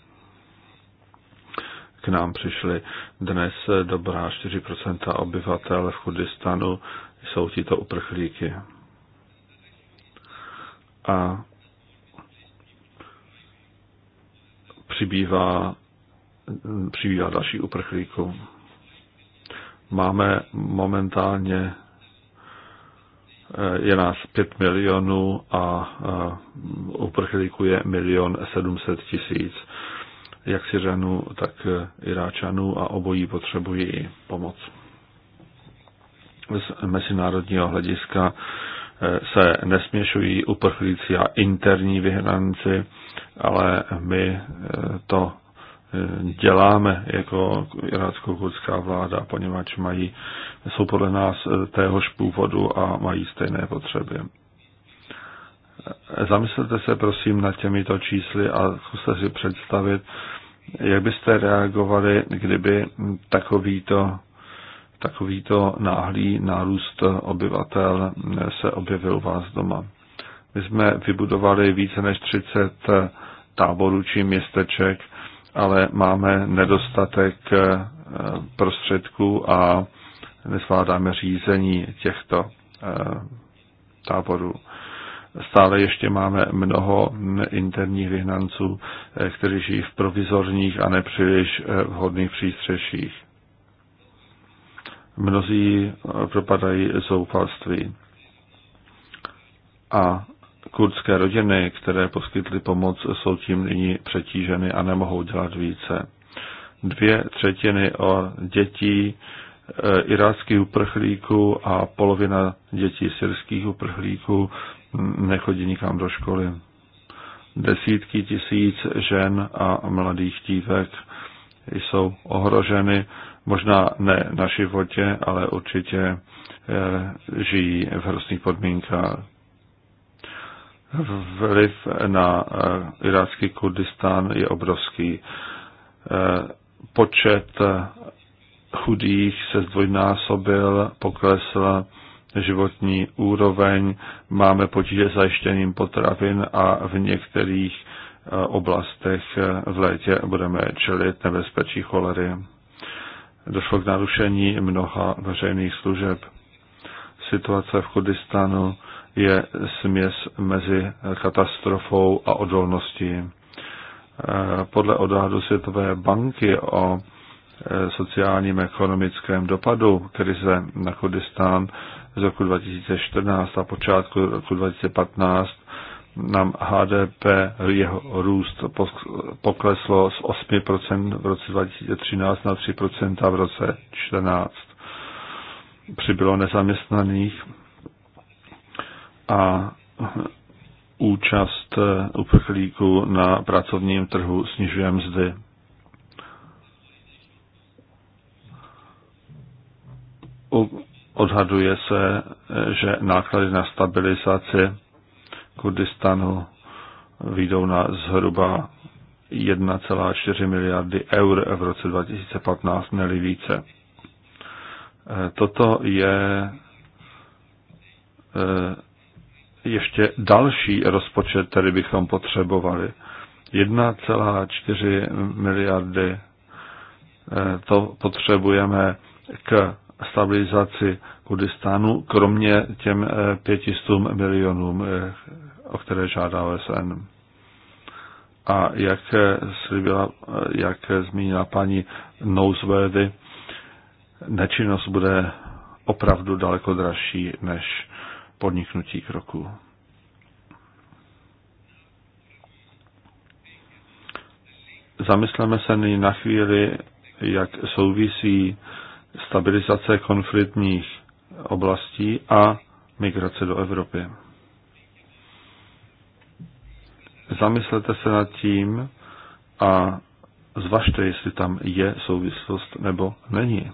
k nám přišli. Dnes dobrá 4% obyvatel v Kurdistanu jsou tito uprchlíky. A přibývá, přibývá další uprchlíků. Máme momentálně eh, je nás 5 milionů a eh, uprchlíků je milion 700 tisíc jak Syřanů, tak eh, Iráčanů a obojí potřebují pomoc. Z mezinárodního hlediska eh, se nesměšují uprchlíci a interní vyhranci, ale my eh, to děláme jako irácko-kurdská vláda, poněvadž mají, jsou podle nás téhož původu a mají stejné potřeby. Zamyslete se prosím nad těmito čísly a zkuste si představit, jak byste reagovali, kdyby takovýto, takovýto náhlý nárůst obyvatel se objevil u vás doma? My jsme vybudovali více než 30 táborů či městeček, ale máme nedostatek eh, prostředků a nezvládáme řízení těchto eh, táborů stále ještě máme mnoho interních vyhnanců, eh, kteří žijí v provizorních a nepříliš eh, vhodných přístřeších. Mnozí eh, propadají zoufalství. A kurdské rodiny, které poskytly pomoc, jsou tím nyní přetíženy a nemohou dělat více. Dvě třetiny o dětí iráckých uprchlíků a polovina dětí syrských uprchlíků nechodí nikam do školy. Desítky tisíc žen a mladých dívek jsou ohroženy, možná ne na životě, ale určitě eh, žijí v hrozných podmínkách. Vliv na eh, irácký Kurdistán je obrovský. Eh, počet chudých se zdvojnásobil, poklesl životní úroveň, máme potíže s zajištěním potravin a v některých eh, oblastech eh, v létě budeme čelit nebezpečí cholery. Došlo k narušení mnoha veřejných služeb. Situace v Kurdistánu je směs mezi katastrofou a odolností. Eh, podle odhadu Světové banky o sociálním ekonomickém dopadu krize na Kurdistán z roku 2014 a počátku roku 2015 nám HDP, jeho růst pokleslo z 8% v roce 2013 na 3% v roce 2014. Přibylo nezaměstnaných a účast uprchlíků na pracovním trhu snižuje mzdy. U Odhaduje se, že náklady na stabilizaci Kurdistanu výjdou na zhruba 1,4 miliardy eur v roce 2015, neli více. Toto je eh, ještě další rozpočet, který bychom potřebovali. 1,4 miliardy eh, to potřebujeme k stabilizaci Kurdistánu, kromě těm 500 eh, milionům, eh, o které žádá OSN. A jak, eh, slibila, jak zmínila paní Nouzvedy, nečinnost bude opravdu daleko dražší než podniknutí kroků. Zamysleme se nyní na chvíli, jak souvisí stabilizace konfliktních oblastí a migrace do Evropy. Zamyslete se nad tím a zvažte, jestli tam je souvislost nebo není.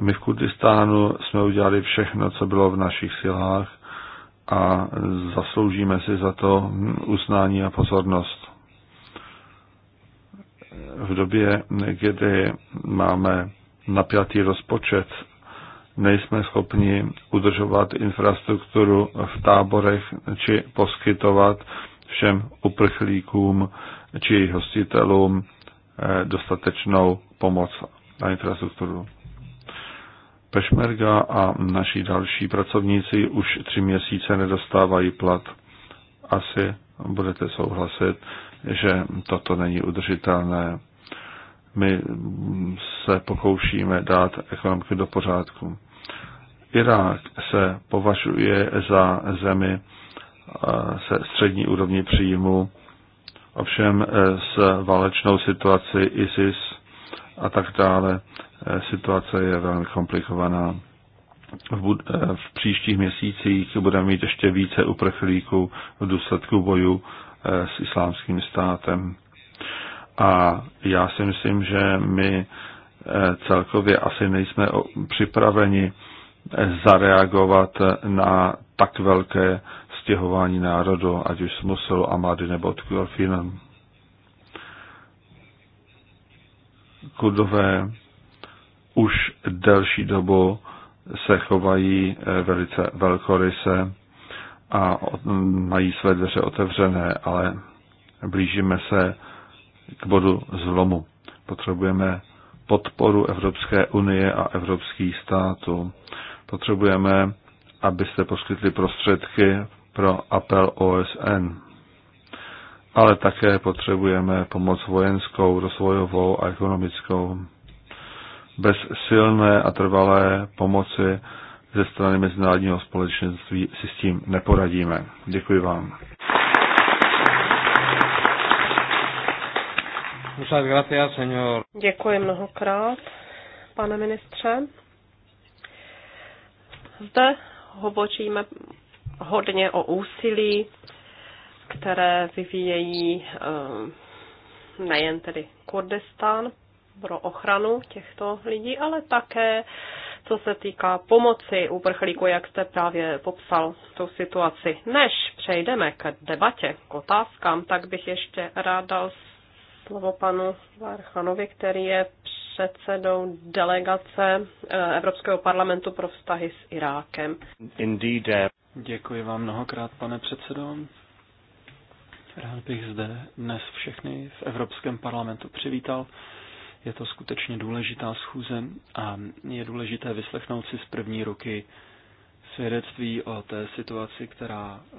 My v Kurdistánu jsme udělali všechno, co bylo v našich silách a zasloužíme si za to uznání a pozornost v době, kdy máme napjatý rozpočet, nejsme schopni udržovat infrastrukturu v táborech či poskytovat všem uprchlíkům či hostitelům eh, dostatečnou pomoc a infrastrukturu. Pešmerga a naši další pracovníci už tři měsíce nedostávají plat. Asi budete souhlasit, že toto není udržitelné. My se pokoušíme dát ekonomiku do pořádku. Irák se považuje za zemi eh, se střední úrovní příjmu, ovšem eh, s válečnou situací ISIS a tak dále eh, situace je velmi komplikovaná. V, bud- v příštích měsících budeme mít ještě více uprchlíků v důsledku bojů s islámským státem. A já si myslím, že my eh, celkově asi nejsme připraveni eh, zareagovat eh, na tak velké stěhování národu, ať už z Musulu, Amady nebo od Kurfina. už delší dobu se chovají velice velkoryse a mají své dveře otevřené, ale blížíme se k bodu zlomu. Potřebujeme podporu Evropské unie a evropských států. Potřebujeme, abyste poskytli prostředky pro apel OSN. Ale také potřebujeme pomoc vojenskou, rozvojovou a ekonomickou. Bez silné a trvalé pomoci ze strany mezinárodního společenství si s tím neporadíme. Děkuji vám. Děkuji mnohokrát, pane ministře. Zde hovoříme hodně o úsilí, které vyvíjejí eh, nejen tedy Kurdistán pro ochranu těchto lidí, ale také co se týká pomoci uprchlíku, jak jste právě popsal tu situaci. Než přejdeme k debatě, k otázkám, tak bych ještě rád dal slovo panu Varchanovi, který je předsedou delegace eh, Evropského parlamentu pro vztahy s Irákem. Indeed. Eh. Děkuji vám mnohokrát, pane předsedo. Rád bych zde dnes všechny v Evropském parlamentu přivítal je to skutečně důležitá schůze a je důležité vyslechnout si z první ruky svědectví o té situaci, která eh,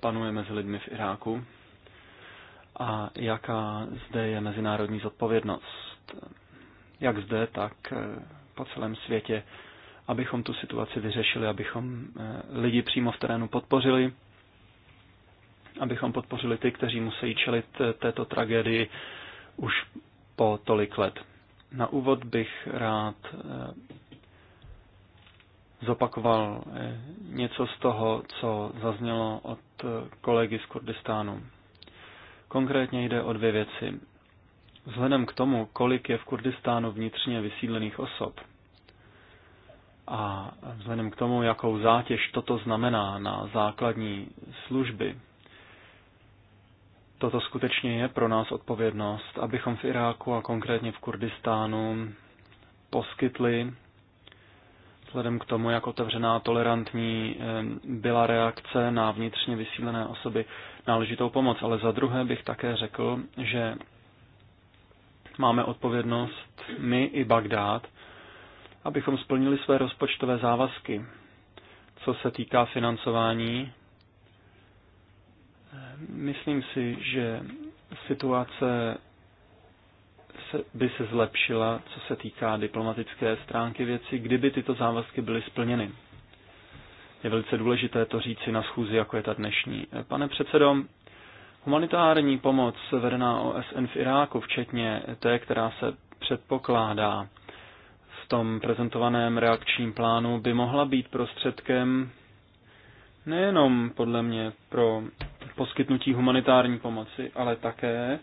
panuje mezi lidmi v Iráku a jaká zde je mezinárodní zodpovědnost. Jak zde, tak eh, po celém světě, abychom tu situaci vyřešili, abychom eh, lidi přímo v terénu podpořili, abychom podpořili ty, kteří musí čelit této tragédii už po tolik let. Na úvod bych rád eh, zopakoval eh, něco z toho, co zaznělo od eh, kolegy z Kurdistánu. Konkrétně jde o dvě věci. Vzhledem k tomu, kolik je v Kurdistánu vnitřně vysídlených osob a vzhledem k tomu, jakou zátěž toto znamená na základní služby, Toto skutečně je pro nás odpovědnost, abychom v Iráku a konkrétně v Kurdistánu poskytli, vzhledem k tomu, jak otevřená tolerantní eh, byla reakce na vnitřně vysílené osoby, náležitou pomoc. Ale za druhé bych také řekl, že máme odpovědnost my i Bagdád, abychom splnili své rozpočtové závazky, co se týká financování Myslím si, že situace by se zlepšila, co se týká diplomatické stránky věci, kdyby tyto závazky byly splněny. Je velice důležité to říci na schůzi, jako je ta dnešní. Pane předsedo, humanitární pomoc vedená OSN v Iráku, včetně té, která se předpokládá v tom prezentovaném reakčním plánu, by mohla být prostředkem nejenom podle mě pro poskytnutí humanitární pomoci, ale také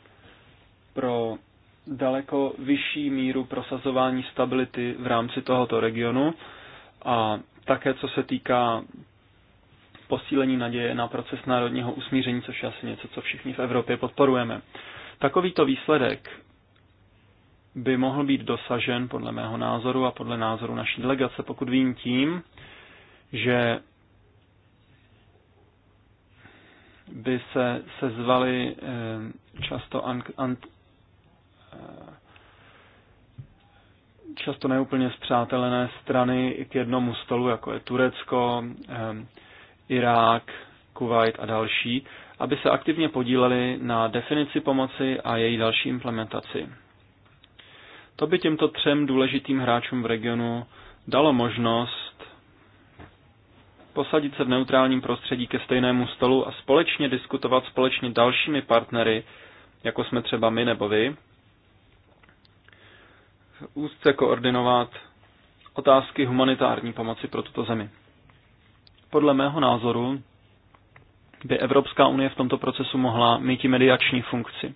pro daleko vyšší míru prosazování stability v rámci tohoto regionu a také co se týká posílení naděje na proces národního usmíření, což je asi něco, co všichni v Evropě podporujeme. Takovýto výsledek by mohl být dosažen podle mého názoru a podle názoru naší delegace, pokud vím tím, že by se sezvali eh, často an, an, eh, často neúplně zpřátelené strany k jednomu stolu, jako je Turecko, eh, Irák, Kuwait a další, aby se aktivně podíleli na definici pomoci a její další implementaci. To by těmto třem důležitým hráčům v regionu dalo možnost posadit se v neutrálním prostředí ke stejnému stolu a společně diskutovat společně dalšími partnery, jako jsme třeba my nebo vy, úzce koordinovat otázky humanitární pomoci pro tuto zemi. Podle mého názoru by Evropská unie v tomto procesu mohla mít i mediační funkci.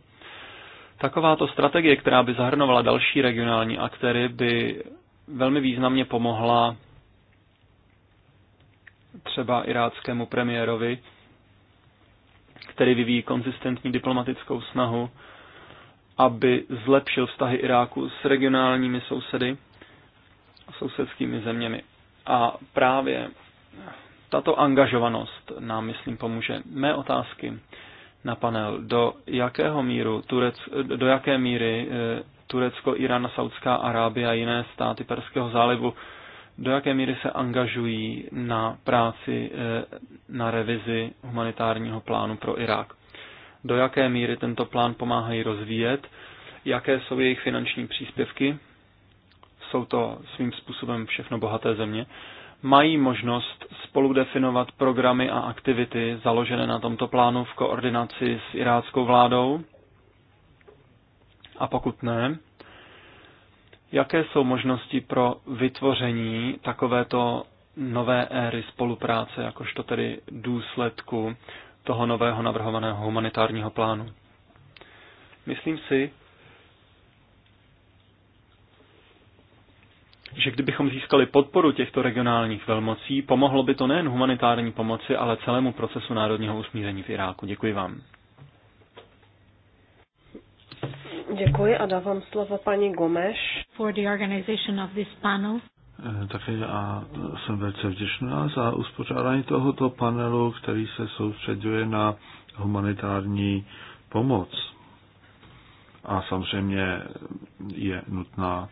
Takováto strategie, která by zahrnovala další regionální aktéry, by velmi významně pomohla třeba iráckému premiérovi, který vyvíjí konzistentní diplomatickou snahu, aby zlepšil vztahy Iráku s regionálními sousedy a sousedskými zeměmi. A právě tato angažovanost nám, myslím, pomůže. Mé otázky na panel. Do, jakého míru Turec, do jaké míry eh, Turecko, Irán, Saudská Arábie a jiné státy Perského zálivu do jaké míry se angažují na práci eh, na revizi humanitárního plánu pro Irák. Do jaké míry tento plán pomáhají rozvíjet, jaké jsou jejich finanční příspěvky, jsou to svým způsobem všechno bohaté země, mají možnost spoludefinovat programy a aktivity založené na tomto plánu v koordinaci s iráckou vládou? A pokud ne, Jaké jsou možnosti pro vytvoření takovéto nové éry spolupráce, jakožto tedy důsledku toho nového navrhovaného humanitárního plánu? Myslím si, že kdybychom získali podporu těchto regionálních velmocí, pomohlo by to nejen humanitární pomoci, ale celému procesu národního usmíření v Iráku. Děkuji vám. Děkuji a dávám slovo paní Gomeš. For the organization of this panel. Eh, také a jsem velice vděčná za uspořádání tohoto panelu, který se soustředuje na humanitární pomoc. A samozřejmě je nutná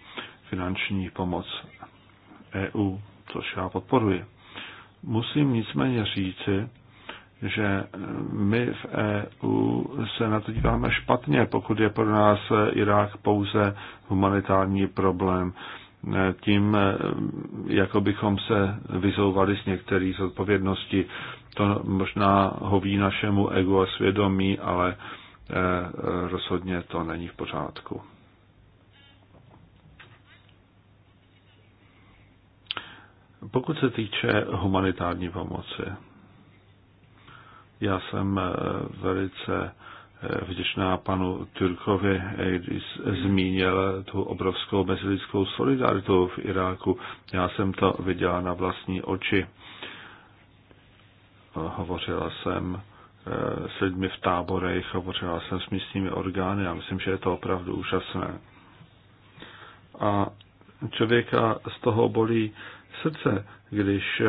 finanční pomoc EU, což já podporuji. Musím nicméně říci, že eh, my v EU se na to díváme špatně, pokud je pro nás eh, Irák pouze humanitární problém. Eh, tím, jako bychom se vyzouvali z některých odpovědností, to možná hoví našemu egu a svědomí, ale rozhodně to není v pořádku. Pokud se týče humanitární pomoci, já jsem eh, velice eh, vděčná panu Turkovi, eh, když zmínil tu obrovskou mezilidskou solidaritu v Iráku. Já jsem to viděla na vlastní oči. Hovořila jsem s lidmi v táborech, hovořila jsem s místními orgány a myslím, že je to opravdu úžasné. A člověka z toho bolí srdce, když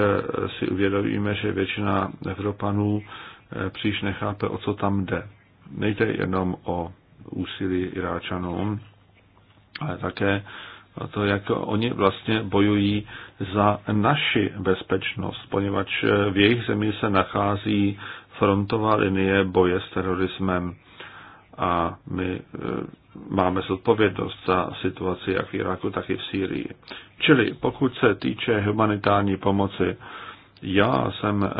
si uvědomíme, že většina Evropanů Eh, příliš nechápe, o co tam jde. Nejde jenom o úsilí Iráčanů, ale také o to, jak oni vlastně bojují za naši bezpečnost, poněvadž eh, v jejich zemi se nachází frontová linie boje s terorismem a my eh, máme zodpovědnost za situaci jak v Iráku, tak i v Sýrii. Čili pokud se týče humanitární pomoci, já jsem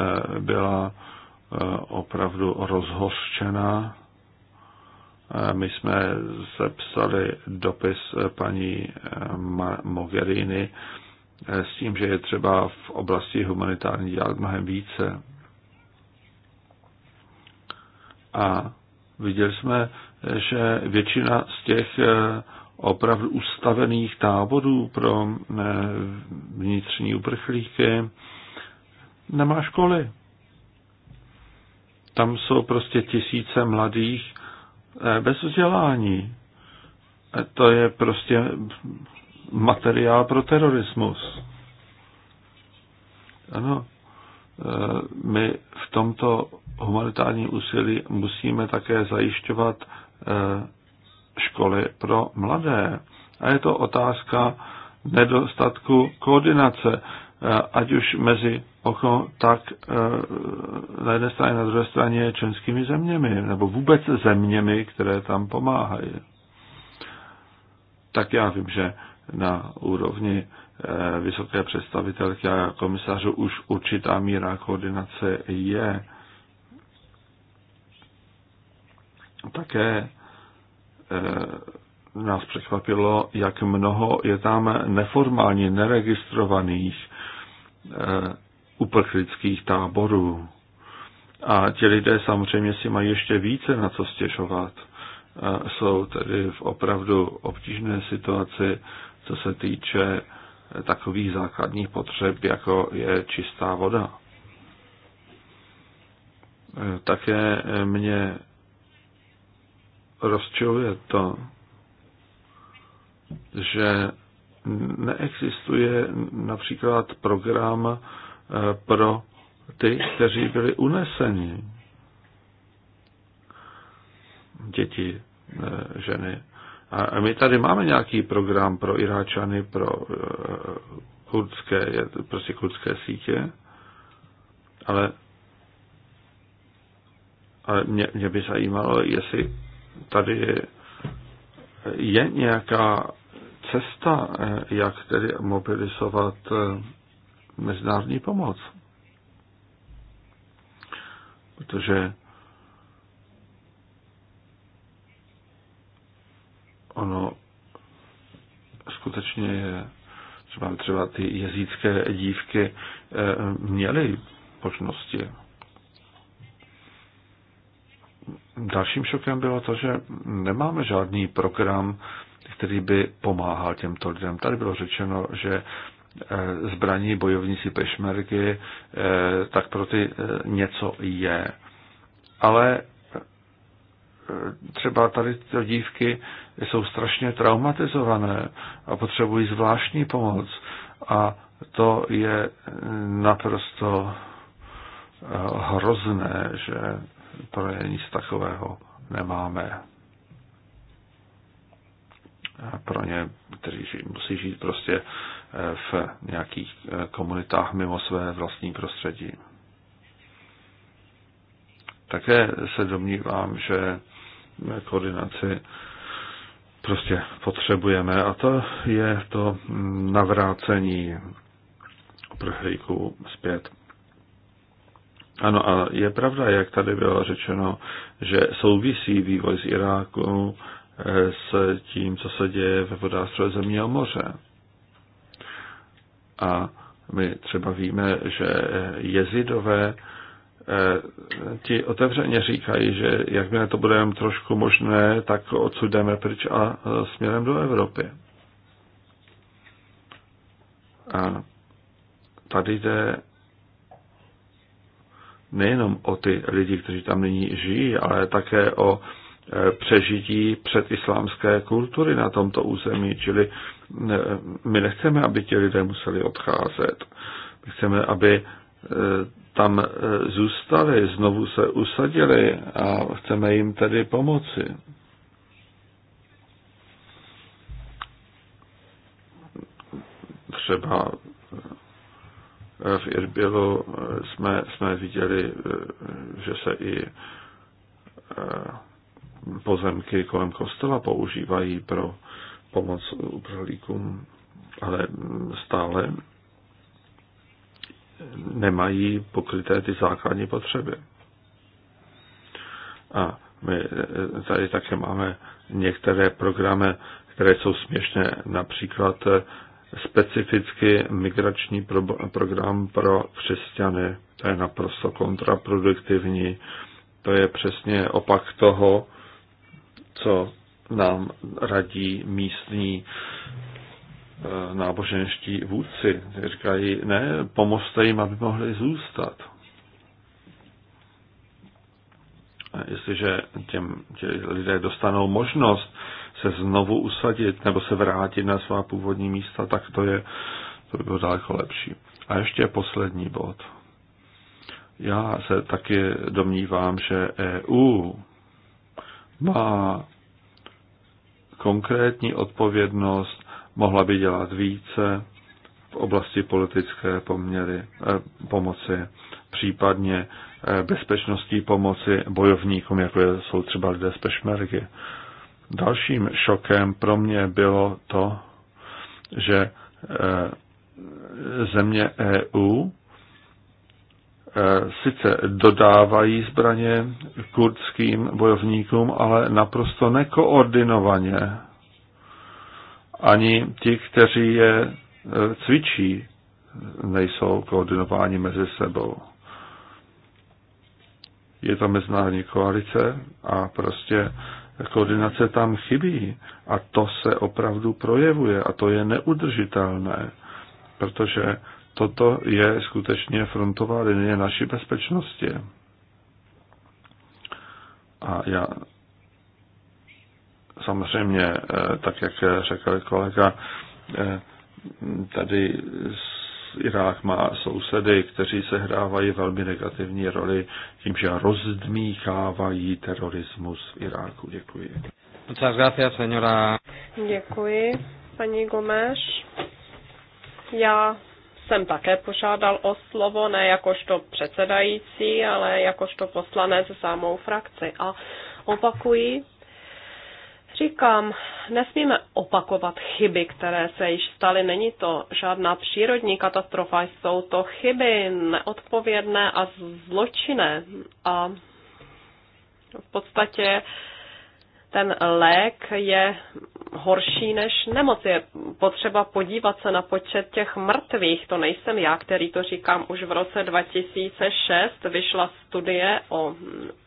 byla opravdu rozhořčená. Eh, my jsme sepsali dopis eh, paní eh, Mogherini s tím, že je třeba v oblasti humanitární dělat mnohem více. A viděli jsme, že většina z těch opravdu ustavených táborů pro vnitřní uprchlíky nemá školy. Tam jsou prostě tisíce mladých eh, bez vzdělání. Eh, to je prostě materiál pro terorismus. Ano, eh, my v tomto humanitárním úsilí musíme také zajišťovat školy pro mladé. A je to otázka nedostatku koordinace. Eh, ať už mezi OCHO, tak eh, na jedné straně, na druhé straně členskými zeměmi, nebo vůbec zeměmi, které tam pomáhají. Tak já vím, že na úrovni eh, vysoké představitelky a komisařů už určitá míra koordinace je. Také nás překvapilo, jak mnoho je tam neformálně neregistrovaných Eh, uprchlických táborů. A ti lidé samozřejmě si mají ještě více na co stěžovat. Eh, jsou tedy v opravdu obtížné situaci, co se týče eh, takových základních potřeb, jako je čistá voda. Také mě rozčiluje to, že neexistuje například program eh, pro ty, kteří byli uneseni. Děti, eh, ženy. A my tady máme nějaký program pro Iráčany, pro eh, kurdské, prostě kurdské sítě, ale, ale mě, mě by zajímalo, jestli tady je nějaká cesta, eh, jak tedy mobilizovat eh, mezinárodní pomoc. Protože ono skutečně je, třeba, třeba ty jezícké dívky eh, měly možnosti. Dalším šokem bylo to, že nemáme žádný program který by pomáhal těmto lidem. Tady bylo řečeno, že eh, zbraní bojovníci pešmerky, eh, tak pro ty eh, něco je. Ale třeba tady ty dívky jsou strašně traumatizované a potřebují zvláštní pomoc. A to je naprosto hrozné, že projevení nic takového nemáme pro ně, kteří musí žít prostě eh, v nějakých eh, komunitách mimo své vlastní prostředí. Také se domnívám, že eh, koordinaci prostě potřebujeme a to je to mm, navrácení uprchlíků zpět. Ano, a je pravda, jak tady bylo řečeno, že souvisí vývoj z Iráku s tím, co se děje ve vodách a moře. A my třeba víme, že jezidové eh, ti otevřeně říkají, že jakmile to bude jen trošku možné, tak odsud jdeme pryč a eh, směrem do Evropy. A tady jde nejenom o ty lidi, kteří tam nyní žijí, ale také o Eh, přežití před islámské kultury na tomto území, čili eh, my nechceme, aby ti lidé museli odcházet. My chceme, aby eh, tam zůstali, znovu se usadili a chceme jim tedy pomoci. Třeba v Irbilu jsme, jsme viděli, že se i pozemky kolem kostela používají pro pomoc uprchlíkům, ale stále nemají pokryté ty základní potřeby. A my tady také máme některé programy, které jsou směšné, například specificky migrační pro, program pro křesťany. To je naprosto kontraproduktivní. To je přesně opak toho, co nám radí místní eh, náboženští vůdci. Říkají, ne, pomozte jim, aby mohli zůstat. Jestliže těm, těm lidé dostanou možnost se znovu usadit nebo se vrátit na svá původní místa, tak to je to by bylo daleko lepší. A ještě poslední bod. Já se taky domnívám, že EU má konkrétní odpovědnost, mohla by dělat více v oblasti politické poměry, eh, pomoci, případně eh, bezpečnostní pomoci bojovníkům, jako jsou třeba lidé z Pešmergy. Dalším šokem pro mě bylo to, že eh, země EU Eh, sice dodávají zbraně kurdským bojovníkům, ale naprosto nekoordinovaně. Ani ti, kteří je eh, cvičí, nejsou koordinováni mezi sebou. Je to mezinárodní koalice a prostě koordinace tam chybí. A to se opravdu projevuje a to je neudržitelné, protože Toto je skutečně frontová linie naší bezpečnosti. A já samozřejmě, eh, tak jak řekl kolega, eh, tady Irák má sousedy, kteří se hrávají velmi negativní roli tím, že rozdmíchávají terorismus v Iráku. Děkuji. Muchas gracias, señora. Děkuji, paní Gomeš. Já jsem také požádal o slovo, ne jakožto předsedající, ale jakožto poslanec za mou frakci. A opakuji, říkám, nesmíme opakovat chyby, které se již staly. Není to žádná přírodní katastrofa, jsou to chyby neodpovědné a zločinné. A v podstatě uh, ten lék je horší než nemoc. Je potřeba podívat se na počet těch mrtvých. To nejsem já, který to říkám už v roce 2006. Vyšla studie o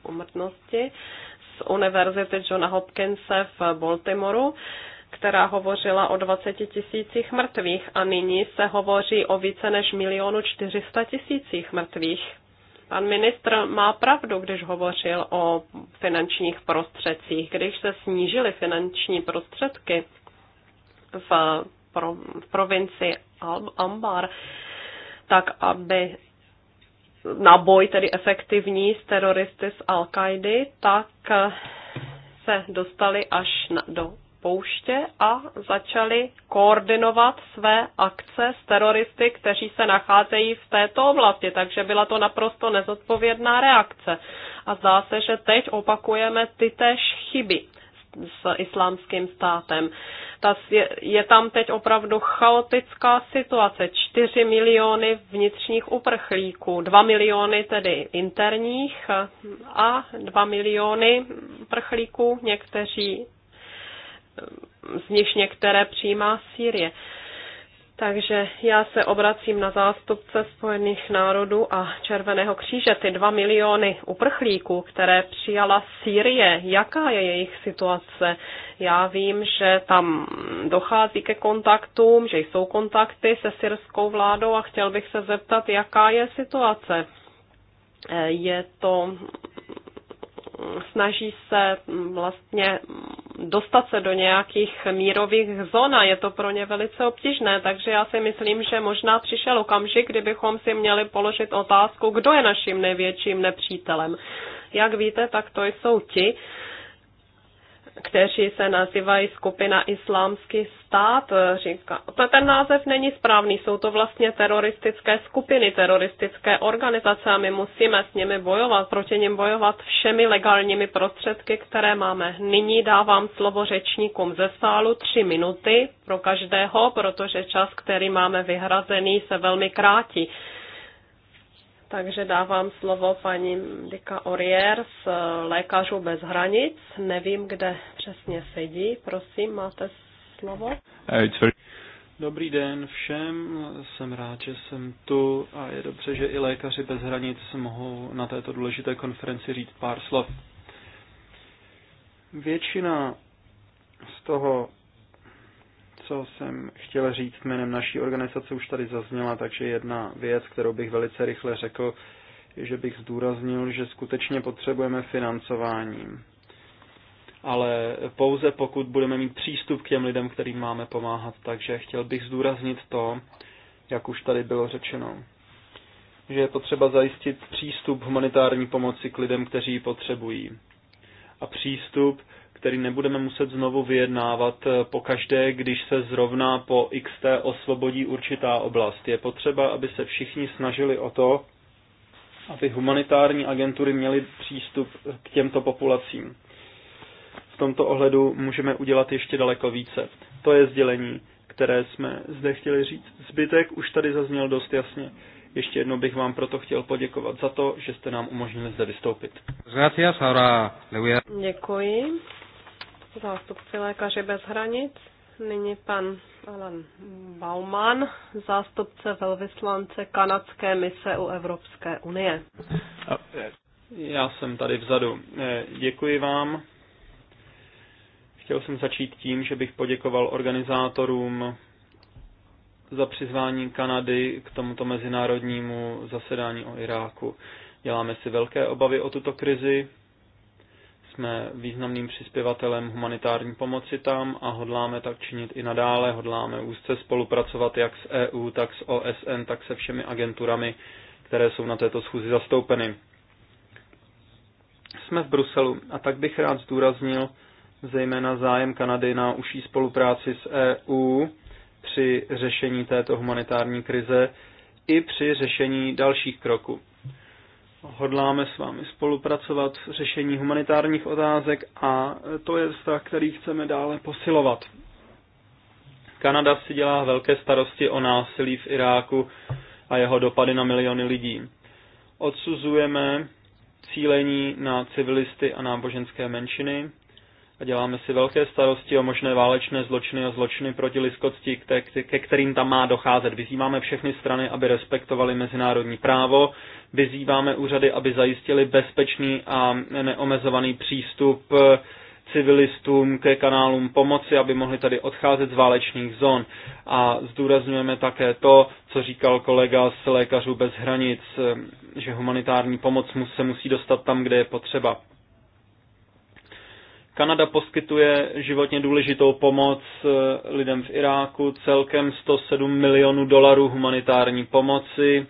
umrtnosti z Univerzity Johna Hopkinse v Baltimoru která hovořila o 20 tisících mrtvých a nyní se hovoří o více než milionu 400 tisících mrtvých. Pan ministr má pravdu, když hovořil o finančních prostředcích. Když se snížily finanční prostředky v, pro, v provincii Ambar, tak aby na boj tedy efektivní s teroristy z Al-Kaidy, tak se dostali až na, do pouště a začali koordinovat své akce s teroristy, kteří se nacházejí v této oblasti. Takže byla to naprosto nezodpovědná reakce. A zdá se, že teď opakujeme ty též chyby s islámským státem. Ta, je, je tam teď opravdu chaotická situace. 4 miliony vnitřních uprchlíků, 2 miliony tedy interních a 2 miliony uprchlíků, někteří z nich některé přijímá Sýrie. Takže já se obracím na zástupce Spojených národů a Červeného kříže. Ty dva miliony uprchlíků, které přijala Sýrie, jaká je jejich situace? Já vím, že tam dochází ke kontaktům, že jsou kontakty se syrskou vládou a chtěl bych se zeptat, jaká je situace. Eh, je to snaží se vlastně dostat se do nějakých mírových zón a je to pro ně velice obtížné, takže já si myslím, že možná přišel okamžik, kdybychom si měli položit otázku, kdo je naším největším nepřítelem. Jak víte, tak to jsou ti, kteří se nazývají skupina Islámský stát, eh, říká. Ten název není správný, jsou to vlastně teroristické skupiny, teroristické organizace a my musíme s nimi bojovat, proti nim bojovat všemi legálními prostředky, které máme. Nyní dávám slovo řečníkům ze sálu tři minuty pro každého, protože čas, který máme vyhrazený, se velmi krátí. Takže dávám slovo paní Dika Orier z eh, Lékařů bez hranic. Nevím, kde přesně sedí. Prosím, máte slovo. Eh, Dobrý den všem, jsem rád, že jsem tu a je dobře, že i lékaři bez hranic mohou na této důležité konferenci říct pár slov. Většina z toho, co jsem chtěl říct jménem naší organizace, už tady zazněla, takže jedna věc, kterou bych velice rychle řekl, je, že bych zdůraznil, že skutečně potřebujeme financování. Ale pouze pokud budeme mít přístup k těm lidem, kterým máme pomáhat. Takže chtěl bych zdůraznit to, jak už tady bylo řečeno, že je potřeba zajistit přístup humanitární pomoci k lidem, kteří ji potřebují. A přístup který nebudeme muset znovu vyjednávat eh, po každé, když se zrovna po XT osvobodí určitá oblast. Je potřeba, aby se všichni snažili o to, aby humanitární agentury měly přístup k těmto populacím. V tomto ohledu můžeme udělat ještě daleko více. To je sdělení, které jsme zde chtěli říct. Zbytek už tady zazněl dost jasně. Ještě jednou bych vám proto chtěl poděkovat za to, že jste nám umožnili zde vystoupit. Děkuji zástupci Lékaři bez hranic. Nyní pan Alan Bauman, zástupce velvyslance kanadské mise u Evropské unie. Já jsem tady vzadu. Eh, děkuji vám. Chtěl jsem začít tím, že bych poděkoval organizátorům za přizvání Kanady k tomuto mezinárodnímu zasedání o Iráku. Děláme si velké obavy o tuto krizi, jsme významným přispěvatelem humanitární pomoci tam a hodláme tak činit i nadále. Hodláme úzce spolupracovat jak s EU, tak s OSN, tak se všemi agenturami, které jsou na této schůzi zastoupeny. Jsme v Bruselu a tak bych rád zdůraznil zejména zájem Kanady na užší spolupráci s EU při řešení této humanitární krize i při řešení dalších kroků hodláme s vámi spolupracovat v řešení humanitárních otázek a to je vztah, který chceme dále posilovat. Kanada si dělá velké starosti o násilí v Iráku a jeho dopady na miliony lidí. Odsuzujeme cílení na civilisty a náboženské menšiny, a děláme si velké starosti o možné válečné zločiny a zločiny proti lidskosti, ke kterým tam má docházet. Vyzýváme všechny strany, aby respektovali mezinárodní právo, vyzýváme úřady, aby zajistili bezpečný a neomezovaný přístup eh, civilistům ke kanálům pomoci, aby mohli tady odcházet z válečných zón. A zdůrazňujeme také to, co říkal kolega z Lékařů bez hranic, eh, že humanitární pomoc se musí dostat tam, kde je potřeba. Kanada poskytuje životně důležitou pomoc eh, lidem v Iráku, celkem 107 milionů dolarů humanitární pomoci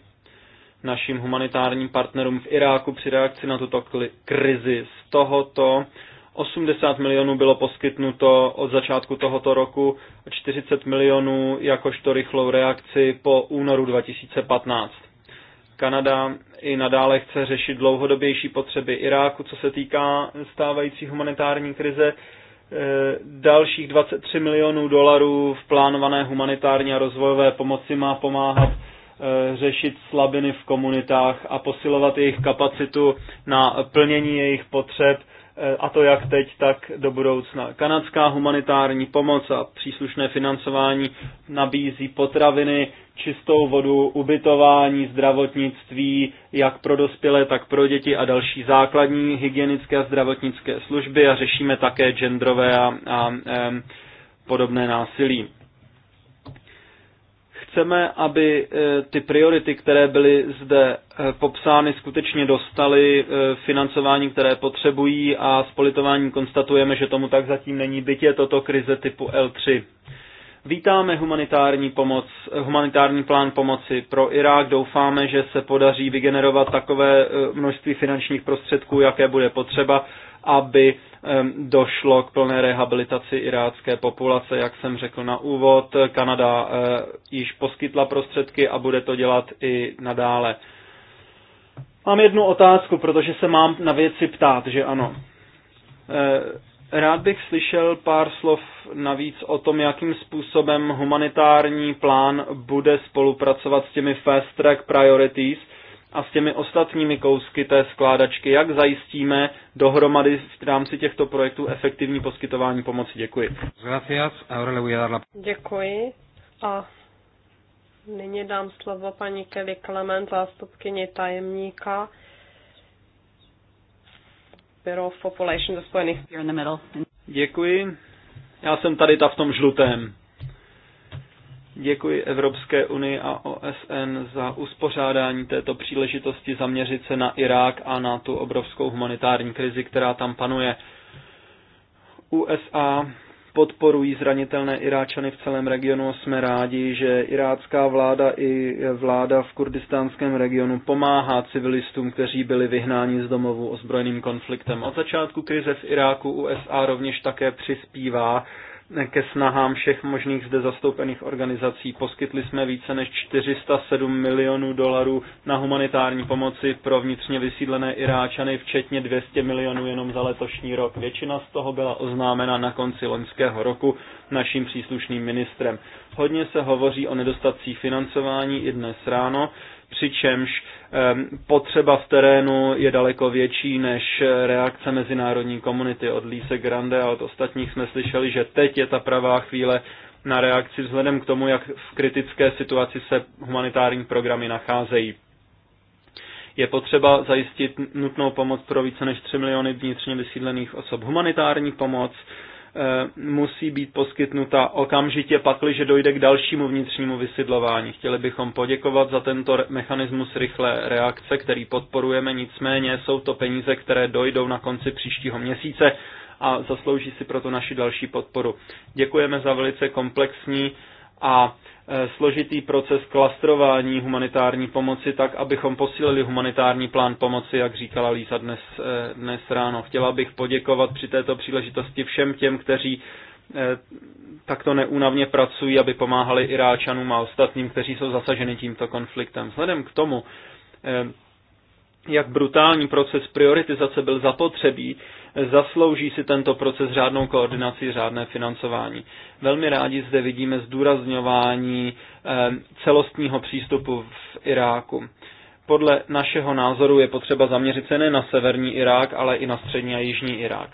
našim humanitárním partnerům v Iráku při reakci na tuto krizi. Z tohoto 80 milionů bylo poskytnuto od začátku tohoto roku, a 40 milionů jakožto rychlou reakci po únoru 2015. Kanada i nadále chce řešit dlouhodobější potřeby Iráku, co se týká stávající humanitární krize. E, dalších 23 milionů dolarů v plánované humanitární a rozvojové pomoci má pomáhat e, řešit slabiny v komunitách a posilovat jejich kapacitu na plnění jejich potřeb a to jak teď, tak do budoucna. Kanadská humanitární pomoc a příslušné financování nabízí potraviny, čistou vodu, ubytování, zdravotnictví, jak pro dospělé, tak pro děti a další základní hygienické a zdravotnické služby a řešíme také genderové a, a a podobné násilí chceme, aby eh, ty priority, které byly zde eh, popsány, skutečně dostaly eh, financování, které potřebují a s politováním konstatujeme, že tomu tak zatím není, bytě toto krize typu L3. Vítáme humanitární, pomoc, humanitární plán pomoci pro Irák. Doufáme, že se podaří vygenerovat takové množství finančních prostředků, jaké bude potřeba, aby došlo k plné rehabilitaci irácké populace, jak jsem řekl na úvod. Kanada e, již poskytla prostředky a bude to dělat i nadále. Mám jednu otázku, protože se mám na věci ptát, že ano. E, rád bych slyšel pár slov navíc o tom, jakým způsobem humanitární plán bude spolupracovat s těmi fast track priorities, a s těmi ostatními kousky té skládačky, jak zajistíme dohromady v rámci těchto projektů efektivní poskytování pomoci. Děkuji. Děkuji a nyní dám slovo paní Kelly Clement, zástupkyni tajemníka Bureau of Population ze Spojených. Děkuji. Já jsem tady ta v tom žlutém. Děkuji Evropské unii a OSN za uspořádání této příležitosti zaměřit se na Irák a na tu obrovskou humanitární krizi, která tam panuje. USA podporují zranitelné Iráčany v celém regionu. Jsme rádi, že irácká vláda i vláda v kurdistánském regionu pomáhá civilistům, kteří byli vyhnáni z domovu ozbrojeným konfliktem. Od začátku krize v Iráku USA rovněž také přispívá ke snahám všech možných zde zastoupených organizací. Poskytli jsme více než 407 milionů dolarů na humanitární pomoci pro vnitřně vysídlené Iráčany, včetně 200 milionů jenom za letošní rok. Většina z toho byla oznámena na konci loňského roku naším příslušným ministrem. Hodně se hovoří o nedostatcích financování i dnes ráno přičemž ehm, potřeba v terénu je daleko větší než reakce mezinárodní komunity. Od Lise Grande a od ostatních jsme slyšeli, že teď je ta pravá chvíle na reakci vzhledem k tomu, jak v kritické situaci se humanitární programy nacházejí. Je potřeba zajistit nutnou pomoc pro více než 3 miliony vnitřně vysídlených osob. Humanitární pomoc Eh, musí být poskytnuta okamžitě, pakliže dojde k dalšímu vnitřnímu vysidlování. Chtěli bychom poděkovat za tento mechanismus rychlé reakce, který podporujeme, nicméně jsou to peníze, které dojdou na konci příštího měsíce a zaslouží si proto naši další podporu. Děkujeme za velice komplexní a e, složitý proces klastrování humanitární pomoci tak, abychom posílili humanitární plán pomoci, jak říkala Líza dnes, e, dnes ráno. Chtěla bych poděkovat při této příležitosti všem těm, kteří e, takto neúnavně pracují, aby pomáhali Iráčanům a ostatním, kteří jsou zasaženi tímto konfliktem. Vzhledem k tomu, jak brutální proces prioritizace byl zapotřebí, zaslouží si tento proces řádnou koordinaci, řádné financování. Velmi rádi zde vidíme zdůrazňování eh, celostního přístupu v Iráku. Podle našeho názoru je potřeba zaměřit se ne na severní Irák, ale i na střední a jižní Irák.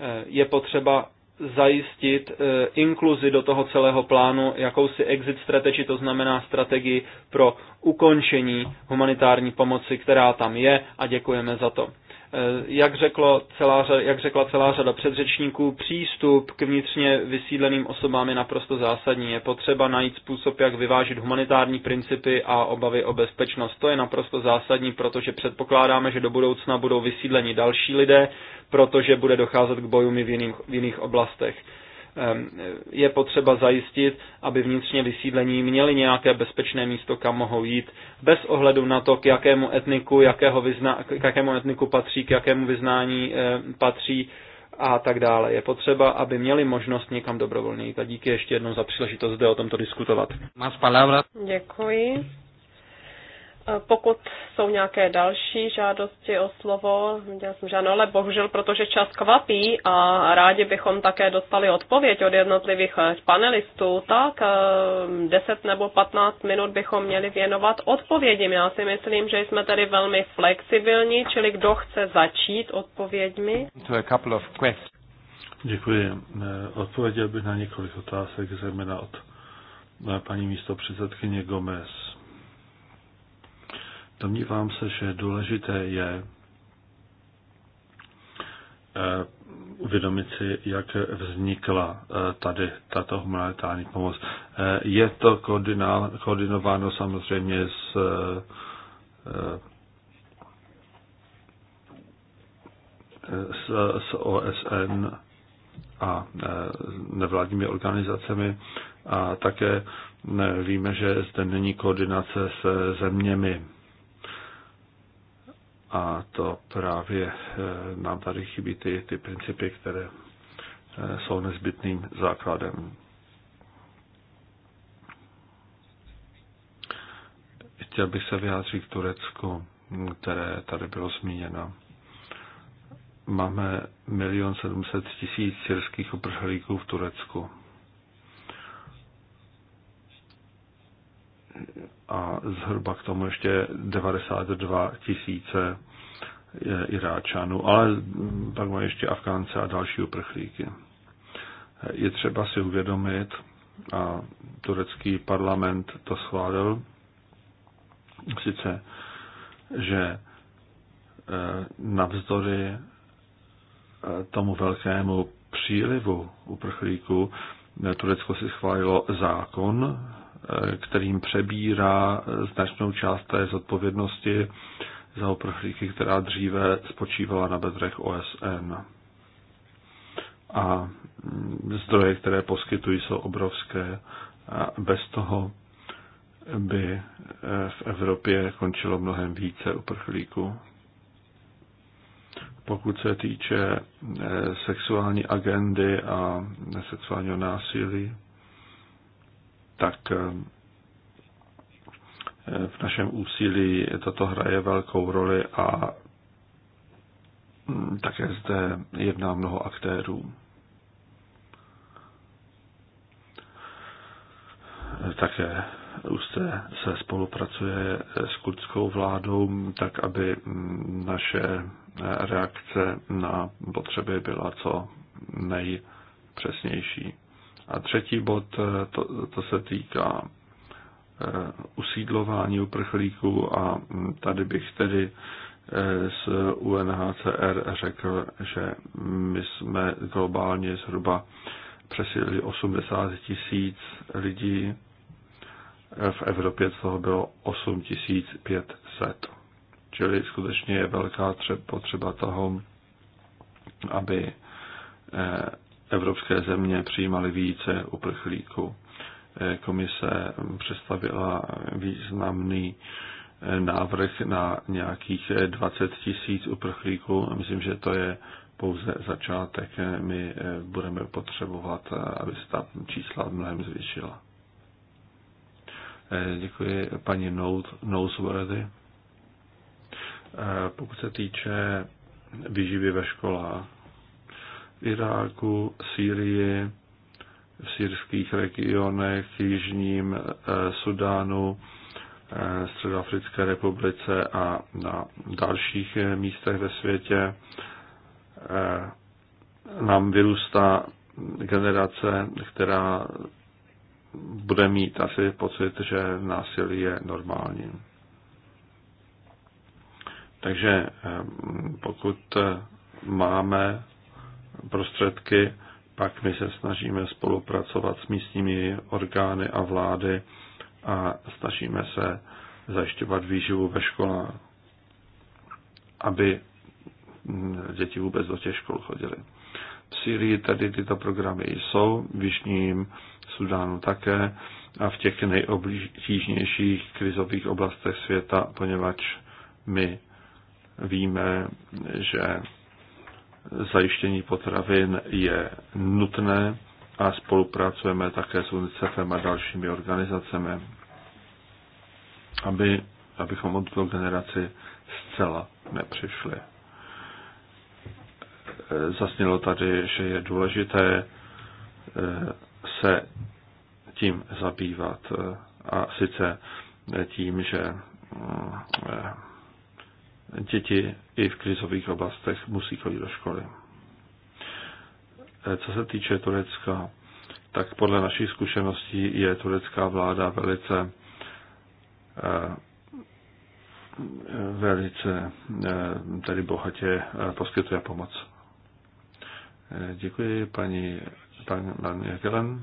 Eh, je potřeba zajistit eh, inkluzi do toho celého plánu jakousi exit strategy, to znamená strategii pro ukončení humanitární pomoci, která tam je a děkujeme za to. Eh, jak, řeklo celá, jak řekla celá řada předřečníků, přístup k vnitřně vysídleným osobám je naprosto zásadní. Je potřeba najít způsob, jak vyvážit humanitární principy a obavy o bezpečnost. To je naprosto zásadní, protože předpokládáme, že do budoucna budou vysídleni další lidé, protože bude docházet k bojům i v jiných, v jiných oblastech. Ehm, je potřeba zajistit, aby vnitřně vysídlení měli nějaké bezpečné místo, kam mohou jít, bez ohledu na to, k jakému etniku, jakého vyzna, k jakému etniku patří, k jakému vyznání ehm, patří a tak dále. Je potřeba, aby měli možnost někam dobrovolně jít. A díky ještě jednou za příležitost zde o tomto diskutovat. Máš palavra. Děkuji. Eh, pokud jsou nějaké další žádosti o slovo, já jsem žádnou, ale bohužel, protože čas kvapí a rádi bychom také dostali odpověď od jednotlivých eh, panelistů, tak 10 eh, nebo 15 minut bychom měli věnovat odpovědím. Já si myslím, že jsme tady velmi flexibilní, čili kdo chce začít odpověďmi. Děkuji. Odpověděl bych na několik otázek, zejména od paní místo předsedkyně Gomez. Domnívám se, že důležité je eh, uvědomit si, jak vznikla eh, tady tato humanitární pomoc. Eh, je to koordinováno samozřejmě s s, s OSN a nevládními organizacemi a také víme, že zde není koordinace se zeměmi a to právě eh, nám tady chybí ty, ty principy, které eh, jsou nezbytným základem. Chtěl bych se vyjádřit k Turecku, které tady bylo zmíněno. Máme milion sedmset tisíc syrských uprchlíků v Turecku. a zhruba k tomu ještě 92 tisíce eh, Iráčanů, ale mm, pak mají ještě Afgánce a další uprchlíky. Je třeba si uvědomit, a turecký parlament to schválil, sice, že eh, navzdory eh, tomu velkému přílivu uprchlíků Turecko si schválilo zákon, kterým přebírá značnou část té zodpovědnosti za oprchlíky, která dříve spočívala na bedrech OSN. A zdroje, které poskytují, jsou obrovské. A bez toho by v Evropě končilo mnohem více uprchlíků. Pokud se týče sexuální agendy a sexuálního násilí, tak eh, v našem úsilí toto hraje velkou roli a mm, také zde jedná mnoho aktérů. Také se, se spolupracuje s kurdskou vládou, tak aby mm, naše eh, reakce na potřeby byla co nejpřesnější. A třetí bod, eh, to, to se týká eh, usídlování uprchlíků a hm, tady bych tedy eh, z UNHCR řekl, že my jsme globálně zhruba přesídlili 80 tisíc lidí, v Evropě z toho bylo 8500. Čili skutečně je velká potřeba toho, aby evropské země přijímaly více uprchlíků. Eh, komise představila významný eh, návrh na nějakých 20 eh, tisíc uprchlíků. Myslím, že to je pouze začátek. My budeme potřebovat, aby se ta čísla mnohem zvětšila. Děkuji paní Noseworthy. Pokud se týče výživy ve školách, Iráku, Sýrii, v syrských regionech, Jižním eh, Sudánu, eh, Středoafrické republice a na dalších eh, místech ve světě nám vyrůstá generace, která bude mít asi pocit, že násilí je normální. Takže pokud máme prostředky, pak my se snažíme spolupracovat s místními orgány a vlády a snažíme se zajišťovat výživu ve školách, aby děti vůbec do těch škol chodily. V Syrii tady tyto programy jsou, v Jižním Sudánu také a v těch nejobtížnějších krizových oblastech světa, poněvadž my víme, že zajištění potravin je nutné a spolupracujeme také s UNICEFem a dalšími organizacemi, aby, abychom o tuto generaci zcela nepřišli. Zasnělo tady, že je důležité eh, se tím zabývat eh, a sice tím, že mm, eh, děti i v krizových oblastech musí chodit do školy. Eh, co se týče Turecka, tak podle našich zkušeností je turecká vláda velice eh, velice eh, tedy bohatě poskytuje pomoc. Děkuji paní pan, pan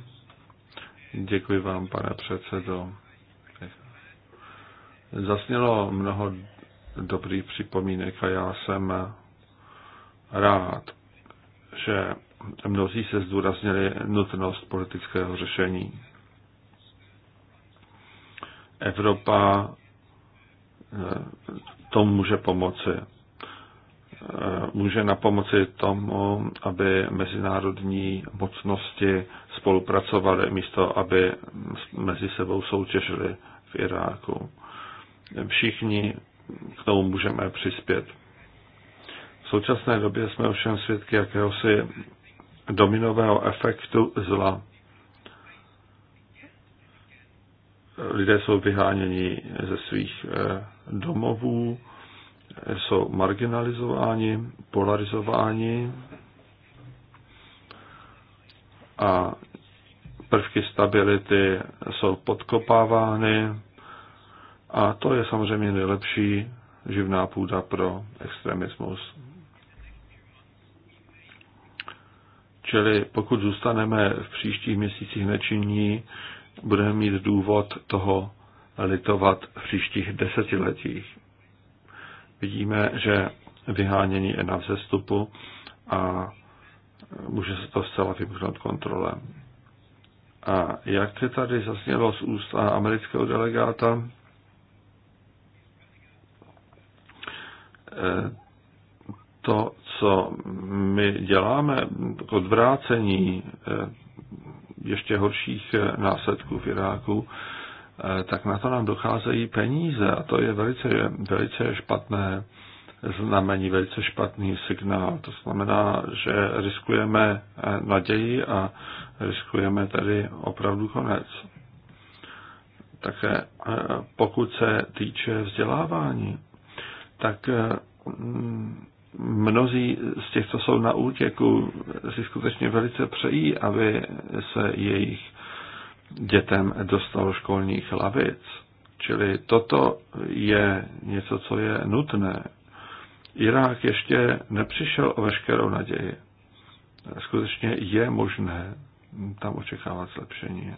Děkuji vám, pane předsedo. Zasnělo mnoho dobrých připomínek a já jsem rád, že mnozí se zdůraznili nutnost politického řešení. Evropa eh, tomu může pomoci. Eh, může na pomoci tomu, aby mezinárodní mocnosti spolupracovaly místo, aby mezi sebou soutěžili v Iráku. Všichni k tomu můžeme přispět. V současné době jsme ovšem svědky jakéhosi dominového efektu zla. Lidé jsou vyháněni ze svých eh, domovů, jsou marginalizováni, polarizováni a prvky stability jsou podkopávány a to je samozřejmě nejlepší živná půda pro extremismus. Čili pokud zůstaneme v příštích měsících nečinní, budeme mít důvod toho litovat v příštích desetiletích. Vidíme, že vyhánění je na vzestupu a může se to zcela vymknout kontrolem. A jak se tady zasnělo z úst amerického delegáta, to, co my děláme k odvrácení eh, ještě horších eh, následků v Iráku, eh, tak na to nám docházejí peníze a to je velice, velice špatné znamení, velice špatný signál. To znamená, že riskujeme naději a riskujeme tady opravdu konec. Také pokud se týče vzdělávání, tak eh, mm, mnozí z těch, co jsou na útěku, si skutečně velice přejí, aby se jejich dětem dostalo školních lavic. Čili toto je něco, co je nutné. Irák ještě nepřišel o veškerou naději. Skutečně je možné tam očekávat zlepšení.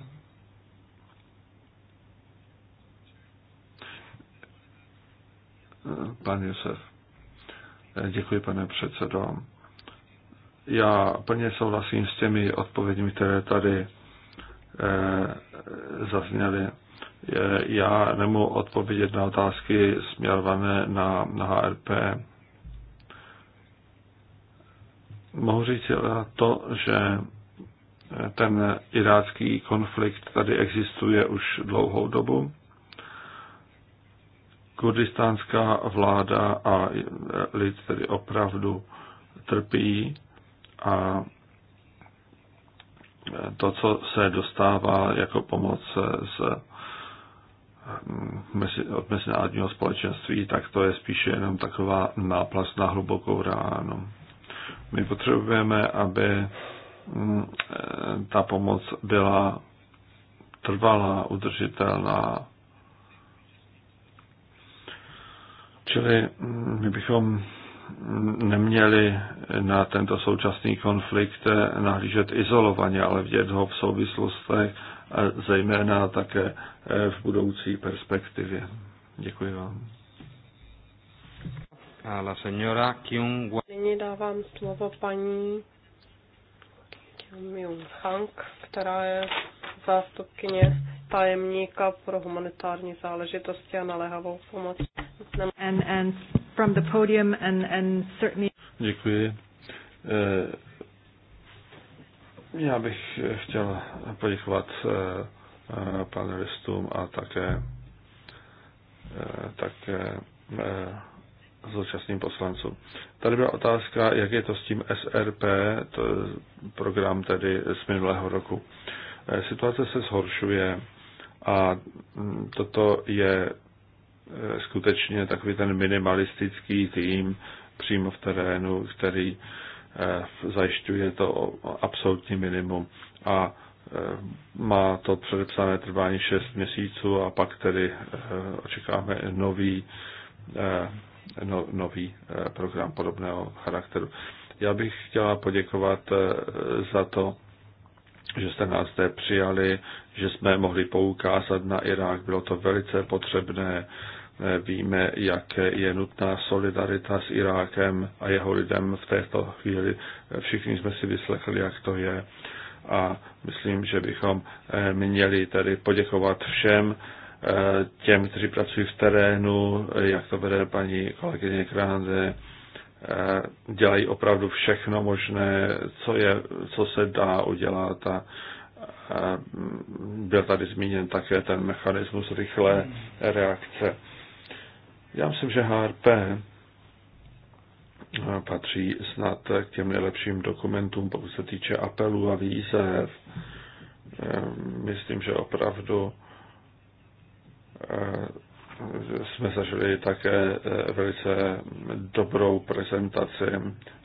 pan Josef. Děkuji, pane předsedo. Já plně souhlasím s těmi odpověďmi, které tady eh, zazněly. Já nemohu odpovědět na otázky směrované na, na HRP. Mohu říct to, že ten irácký konflikt tady existuje už dlouhou dobu kurdistánská vláda a lid tedy opravdu trpí a to, co se dostává jako pomoc z, od mezinárodního společenství, tak to je spíše jenom taková náplast na hlubokou ránu. My potřebujeme, aby mm, ta pomoc byla trvalá, udržitelná Čili mm, my bychom mm, neměli na tento současný konflikt eh, nahlížet izolovaně, ale vidět ho v souvislostech, zejména také eh, v budoucí perspektivě. Děkuji vám. A la señora Kyung Nyní dávám slovo paní Kyung Hank, která je zástupkyně tajemníka pro humanitární záležitosti a naléhavou pomoc. And, and from the podium and, and certainly... Děkuji. Eh, já bych chtěl poděkovat eh, panelistům a také, eh, také zúčastným poslancům. Tady byla otázka, jak je to s tím SRP, to je program tedy z minulého roku. Eh, Eh, situace se zhoršuje a mm, toto je eh, skutečně takový ten minimalistický tým přímo v terénu, který eh, zajišťuje to absolutní minimum a má to předepsané trvání 6 měsíců a pak tedy očekáváme nový, no, nový program podobného charakteru. Já bych chtěla poděkovat za to, že jste nás zde přijali, že jsme mohli poukázat na Irák. Bylo to velice potřebné. Eh, víme, jak je nutná solidarita s Irákem a jeho lidem v této chvíli. Eh, všichni jsme si vyslechli, jak to je. A myslím, že bychom eh, měli tady poděkovat všem těm, kteří pracují v terénu, jak to vede paní kolegyně Kránze, Eh, dělají opravdu všechno možné, co, je, co se dá udělat a eh, byl tady zmíněn také ten mechanismus rychlé reakce. Já myslím, že HRP eh, patří snad k těm nejlepším dokumentům, pokud se týče apelů a výzev. Myslím, že opravdu jsme zažili také eh, velice dobrou prezentaci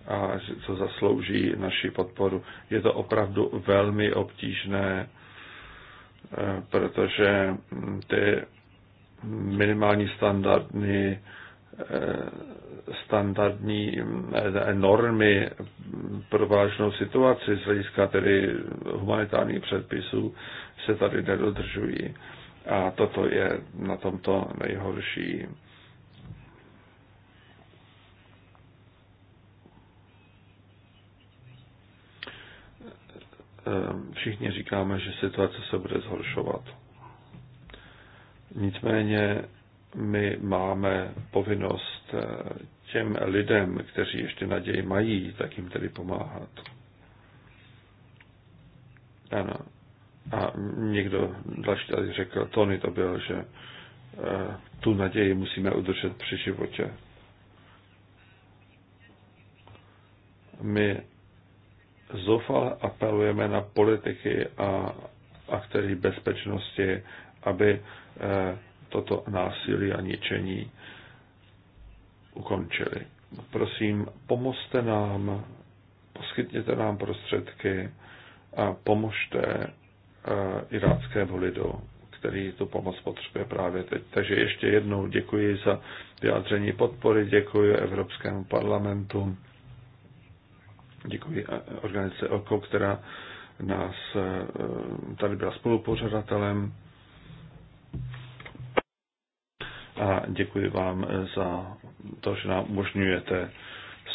a co zaslouží naši podporu. Je to opravdu velmi obtížné, eh, protože ty minimální eh, standardní standardní normy pro vážnou situaci z hlediska tedy humanitárních předpisů se tady nedodržují. A toto je na tomto nejhorší. Ehm, všichni říkáme, že situace se bude zhoršovat. Nicméně my máme povinnost eh, těm lidem, kteří ještě naději mají, tak jim tedy pomáhat. Ano. A někdo další tady řekl, Tony to byl, že eh, tu naději musíme udržet při životě. My zoufale apelujeme na politiky a aktéry bezpečnosti, aby eh, toto násilí a ničení ukončili. Prosím, pomozte nám, poskytněte nám prostředky a pomožte Eh, iráckému lidu, který tu pomoc potřebuje právě teď. Takže ještě jednou děkuji za vyjádření podpory, děkuji Evropskému parlamentu, děkuji eh, organizaci OKO, která nás eh, tady byla spolupořadatelem. A děkuji vám za to, že nám umožňujete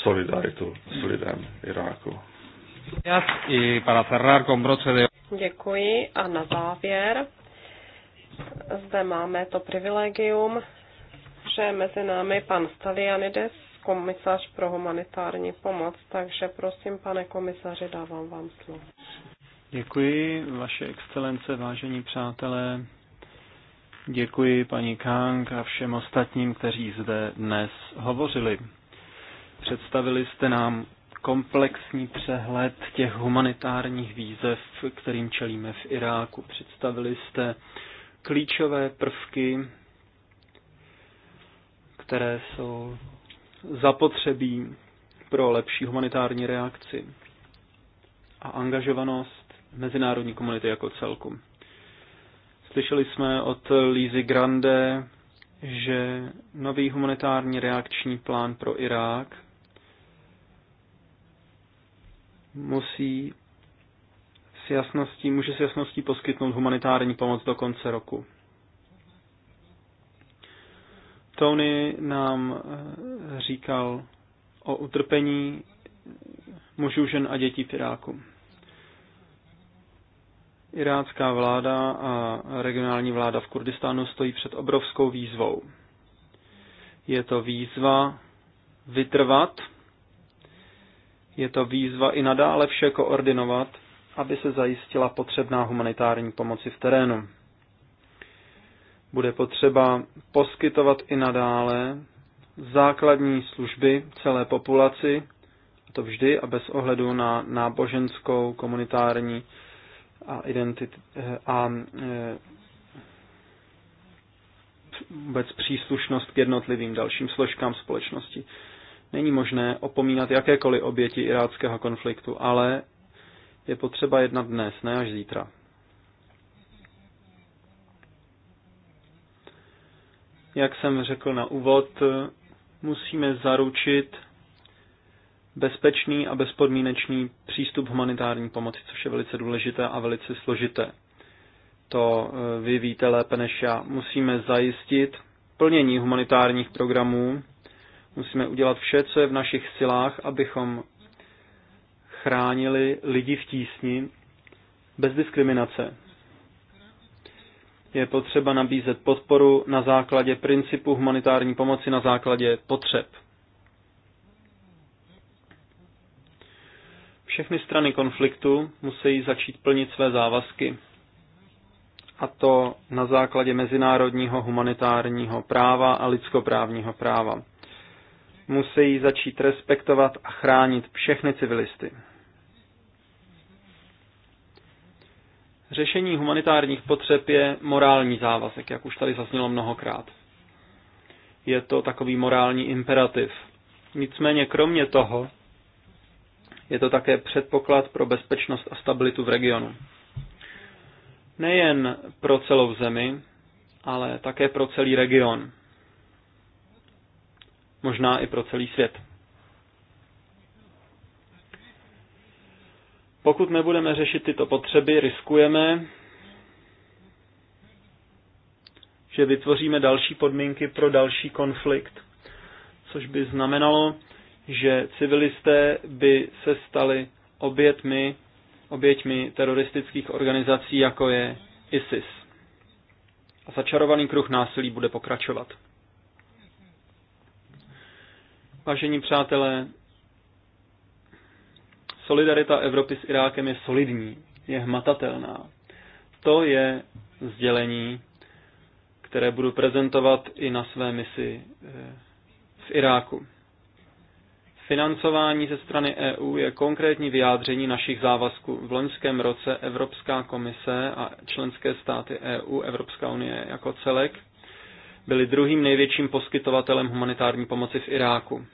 solidaritu s lidem Iráku. Děkuji a na závěr zde máme to privilegium, že mezi námi pan Stalianides, komisař pro humanitární pomoc, takže prosím, pane komisaři, dávám vám slovo. Děkuji, vaše excelence, vážení přátelé. Děkuji paní Kang a všem ostatním, kteří zde dnes hovořili. Představili jste nám komplexní přehled těch humanitárních výzev, kterým čelíme v Iráku. Představili jste klíčové prvky, které jsou zapotřebí pro lepší humanitární reakci a angažovanost mezinárodní komunity jako celku. Slyšeli jsme od Lízy Grande, že nový humanitární reakční plán pro Irák musí s jasností, může s jasností poskytnout humanitární pomoc do konce roku. Tony nám eh, říkal o utrpení mužů, žen a dětí v Iráku. Irácká vláda a regionální vláda v Kurdistánu stojí před obrovskou výzvou. Je to výzva vytrvat je to výzva i nadále vše koordinovat, aby se zajistila potřebná humanitární pomoci v terénu. Bude potřeba poskytovat i nadále základní služby celé populaci, a to vždy a bez ohledu na náboženskou, komunitární a, identit- a e, vůbec příslušnost k jednotlivým dalším složkám společnosti. Není možné opomínat jakékoliv oběti iráckého konfliktu, ale je potřeba jednat dnes, ne až zítra. Jak jsem řekl na úvod, musíme zaručit bezpečný a bezpodmínečný přístup humanitární pomoci, což je velice důležité a velice složité. To eh, vy víte lépe než já. Musíme zajistit plnění humanitárních programů Musíme udělat vše, co je v našich silách, abychom chránili lidi v tísni bez diskriminace. Je potřeba nabízet podporu na základě principu humanitární pomoci, na základě potřeb. Všechny strany konfliktu musí začít plnit své závazky. A to na základě mezinárodního humanitárního práva a lidskoprávního práva musí začít respektovat a chránit všechny civilisty. Řešení humanitárních potřeb je morální závazek, jak už tady zaznělo mnohokrát. Je to takový morální imperativ. Nicméně kromě toho je to také předpoklad pro bezpečnost a stabilitu v regionu. Nejen pro celou zemi, ale také pro celý region možná i pro celý svět. Pokud nebudeme řešit tyto potřeby, riskujeme, že vytvoříme další podmínky pro další konflikt, což by znamenalo, že civilisté by se stali obětmi, oběťmi teroristických organizací, jako je ISIS. A začarovaný kruh násilí bude pokračovat. Vážení přátelé, solidarita Evropy s Irákem je solidní, je hmatatelná. To je sdělení, které budu prezentovat i na své misi eh, v Iráku. Financování ze strany EU je konkrétní vyjádření našich závazků. V loňském roce Evropská komise a členské státy EU, Evropská unie jako celek, byli druhým největším poskytovatelem humanitární pomoci v Iráku.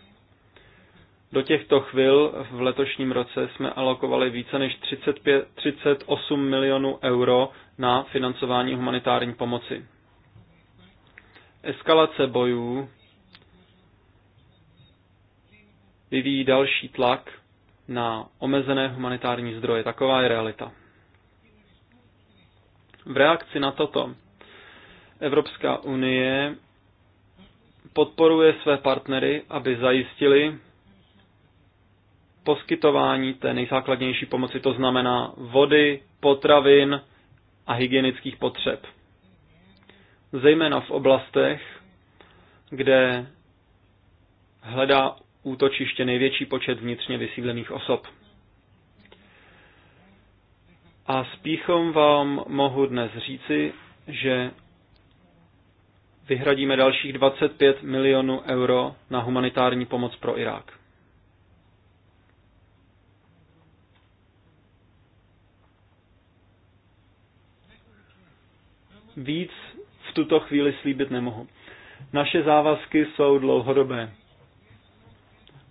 Do těchto chvil v letošním roce jsme alokovali více než 35, 38 milionů euro na financování humanitární pomoci. Eskalace bojů vyvíjí další tlak na omezené humanitární zdroje. Taková je realita. V reakci na toto Evropská unie podporuje své partnery, aby zajistili poskytování té nejzákladnější pomoci, to znamená vody, potravin a hygienických potřeb. Zejména v oblastech, kde hledá útočiště největší počet vnitřně vysídlených osob. A spíchom vám mohu dnes říci, že vyhradíme dalších 25 milionů euro na humanitární pomoc pro Irák. Víc v tuto chvíli slíbit nemohu. Naše závazky jsou dlouhodobé.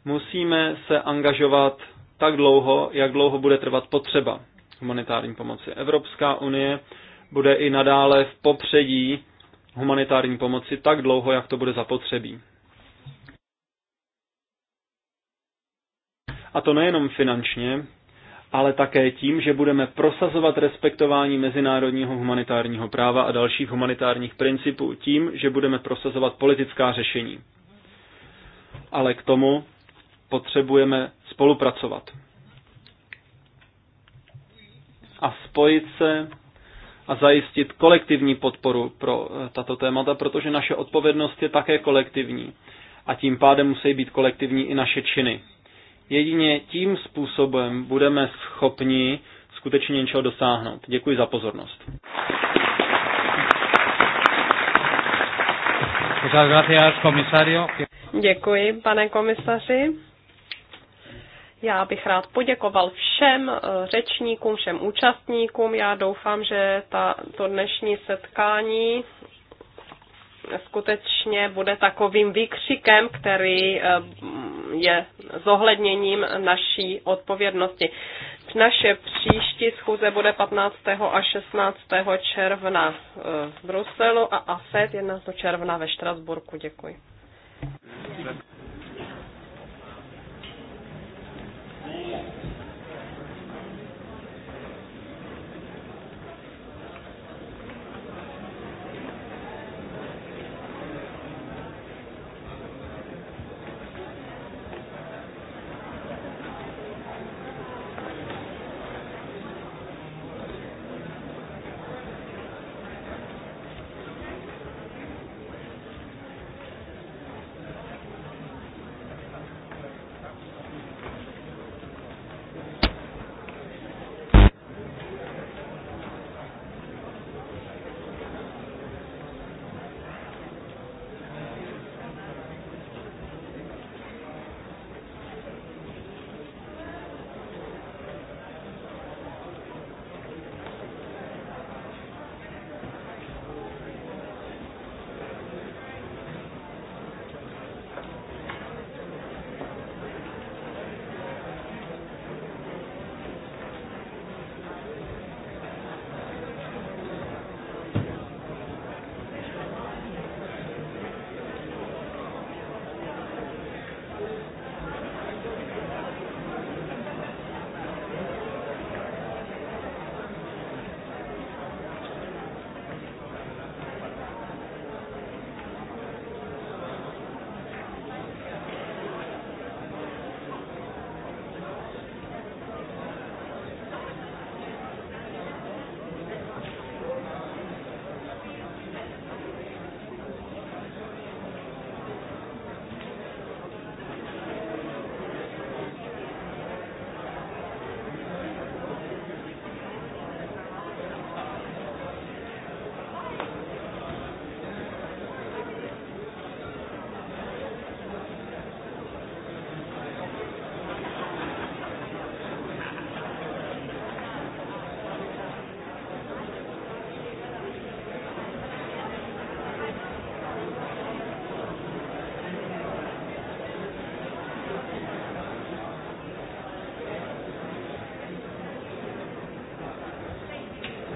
Musíme se angažovat tak dlouho, jak dlouho bude trvat potřeba humanitární pomoci. Evropská unie bude i nadále v popředí humanitární pomoci tak dlouho, jak to bude zapotřebí. A to nejenom finančně, ale také tím, že budeme prosazovat respektování mezinárodního humanitárního práva a dalších humanitárních principů tím, že budeme prosazovat politická řešení. Ale k tomu potřebujeme spolupracovat a spojit se a zajistit kolektivní podporu pro eh, tato témata, protože naše odpovědnost je také kolektivní a tím pádem musí být kolektivní i naše činy. Jedině tím způsobem budeme schopni skutečně něčeho dosáhnout. Děkuji za pozornost. Děkuji, pane komisaři. Já bych rád poděkoval všem eh, řečníkům, všem účastníkům. Já doufám, že ta, to dnešní setkání skutečně bude takovým výkřikem, který eh, je zohledněním naší odpovědnosti. Naše příští schůze bude 15. a 16. června eh, v Bruselu a ASET 11. června ve Štrasburku. Děkuji.